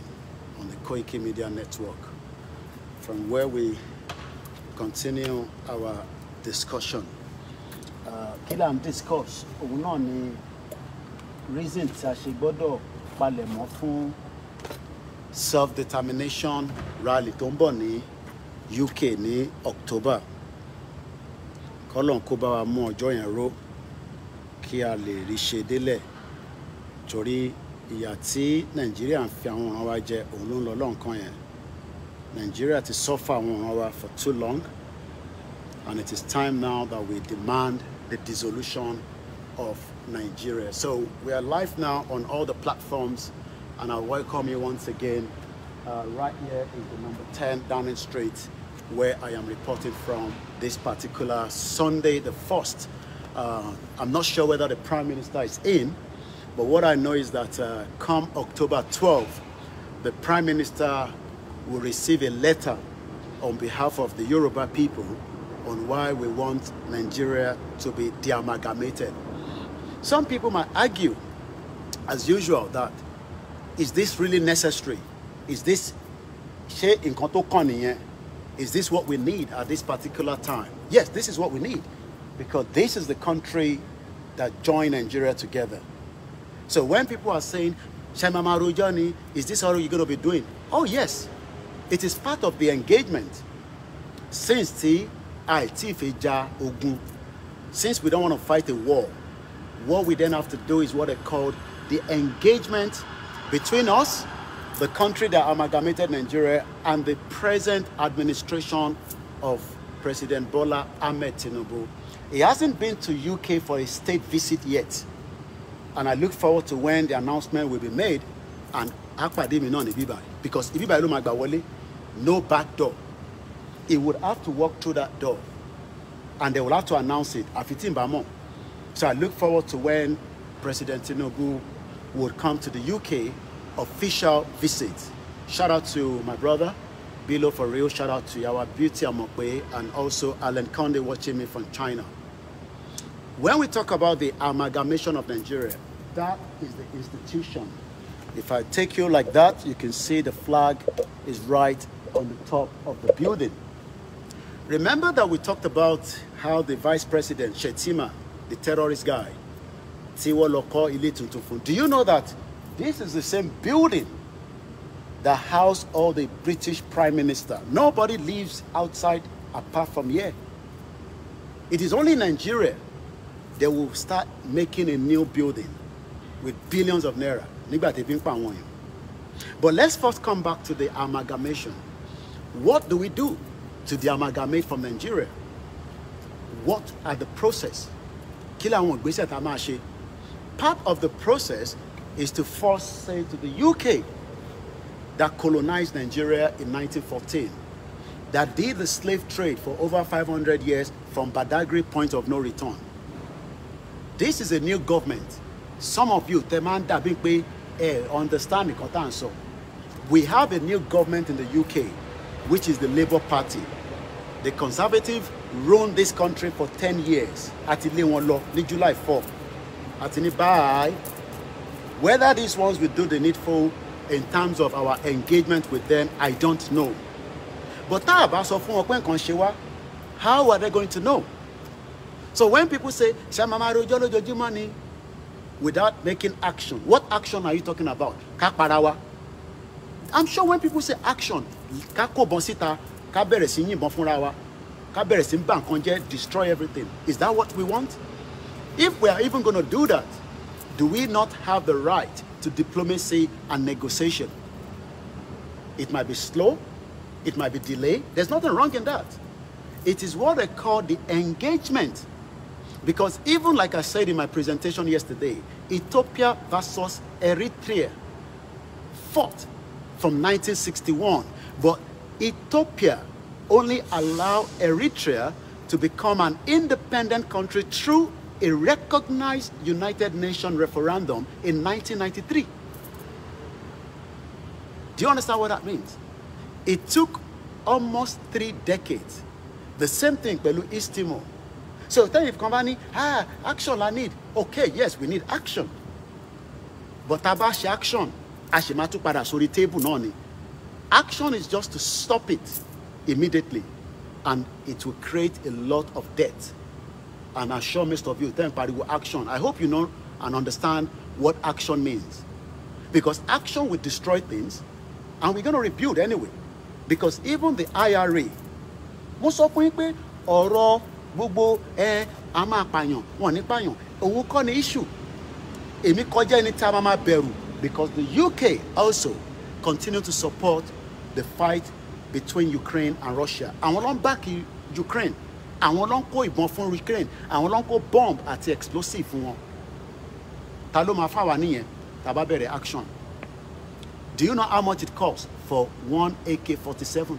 on the Koike Media Network from where we continue our discussion. Uh, Kila, là discuss? Òun náà ni reason tí a ṣe gbọ́dọ̀ palẹ̀mọ́ fún self-determination rally tó ń bọ̀ ní UK ní October. Kọ́lọ̀ kó bá wa mú ọjọ́ yẹn ró kí a lè rí ṣe délẹ̀ torí ìyà tí Nigeria fi àwọn ọ̀ràn wa jẹ òun ló ń lọ yẹn ti suffer àwọn ọ̀ràn wa for too long and it is time now that we demand the dissolution of Nigeria. So we are live now on all the platforms and I welcome you once again. Uh, right in the number 10 Downing Street where I am reporting from this particular Sunday the 1st. Uh, I'm not sure whether the Prime Minister is in, but what I know is that uh, come October 12, the Prime Minister will receive a letter on behalf of the Yoruba people on why we want Nigeria to be deamalgamated. Some people might argue, as usual, that is this really necessary? Is this Is this what we need at this particular time? Yes, this is what we need because this is the country that joined Nigeria together. So when people are saying, Shemamaru Johnny, is this all you're going to be doing? Oh, yes. It is part of the engagement. Since ti àìtí fi ja ogun, since we don't want to fight a war, what we then have to do is what they called the engagement between us, the country that amalgamated Nigeria, and the present administration of President Bola Ahmed Tinubu. He hasn't been to UK for a state visit yet and I look forward to when the announcement will be made and àpàdé mi náà ní bíbá because if yìí ló máa gbà wọlé no back door he would have to walk through that door and they will have to announce it àfi tí so I look forward to when President Tinubu would come to the UK official visit shout out to my brother Bilo for real shout out to our Beauty Amope and also Alan Conde watching me from China. When we talk about the amalgamation of Nigeria, that is the institution. If I take you like that, you can see the flag is right on the top of the building. Remember that we talked about how the vice president, Shetima, the terrorist guy, Tiwa Loko Ilituntunfun, do you know that this is the same building that housed all the British prime minister? Nobody lives outside apart from here. It is only Nigeria they will start making a new building with billions of naira nígbà tí ebi ń pa but let's first come back to the amalgamation what do we do to the amalgamate from Nigeria what are the process kí làwọn ìgbésẹ̀ tá part of the process is to first say to the UK that colonized Nigeria in 1914 that did the slave trade for over 500 years from Badagry point of no return this is a new government some of you demand that ń dàbí pé understand nǹkan content. So, we have a new government in the UK which is the Labour Party the Conservative ruled this country for ten years àti lé wọn lọ ní July four àti ní whether these ones will do the needful in terms of our engagement with them I don't know but tá a bá sọ fún wọn pé how are they going to know. So when people say, Shamamaro Jolo Jojimani, without making action, what action are you talking about? Kakparawa. I'm sure when people say action, Kako Bonsita, Kabere Sinyi Bonfunrawa, Kabere Simban Konje, destroy everything. Is that what we want? If we are even going to do that, do we not have the right to diplomacy and negotiation? It might be slow, it might be delayed. There's nothing wrong in that. It is what they call the engagement Because even like I said in my presentation yesterday, Ethiopia versus Eritrea fought from 1961. But Ethiopia only allowed Eritrea to become an independent country through a recognized United Nations referendum in 1993. Do you understand what that means? It took almost three decades. The same thing Pelu East Timor. so tell if company ah action I need okay yes we need action but about a action as ṣe matter para sorry table náà action is just to stop it immediately and it will create a lot of debt and I sure most of you tẹ́yìn pariwo action I hope you know and understand what action means because action will destroy things and we're gonna rebuild anyway because even the IRA mo sọ fún gbogbo ẹ a máa pààyàn wọn ní pààyàn òun kọ́ ni issue èmi kọjá ẹni tá a máa bẹ̀rù because the UK also continue to support the fight between Ukraine and Russia àwọn ló ń back Ukraine àwọn ló ń kó ìbọn fún Ukraine àwọn ló ń kó bomb àti explosive fún wọn ta ló máa fáwa nìyẹn tá a bá bẹ̀rẹ̀ action do you know how much it costs for one AK-47?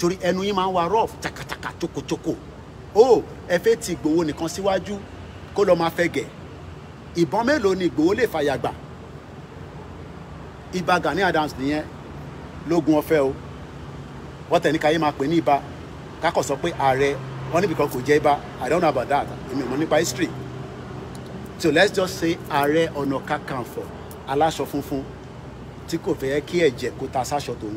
torí ẹnu yín máa ń wa rough takataka tokotoko o ẹ fẹ́ ti Ìgbòho nìkan síwájú kó lọ́ọ́ máa fẹ́ gẹ̀ ìbọn mélòó ni Ìgbòho lè fàyà gbà ibà Gani Adams nìyẹn lógun ọ̀fẹ́ o wọ́n tẹ̀ ní káyé máa pè ní ibà kákọ̀ sọ pé ààrẹ wọn níbi kò jẹ́ ibà I don't know about that èmi mọ̀ nípa history so let's just say ààrẹ ọ̀nà kakanfò aláṣọ funfun tí kò fẹ́ kí ẹ̀jẹ̀ kó ta sáṣọ tòun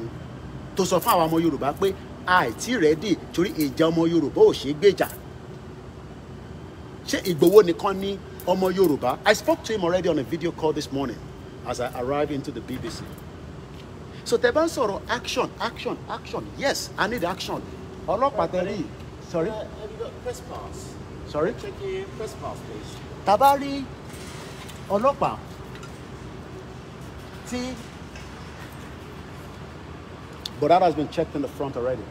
tó sọ fún àwọn ọmọ Yorùbá pé àìtí rẹ́dì torí ìjà ọmọ yorùbá ò ṣeé gbèjà ṣé ìgbòho nìkan ni ọmọ yorùbá i spoke to him already on a video call this morning as i arrived into the bbc so tẹ bá ń sọ̀rọ̀ action action action yes i need action ọlọ́pàá tẹ̀lé yìí sorry. Uh, have you got press pass? sorry. check press pass please. tàbá rí ọlọ́pàá tí. But that has been checked in the front already.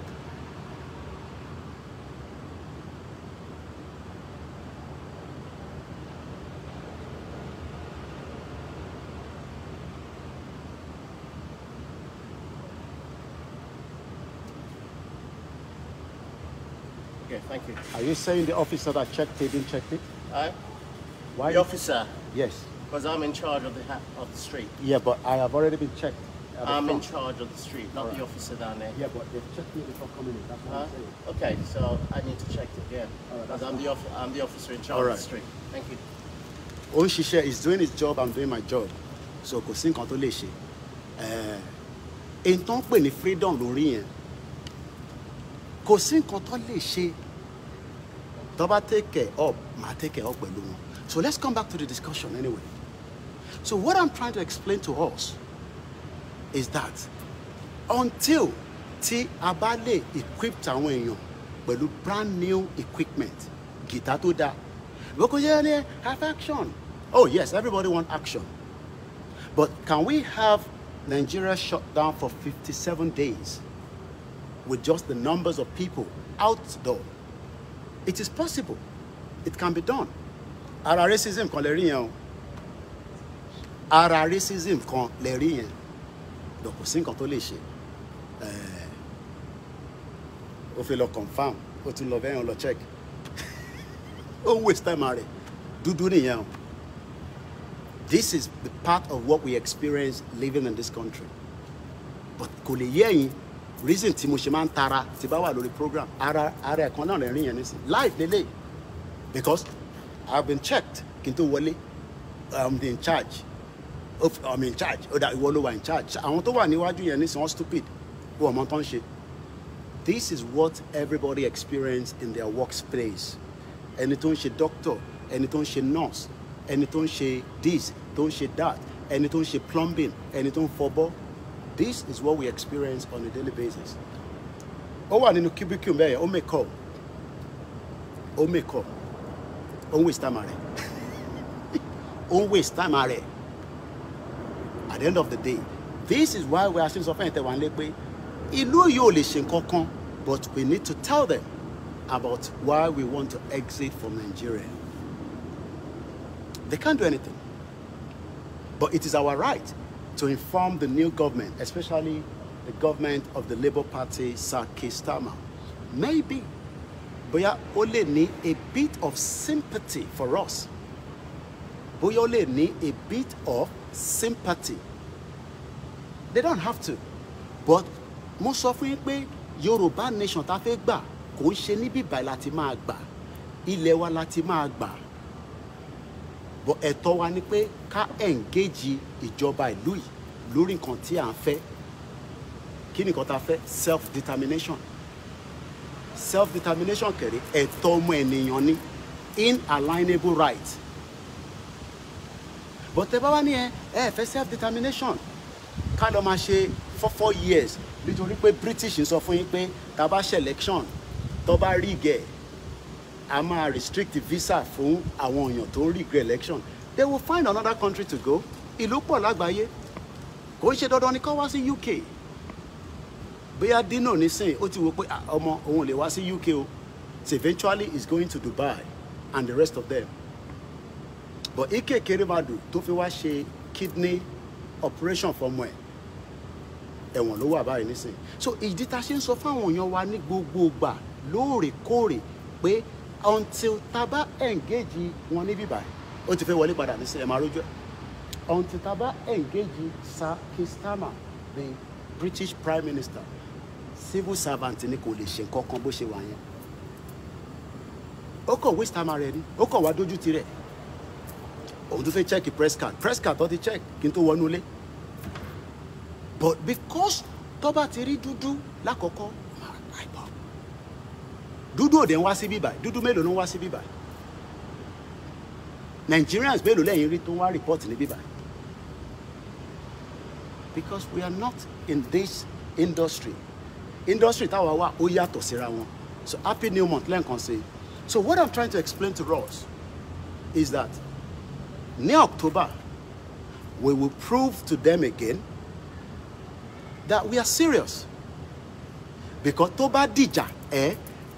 Okay, thank you. Are you saying the officer that checked it didn't check it? I? Uh, Why? The officer? Yes. Because I'm in charge of the, of the street. Yeah, but I have already been checked. I'm in charge of the street, not right. the officer down there. Yeah, but they've checked me before coming in. That's what uh, I'm saying. Okay, so I need to check it again. Because right, I'm, the I'm the officer in charge of the street. Thank you. Oṣiṣẹ́ is doing his job, I'm doing my job. So kò sí nǹkan tó eh, in Ẹ̀ when pè ní freedom lórí yẹn. kò sí nǹkan tó lè ṣe tó bá take it up máa take it up pẹ̀lú wọn so let's come back to the discussion anyway so what i'm trying to explain to us is that until tí a bá lè equip àwọn èèyàn pẹ̀lú brand new equipment gìtá tó dáa boko yẹ ni have action oh yes everybody want action but can we have Nigeria shut down for fifty-seven days? with just the numbers of people out outdoor. It is possible. It can be done. Ara racism kan lè rí yẹn o. Ara racism kan lè rí yẹn. But kò sí nǹkan tó lè ṣe. Eh, ó fi lọ confam. Ó tún lọ bẹ́ẹ̀ lọ check. <laughs> Ó ń waste time rẹ̀. ni nìyẹn o. This is the part of what we experience living in this country. But kò lè yé ẹ̀yin reason tí mo ṣe máa ń tara tí bá wà lórí program ara ara ẹ̀kan náà rẹ̀ rìn yẹn nísìn life lele because i have been checked kí n tó wọlé i'm in charge of i'm in charge ọ̀dà ìwọ ló wà in charge àwọn tó wà níwájú yẹn nísìn wọ́n stupid wọ́n ọmọ tó ń ṣe this is what everybody experience in their workplace ẹni tó ń ṣe doctor ẹni tó ń ṣe nurse ẹni tó ń ṣe this tó ń ṣe that ẹni tó ń ṣe plumbing ẹni tó ń fọbọ́ This is what we experience on a daily basis. Ó wà nínú cubicle bẹ́ẹ̀ ó make up ó make up ó waste time rẹ̀ ó waste time rẹ̀ at the end of the day this is why we are still suffering tẹ̀wá nílé pé ìlú yìí but we need to tell them about why we want to exit from Nigeria. They can't do anything. But it is our right to inform the new government, especially the government of the Labour Party, Sir Keir Starmer. Maybe bóyá only need a bit of sympathy for us bóyá only need a bit of sympathy they don't have to but most of fún yín pé Yorùbá nation ta fẹ́ gbà kò ń ṣe níbí báyìí láti máa gbà ilẹ̀ wa láti máa gbà but ẹ̀tọ́ wa ni pé ká engage ìjọba ìlú yìí lórí nǹkan tí à ń fẹ́ kí nìkan tá fẹ́ self determination self determination kẹ̀rẹ́ ẹ̀tọ́ ọmọ ènìyàn ni inalienable right but ẹ bá wá ní ẹ ẹ fẹ́ self determination ká lọ máa ṣe four four years nítorí pé british ń sọ fún yín pé tá bá ṣe election tó bá rí gẹ̀ a máa restrict visa fún àwọn èèyàn tó ń rí gẹ̀ election they will find another country to go ìlú pọ̀ lágbàáyé kò ń ṣe dandan ni kó wá sí UK bóyá dino nísìnyí ó ti wo pé ọmọ òun lè wá sí UK o so eventually he's going to Dubai and the rest of them but Ike Ekerimadụ tó fi wá ṣe kidney operation fọmọ ẹ̀ ẹ̀wọ̀n ló wà báyìí nísìnyí so ìdí ta ṣe ń sọ fáwọn èèyàn wa ní gbogbo gbà lóòrèkóòrè pé until taba bá engage wọn ní bíbá ó ti fẹ́ wọlé padà nísìnyí ẹ̀ máa rójú ẹ̀ until Taba engaged Sir Keir Starmer the British Prime Minister civil servant ni kò lè ṣe nǹkan kan bó ṣe wà yẹn ó kàn waste time already? ni ó kàn wá dójú tirẹ̀ òun tó fẹ́ check press card press card tó ti check kí n tó wọnú but because tó bá ti rí dúdú lákọ̀ọ́kọ́ máa láìpọ̀ dúdú òde ń wá sí bíbà dúdú mélòó ló ń wá sí bíbà Nigerians mélòó lẹ́yìn rí to ń wá report ní bíbà because we are not in this industry industry táwa wà ó yàtọ̀ síra wọn so happy new month lẹ́ǹkan sí so what i'm trying to explain to us is that near october we will prove to them again that we are serious because tó bá dìjà ẹ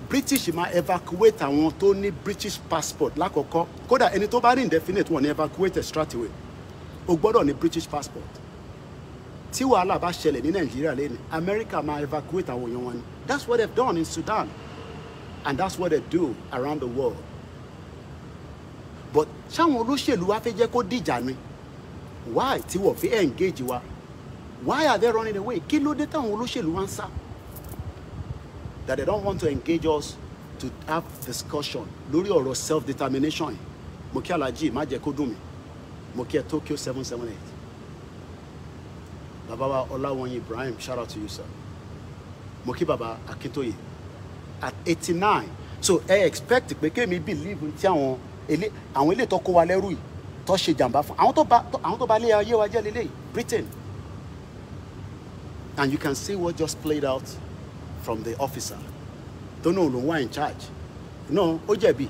british máa evacuate àwọn tó ní british passport lákọ̀ọ́kọ́ kódà ẹni tó bá ní indefinite wọn ni evacuate straight away o gbọ́dọ̀ ní british passport tí wàhálà bá ṣẹlẹ̀ ní nàìjíríà lẹ́nu america máa evacuate àwọn èèyàn wọn that's what they've done in sudan and that's what they do around the world but ṣáwọn olóṣèlú wa fẹ́ jẹ́ kó dìjà ni why tí wọ́n fi engage wa why are they running away kí ló dé táwọn olóṣèlú wa ń sá that they don't want to engage us to have discussion lórí ọ̀rọ̀ self-determination yìí mo kí alájí má jẹ́ kó dùn mí mo kí ẹ Tokyo seven seven eight bàbá wa ọláwọ̀nyí ibrahim shout out to you sir mo kí bàbá akíntóye at eighty nine so ẹ expect pé kémi believe ti àwọn ilé àwọn ilé tó kó wa lẹ́rú yìí tó ṣe jàǹbá fún àwọn tó bá àwọn tó bá lé ayé wa jẹ́ lélẹ́yìí britain and you can see what just played out from the officer tó náà ló ń wá in charge No ó jẹ̀bi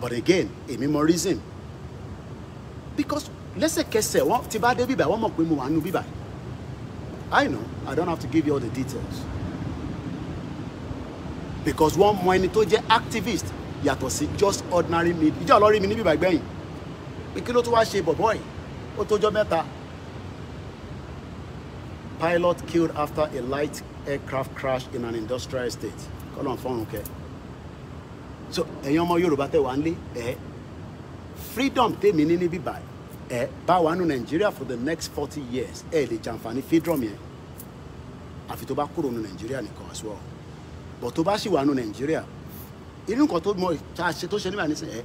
but again èmi mọ reason because lẹ́sẹ̀kẹsẹ̀ wọ́n ti bá dé bíbà wọ́n mọ̀ pé mo wà nù bíbà I know I don't have to give you all the details because wọ́n mọ ẹni tó jẹ́ activist yàtọ̀ sí just ordinary me ìjà ọlọ́rí mi ní bíbà gbẹ̀yìn pé kí ló tó wá ṣe bọ̀bọ̀ yìí ó tójọ́ mẹ́ta pilot killed after a light aircraft crash in an industrial estate kọ́nà fọ́run kẹ́ so ẹ̀yin ọmọ Yorùbá tẹ̀ wá ń lé ẹ̀ freedom tèmi ní ní bíbà yìí ẹ bá wà nù nàìjíríà for the next forty years ẹ lè jàǹfààní freedom yẹn àfi tó bá kúrò nù nàìjíríà nìkan as well but tó bá sì wà nù nàìjíríà inú nǹkan tó mọ ṣe tó ṣe nígbà nísìn ẹ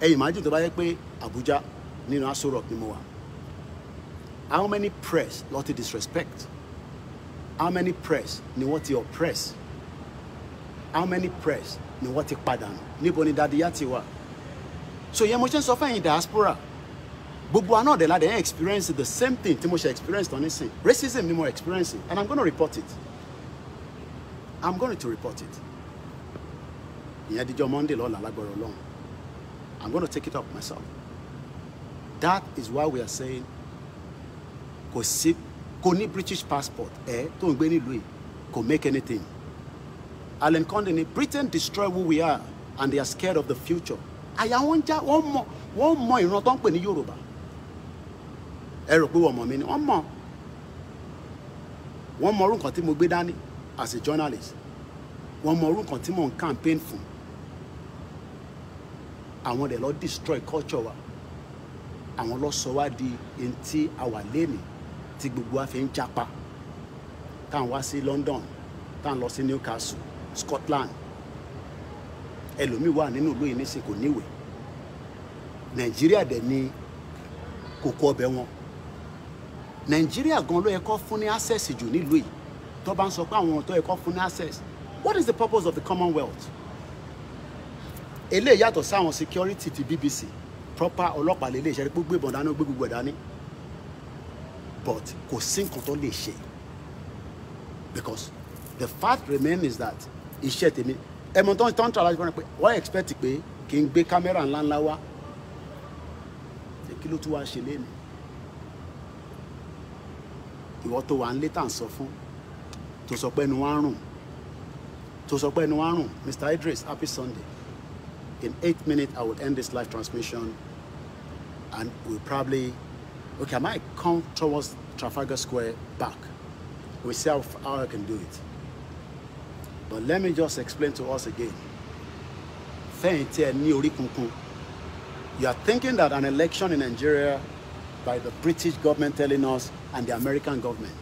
ẹ imagine tó bá yẹ pé Abuja nínú Aso Rock ni mo wà how many press ló ti disrespect how many press ni wọ́n ti oppress how many press ni wọ́n ti padànù níbo ni dadiya ti wà so yẹn mo ṣe ń sọ fẹ́yìn diaspora gbogbo aná ọ̀dẹ̀ la dey experience the same thing tí mo ṣe experience tán nísìn racism ni mo experience and i'm gonna report it i'm going to report it ìyẹn díjọ monday lọ́la lágbára ọlọ́run i'm gonna take it up myself that is why we are saying kò sí kò ní british passport ẹ tó ń gbé nílùú yìí kò make anything Alan Conde ni britain destroy who we are and they are scared of the future àyà wọn já wọn mọ wọn mọ ìran tó ń pè ní yorùbá ẹ rò pé wọ́n mọ̀ mí ni wọ́n mọ̀ wọ́n mọ orú nǹkan tí mo gbé dání as a journalist wọ́n mọ orú nǹkan tí mò ń campaign fún àwọn rẹ̀ lọ destroy culture wa àwọn lọ sọ wá di ntí àwà lẹ́nìí tí gbogbo wa fi ń japa tá wá sí London tá à ń lọ sí Newcastle Scotland ẹlòmíì wà nínú ìlú yìí nísìnyí kò níwèé Nàìjíríà dẹ̀ ni kòkó ọbẹ̀ wọn nàìjíríà gan ló yẹ kó fún ní access jù nílùú yìí tó bá ń sọ pé àwọn tó yẹ kó fún ní access what is the purpose of the commonwealth eléyìí yàtọ̀ sáwọn security ti bbc proper ọlọ́pàá lè lè ṣe gbogbo ìbọn dání gbogbo ìgbọ̀ dání but kò sí nǹkan tó lè ṣe because the fact remains is that iṣẹ́ tèmi ẹ̀mọ tó ń tọ́ ń tọ́ aláṣẹ fún mi pé wọ́n expect pé kí n gbé kámẹ́rà ńláńlá wá kí ló tún wá ṣe léèmí ìwọ tó wà ń lé tà ń sọ fún tó sọ pé ẹnu wa tó sọ pé ẹnu wa Mr. Idris happy Sunday in eight minutes I will end this live transmission and we'll probably okay I might come towards Trafalgar Square back we'll see how, how I can do it but let me just explain to us again fẹ́yìntì ẹ ní orí kunkun you are thinking that an election in Nigeria by the British government telling us and the American government.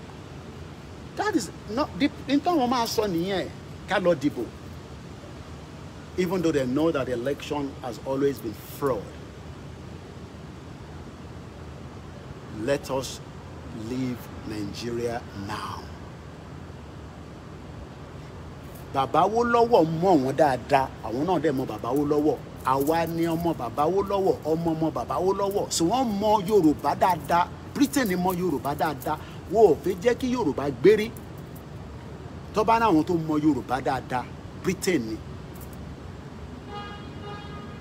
That is not the nǹkan wọn máa sọ nìyẹn ká lọ even though they know that the election has always been fraud. Let us leave Nigeria now. Bàbá Awólọ́wọ̀ mọ̀ wọ́n dáadáa àwọn náà dẹ̀ mọ̀ bàbá Awólọ́wọ̀ àwa ni ọmọ bàbá wó lọ́wọ́ ọmọ ọmọ bàbá wó lọ́wọ́ so wọ́n mọ yorùbá dáadáa britain mọ yorùbá dáadáa wọn ò fẹ́ jẹ́ kí yorùbá gbérí tọ́ba náwọn tó mọ yorùbá dáadáa britain ni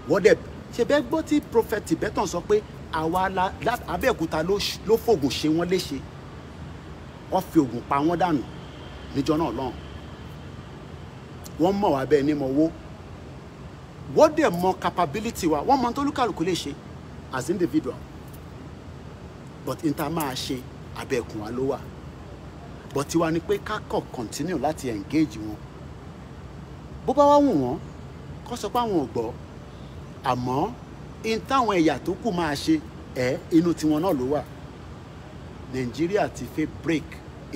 wọ́n dẹ̀ ṣe bẹ́ẹ̀ gbọ́ tí prophet tibetan sọ pé àwa abẹ́òkúta ló fògùn ṣe wọ́n léṣe wọ́n fi ògùn pa wọ́n dànù níjọ náà lọ́hùn wọ́n mọ̀ wá bẹ́ẹ̀ ní mọ̀ owó wọ́n dẹ̀ mọ capability wa wọ́n mọ tó lúkàlùkù lè ṣe as individual but n ta máa ṣe abẹ́ẹ̀kùn wa ló wà but tiwa ni pé ká kọ̀ continue láti engage wọn bó bá wá wù wọ́n kó sọ pé àwọn ò gbọ́ àmọ́ n táwọn ẹ̀yà tó kù máa ṣe ẹ̀ inú tiwọn náà ló wà Nàìjíríà ti fẹ́ break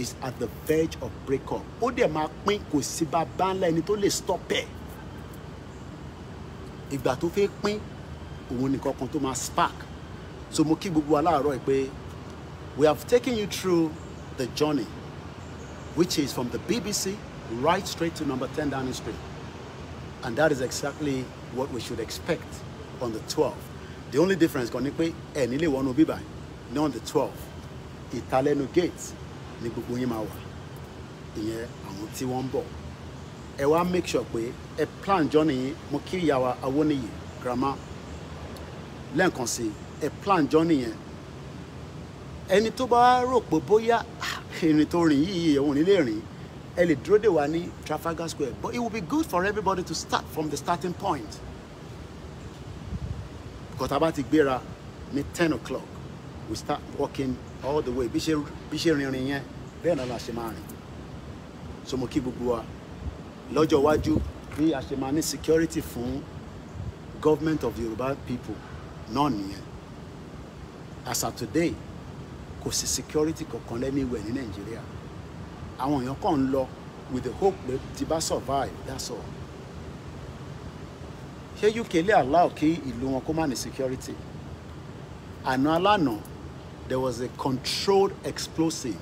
is at the verge of break up ó dẹ̀ máa pín kò sí bá bá ńlá ẹni tó lè stop ẹ̀ ìgbà tó fẹ́ pín òun nìkan kan tó máa spark so mo kí gbogbo aláàárọ̀ ẹ̀ pé we have taken you through the journey which is from the BBC right straight to number ten Downing Street and that is exactly what we should expect on the twelfth the only difference kan ni pé ẹ̀ nílé wọnú bíbá ní on the twelfth ìtalẹ́nu gate ni gbogbo yín máa wà ìyẹn àwọn tí wọ́n ń bọ̀ ẹ wá make sure pé ẹ plan journey yín mo kí ìyàwó Awóníyì grandma lẹ́ẹ̀kan sí ẹ plan journey yẹn ẹni tó bá rò pé bóyá ìrìn ah, tó rìn yìí òun nílé rìn ẹ lè dúró dè wá ní Trafalgar Square but it will be good for everybody to start from the starting point kọ̀tà bá ti gbéra ní ten o'clock we start walking all the way bí ṣe rìnrìn yẹn bẹ́ẹ̀ náà la ṣe máa rìn so mo kí gbogbo wa lọ́jọ́ iwájú bí a ṣe máa ní security fún government of the Yorùbá people náà nìyẹn as at today kò sí security kankan lẹ́nìwẹ̀ ní Nàìjíríà àwọn èèyàn kàn ń lọ with the hope that ti bá survive that's all ṣé UK lè allow kí ìlú wọn kó má ní security àná alánà there was a controlled explosive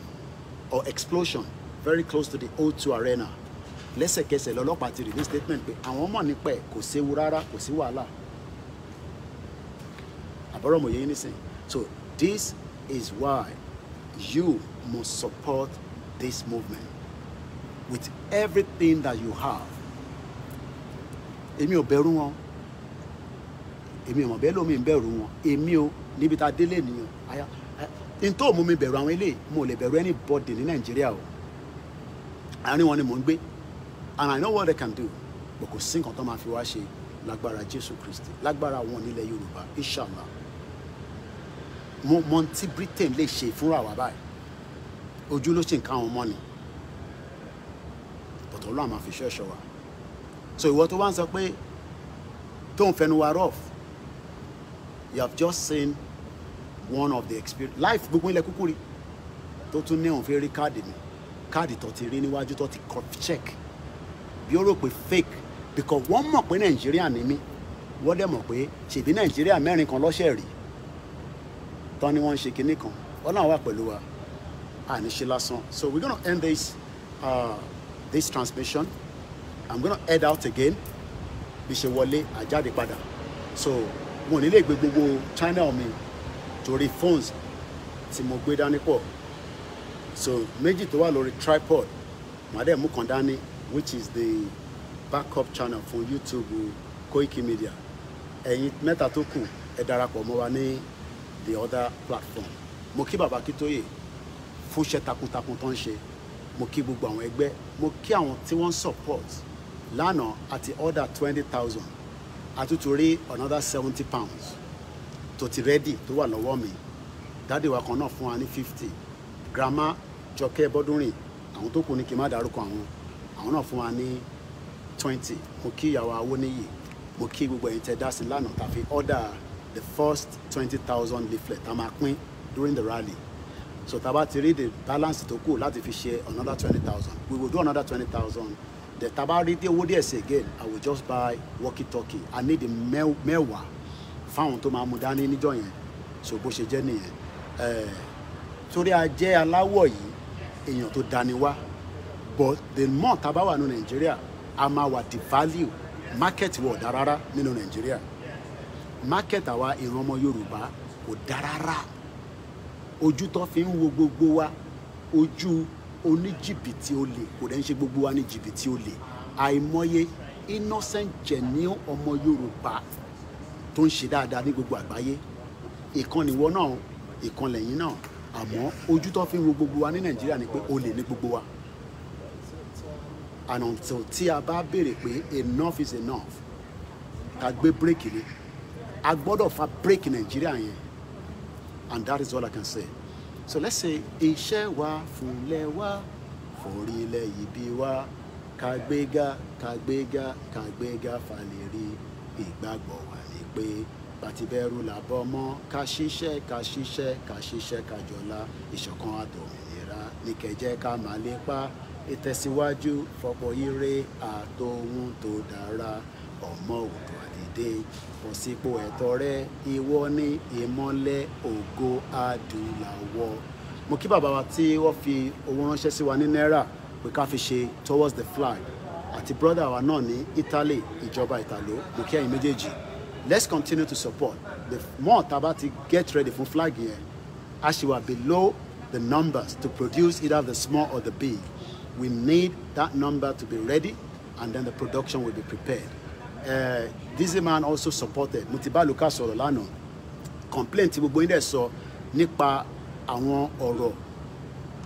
or explosion very close to the O2 arena lẹ́sẹ̀kẹsẹ̀ lọ́lọ́pàá ti release statement pé àwọn mọ̀ nípa ẹ̀ kò séwu rárá kò sí wàhálà àbọ̀rọ̀ mọ̀ yẹn nísìn so this is why you must support this movement with everything that you have èmi ò bẹ̀rù wọn èmi ò mọ̀ bẹ́ẹ̀ lómi ń bẹ̀rù wọn èmi ò níbi tá a délé nìyẹn àyà n tó mú mi bẹ̀rù àwọn eléyìí mo lè bẹ̀rù anybody ní nàìjíríà o àárín wọn ni mò ń gbé and I know what they can do but kò sí nǹkan tó máa fi wá ṣe lágbára Jésù Kristi lágbára àwọn onílẹ̀ Yorùbá inshallah mo mọ tí Britain lè ṣe fúnra wa báyìí ojú ló sì ń ká àwọn ọmọ ni bọ̀tọ̀ ló àmà fi ṣọ́ọ̀ṣọ́ wa so ìwọ tó wá ń sọ pé tó ń fẹnu wa rough you have just seen one of the experience life gbogbo ilẹ̀ kúkúrì tó tún ní òun fẹ́ rí káàdì mi káàdì tó ti rí níwájú tó ti check bí ó rò pé fake because wọ́n mọ̀ pé nàìjíríà ni mí wọ́n dẹ̀ mọ̀ pé ṣèbí nàìjíríà mẹ́rin kan lọ́sẹ̀ rí tán ni wọ́n ń ṣe kinní kan wọ́n náà wà pẹ̀lú wa àníṣe lásán so we're gonna end this uh, this transmission i'm gonna head out again bí ṣe wọlé àjáde padà so mo nílé gbé gbogbo channel mi torí phones tí mo gbé dání pọ̀ so méjì tó wà lórí tripod màá dẹ̀ mú kan dání which is the backup channel for YouTube Koiki Media ẹ̀yin mẹ́ta tó kù ẹ darapọ̀ mọ́ wa ní the other platform mo kí bàbá Akíntóyè fúnṣẹ́ takuntakun tó ń ṣe mo kí gbogbo àwọn ẹgbẹ́ mo kí àwọn tí wọ́n support lánàá àti order twenty thousand àtútúrí another seventy pounds tó ti rẹ́dì tó wà lọ́wọ́ mi dáàdì wa kan náà fún wa ní fifty grandma Jọkẹ́ Bọ́dúnrìn àwọn tó kù ní kí n má dárúkọ àwọn àwọn náà fún wa ní twenty mo kí ìyàwó awóníyì mo kí gbogbo ẹ̀yin tẹ́ dá sí lánàá tàfi order the first twenty thousand leaflet tá a máa pín during the rally so tá a bá ti rí the balance tó kù láti fi ṣe another twenty thousand we will do another twenty thousand the tá a bá rí owó díẹ̀ sí again i will just buy walkie talkie i need mẹ́wàá fáwọn tó máa mú dání níjọ́ yẹn so bó ṣe jẹ́ nìyẹn eh, torí a jẹ́ aláwọ̀ yìí èèyàn tó dání wá but the more tá a bá wà nínú a máa wà the value market wọ̀ dá rárá nínú nàìjíríà market awa ìran ọmọ yorùbá kò dá rárá ojú tó fi ń wo gbogbo wa ojú oníjìbìtì olè kò dẹ̀ ń ṣe gbogbo wa ní jìbìtì olè àìmọye innocent genuine ọmọ yorùbá tó ń ṣe dáadáa ní gbogbo àgbáyé ìkan nìwọ náà ìkan lẹ́yìn náà àmọ́ ojú tó fi ń wo gbogbo wa ní nàìjíríà ni pé olè ní gbogbo wa and until tí a bá béèrè pé enough is enough ká gbé bírèkì ni a gbọ́dọ̀ fa bírèkì nàìjíríà yẹn and that is all i can say so let's say iṣẹ́ wa fúnlẹ̀ wa forílẹ̀ ibi wa kàgbéga kàgbéga kàgbéga falẹ̀rí ìgbàgbọ́ wa ni pé bàtìbẹ́rù làbọ̀ mọ́ ká ṣiṣẹ́ ká ṣiṣẹ́ ká ṣiṣẹ́ ká jọlá ìṣọ̀kan àtòmìnira ní kẹjẹ́ ká máa lépa ìtẹ̀síwájú fọpọ̀ ire àtòhun tó dára ọmọ òdò àdìdé òsípò ẹ̀tọ́ rẹ ìwọ ní ìmọ́lẹ̀ ògo adúláwọ̀ mo kí bàbá wa tí wọ́n fi owó ránṣẹ́ sí wa ní náírà pé ká fi ṣe towards the flag àti brother wa náà ní Italy ìjọba ìtàló mo kí ẹ̀yin méjèèjì let's continue to support the more tá ti get ready fún flag yẹn a ṣì wà below the numbers to produce either the small or the big we need that number to be ready and then the production will be prepared. Uh, this man also supported Mutiba Luka sọ̀rọ̀ lánàá complaint tí gbogbo so, dẹ̀ sọ nípa àwọn ọ̀rọ̀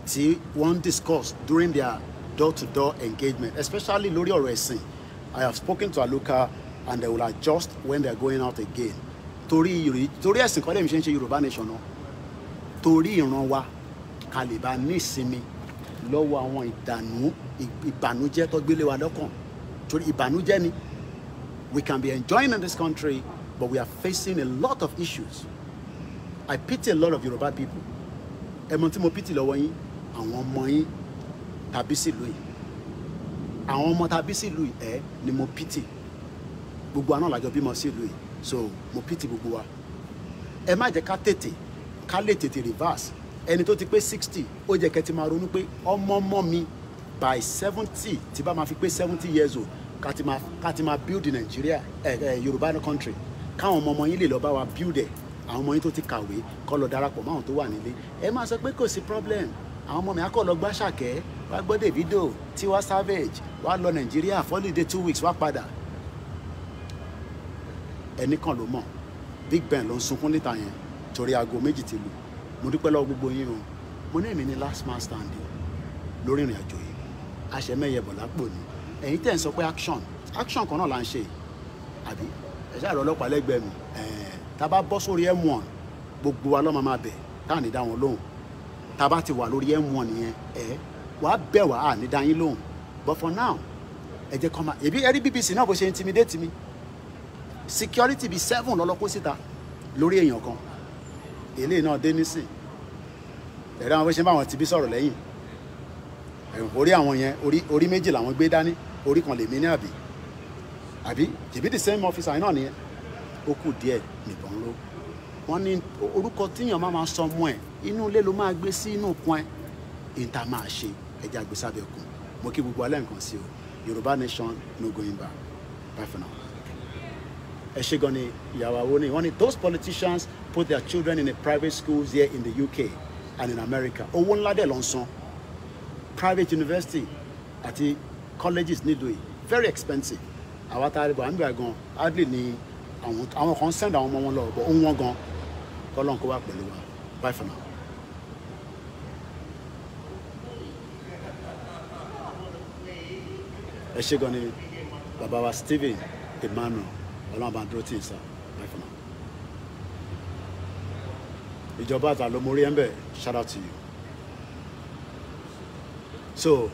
tí wọ́n discuss during their door-to-door engagement especially lórí ọ̀rọ̀ I have spoken to Aluka and they will adjust when they are going out again Tori, torí ẹ̀sìn kọ́lẹ́mi ṣe ń ṣe Yorùbá nation náà torí ìran wa kàlíbà ní lọ́wọ́ àwọn ìdànù ìbànújẹ́ tó gbélé wa lọ́kàn torí ìbànújẹ́ ni we can be enjoying in this country but we are facing a lot of issues I pity a lot of Yoruba people ẹmọ tí mo pity lọ́wọ́ yín àwọn ọmọ yín tàbí sílùú yìí àwọn ọmọ tàbí sílùú yìí ẹ ni mo pity gbogbo àná làjọ bímọ sílùú yìí so mo pity gbogbo wa ẹ má jẹ́ ká tètè ká lè tètè reverse ẹni tó ti pé sixty ó jẹ́ kẹ́ ti máa ronú pé ọmọ ọmọ mi by seventy tí bá máa fi pé seventy years old ká ti máa ká ti máa build Nigeria ẹ eh, ẹ eh, Yorùbá country káwọn ọmọ ọmọ yín lè lọ bá wa build ẹ àwọn ọmọ yín tó ti kàwé kọ́ lọ darapọ̀ máwọn tó wà nílé ẹ máa sọ pé kò sí problem àwọn ọmọ mi á kọ́ lọ gbá ṣàkẹ́ wá gbọ́ Davido Tiwa Savage wá lọ Nàìjíríà fọ́lídé two weeks wá padà ẹnìkan ló mọ̀ Big Ben ló ń sunkún níta yẹn torí aago méjì ti lù mo dúpẹ́ lọ́wọ́ gbogbo yín o mo ní èmi ní last man standing lórí ìrìn àjò yìí àṣẹmẹ́yẹ bọ̀ lápò ni ẹ̀yin tẹ̀ ń sọ pé action action kan náà là ń ṣe àbí ẹ̀ ṣáà rọ ọlọ́pàá lẹ́gbẹ̀ẹ́ mi tá a bá bọ́ sórí m1 gbogbo wa lọ́mọ máa bẹ̀ tá à ní dá wọn lóhùn tá a bá ti wà lórí m1 yẹn ẹ̀ wàá bẹ̀ wá à ní dá yín lóhùn but for now ẹ jẹ́ kọ́ máa èbí ẹ̀rí BBC náà bó ṣe intimidate mi security bíi seven lọ́lọ́kó síta lórí èèyàn kan eléyìí náà dé nísìn ẹ̀rọ àwọn bó ṣe ń bá àwọn sọ̀rọ̀ lẹ́yìn orí àwọn yẹn orí méjì làwọn gbé dání orí kan lèmi ní àbí àbí tìbí same officer yẹn náà nìyẹn ó kù díẹ̀ nìbọn ló wọ́n ní orúkọ tíyàn máa sọ ọmọ ẹ̀ inú ilé ló máa gbé sí inú kan ẹ̀ ìta máa ṣe ẹja gbèsàbẹ̀ kù mo kí gbogbo alẹ́ nǹkan sí o Yorùbá nation no going back bye for now ẹ ṣe gan ni ìyàwó ni wọ́n ní those politicians put their children in the private schools here in the UK and in America owó ńlá dẹ̀ ló ń san private university àti colleges need nílùú yìí very expensive àwa tá a bọ̀ à ń bẹ̀rẹ̀ gan hardly ni àwọn kan send àwọn ọmọ wọn lọ But òun wọn gan kọ́lọ́n kó wà pẹ̀lú wa bye for now. ẹ ṣe gan ni bàbá wa Stephen Emmanuel ọlọ́run bá dúró tì í sáà. ìjọba àtà ló mórí shout out to you. So,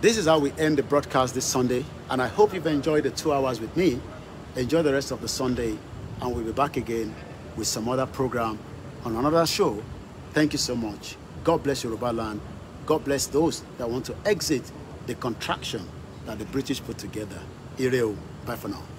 this is how we end the broadcast this Sunday, and I hope you've enjoyed the two hours with me. Enjoy the rest of the Sunday, and we'll be back again with some other program on another show. Thank you so much. God bless Yoruba land. God bless those that want to exit the contraction that the British put together. Ireo. Bye for now.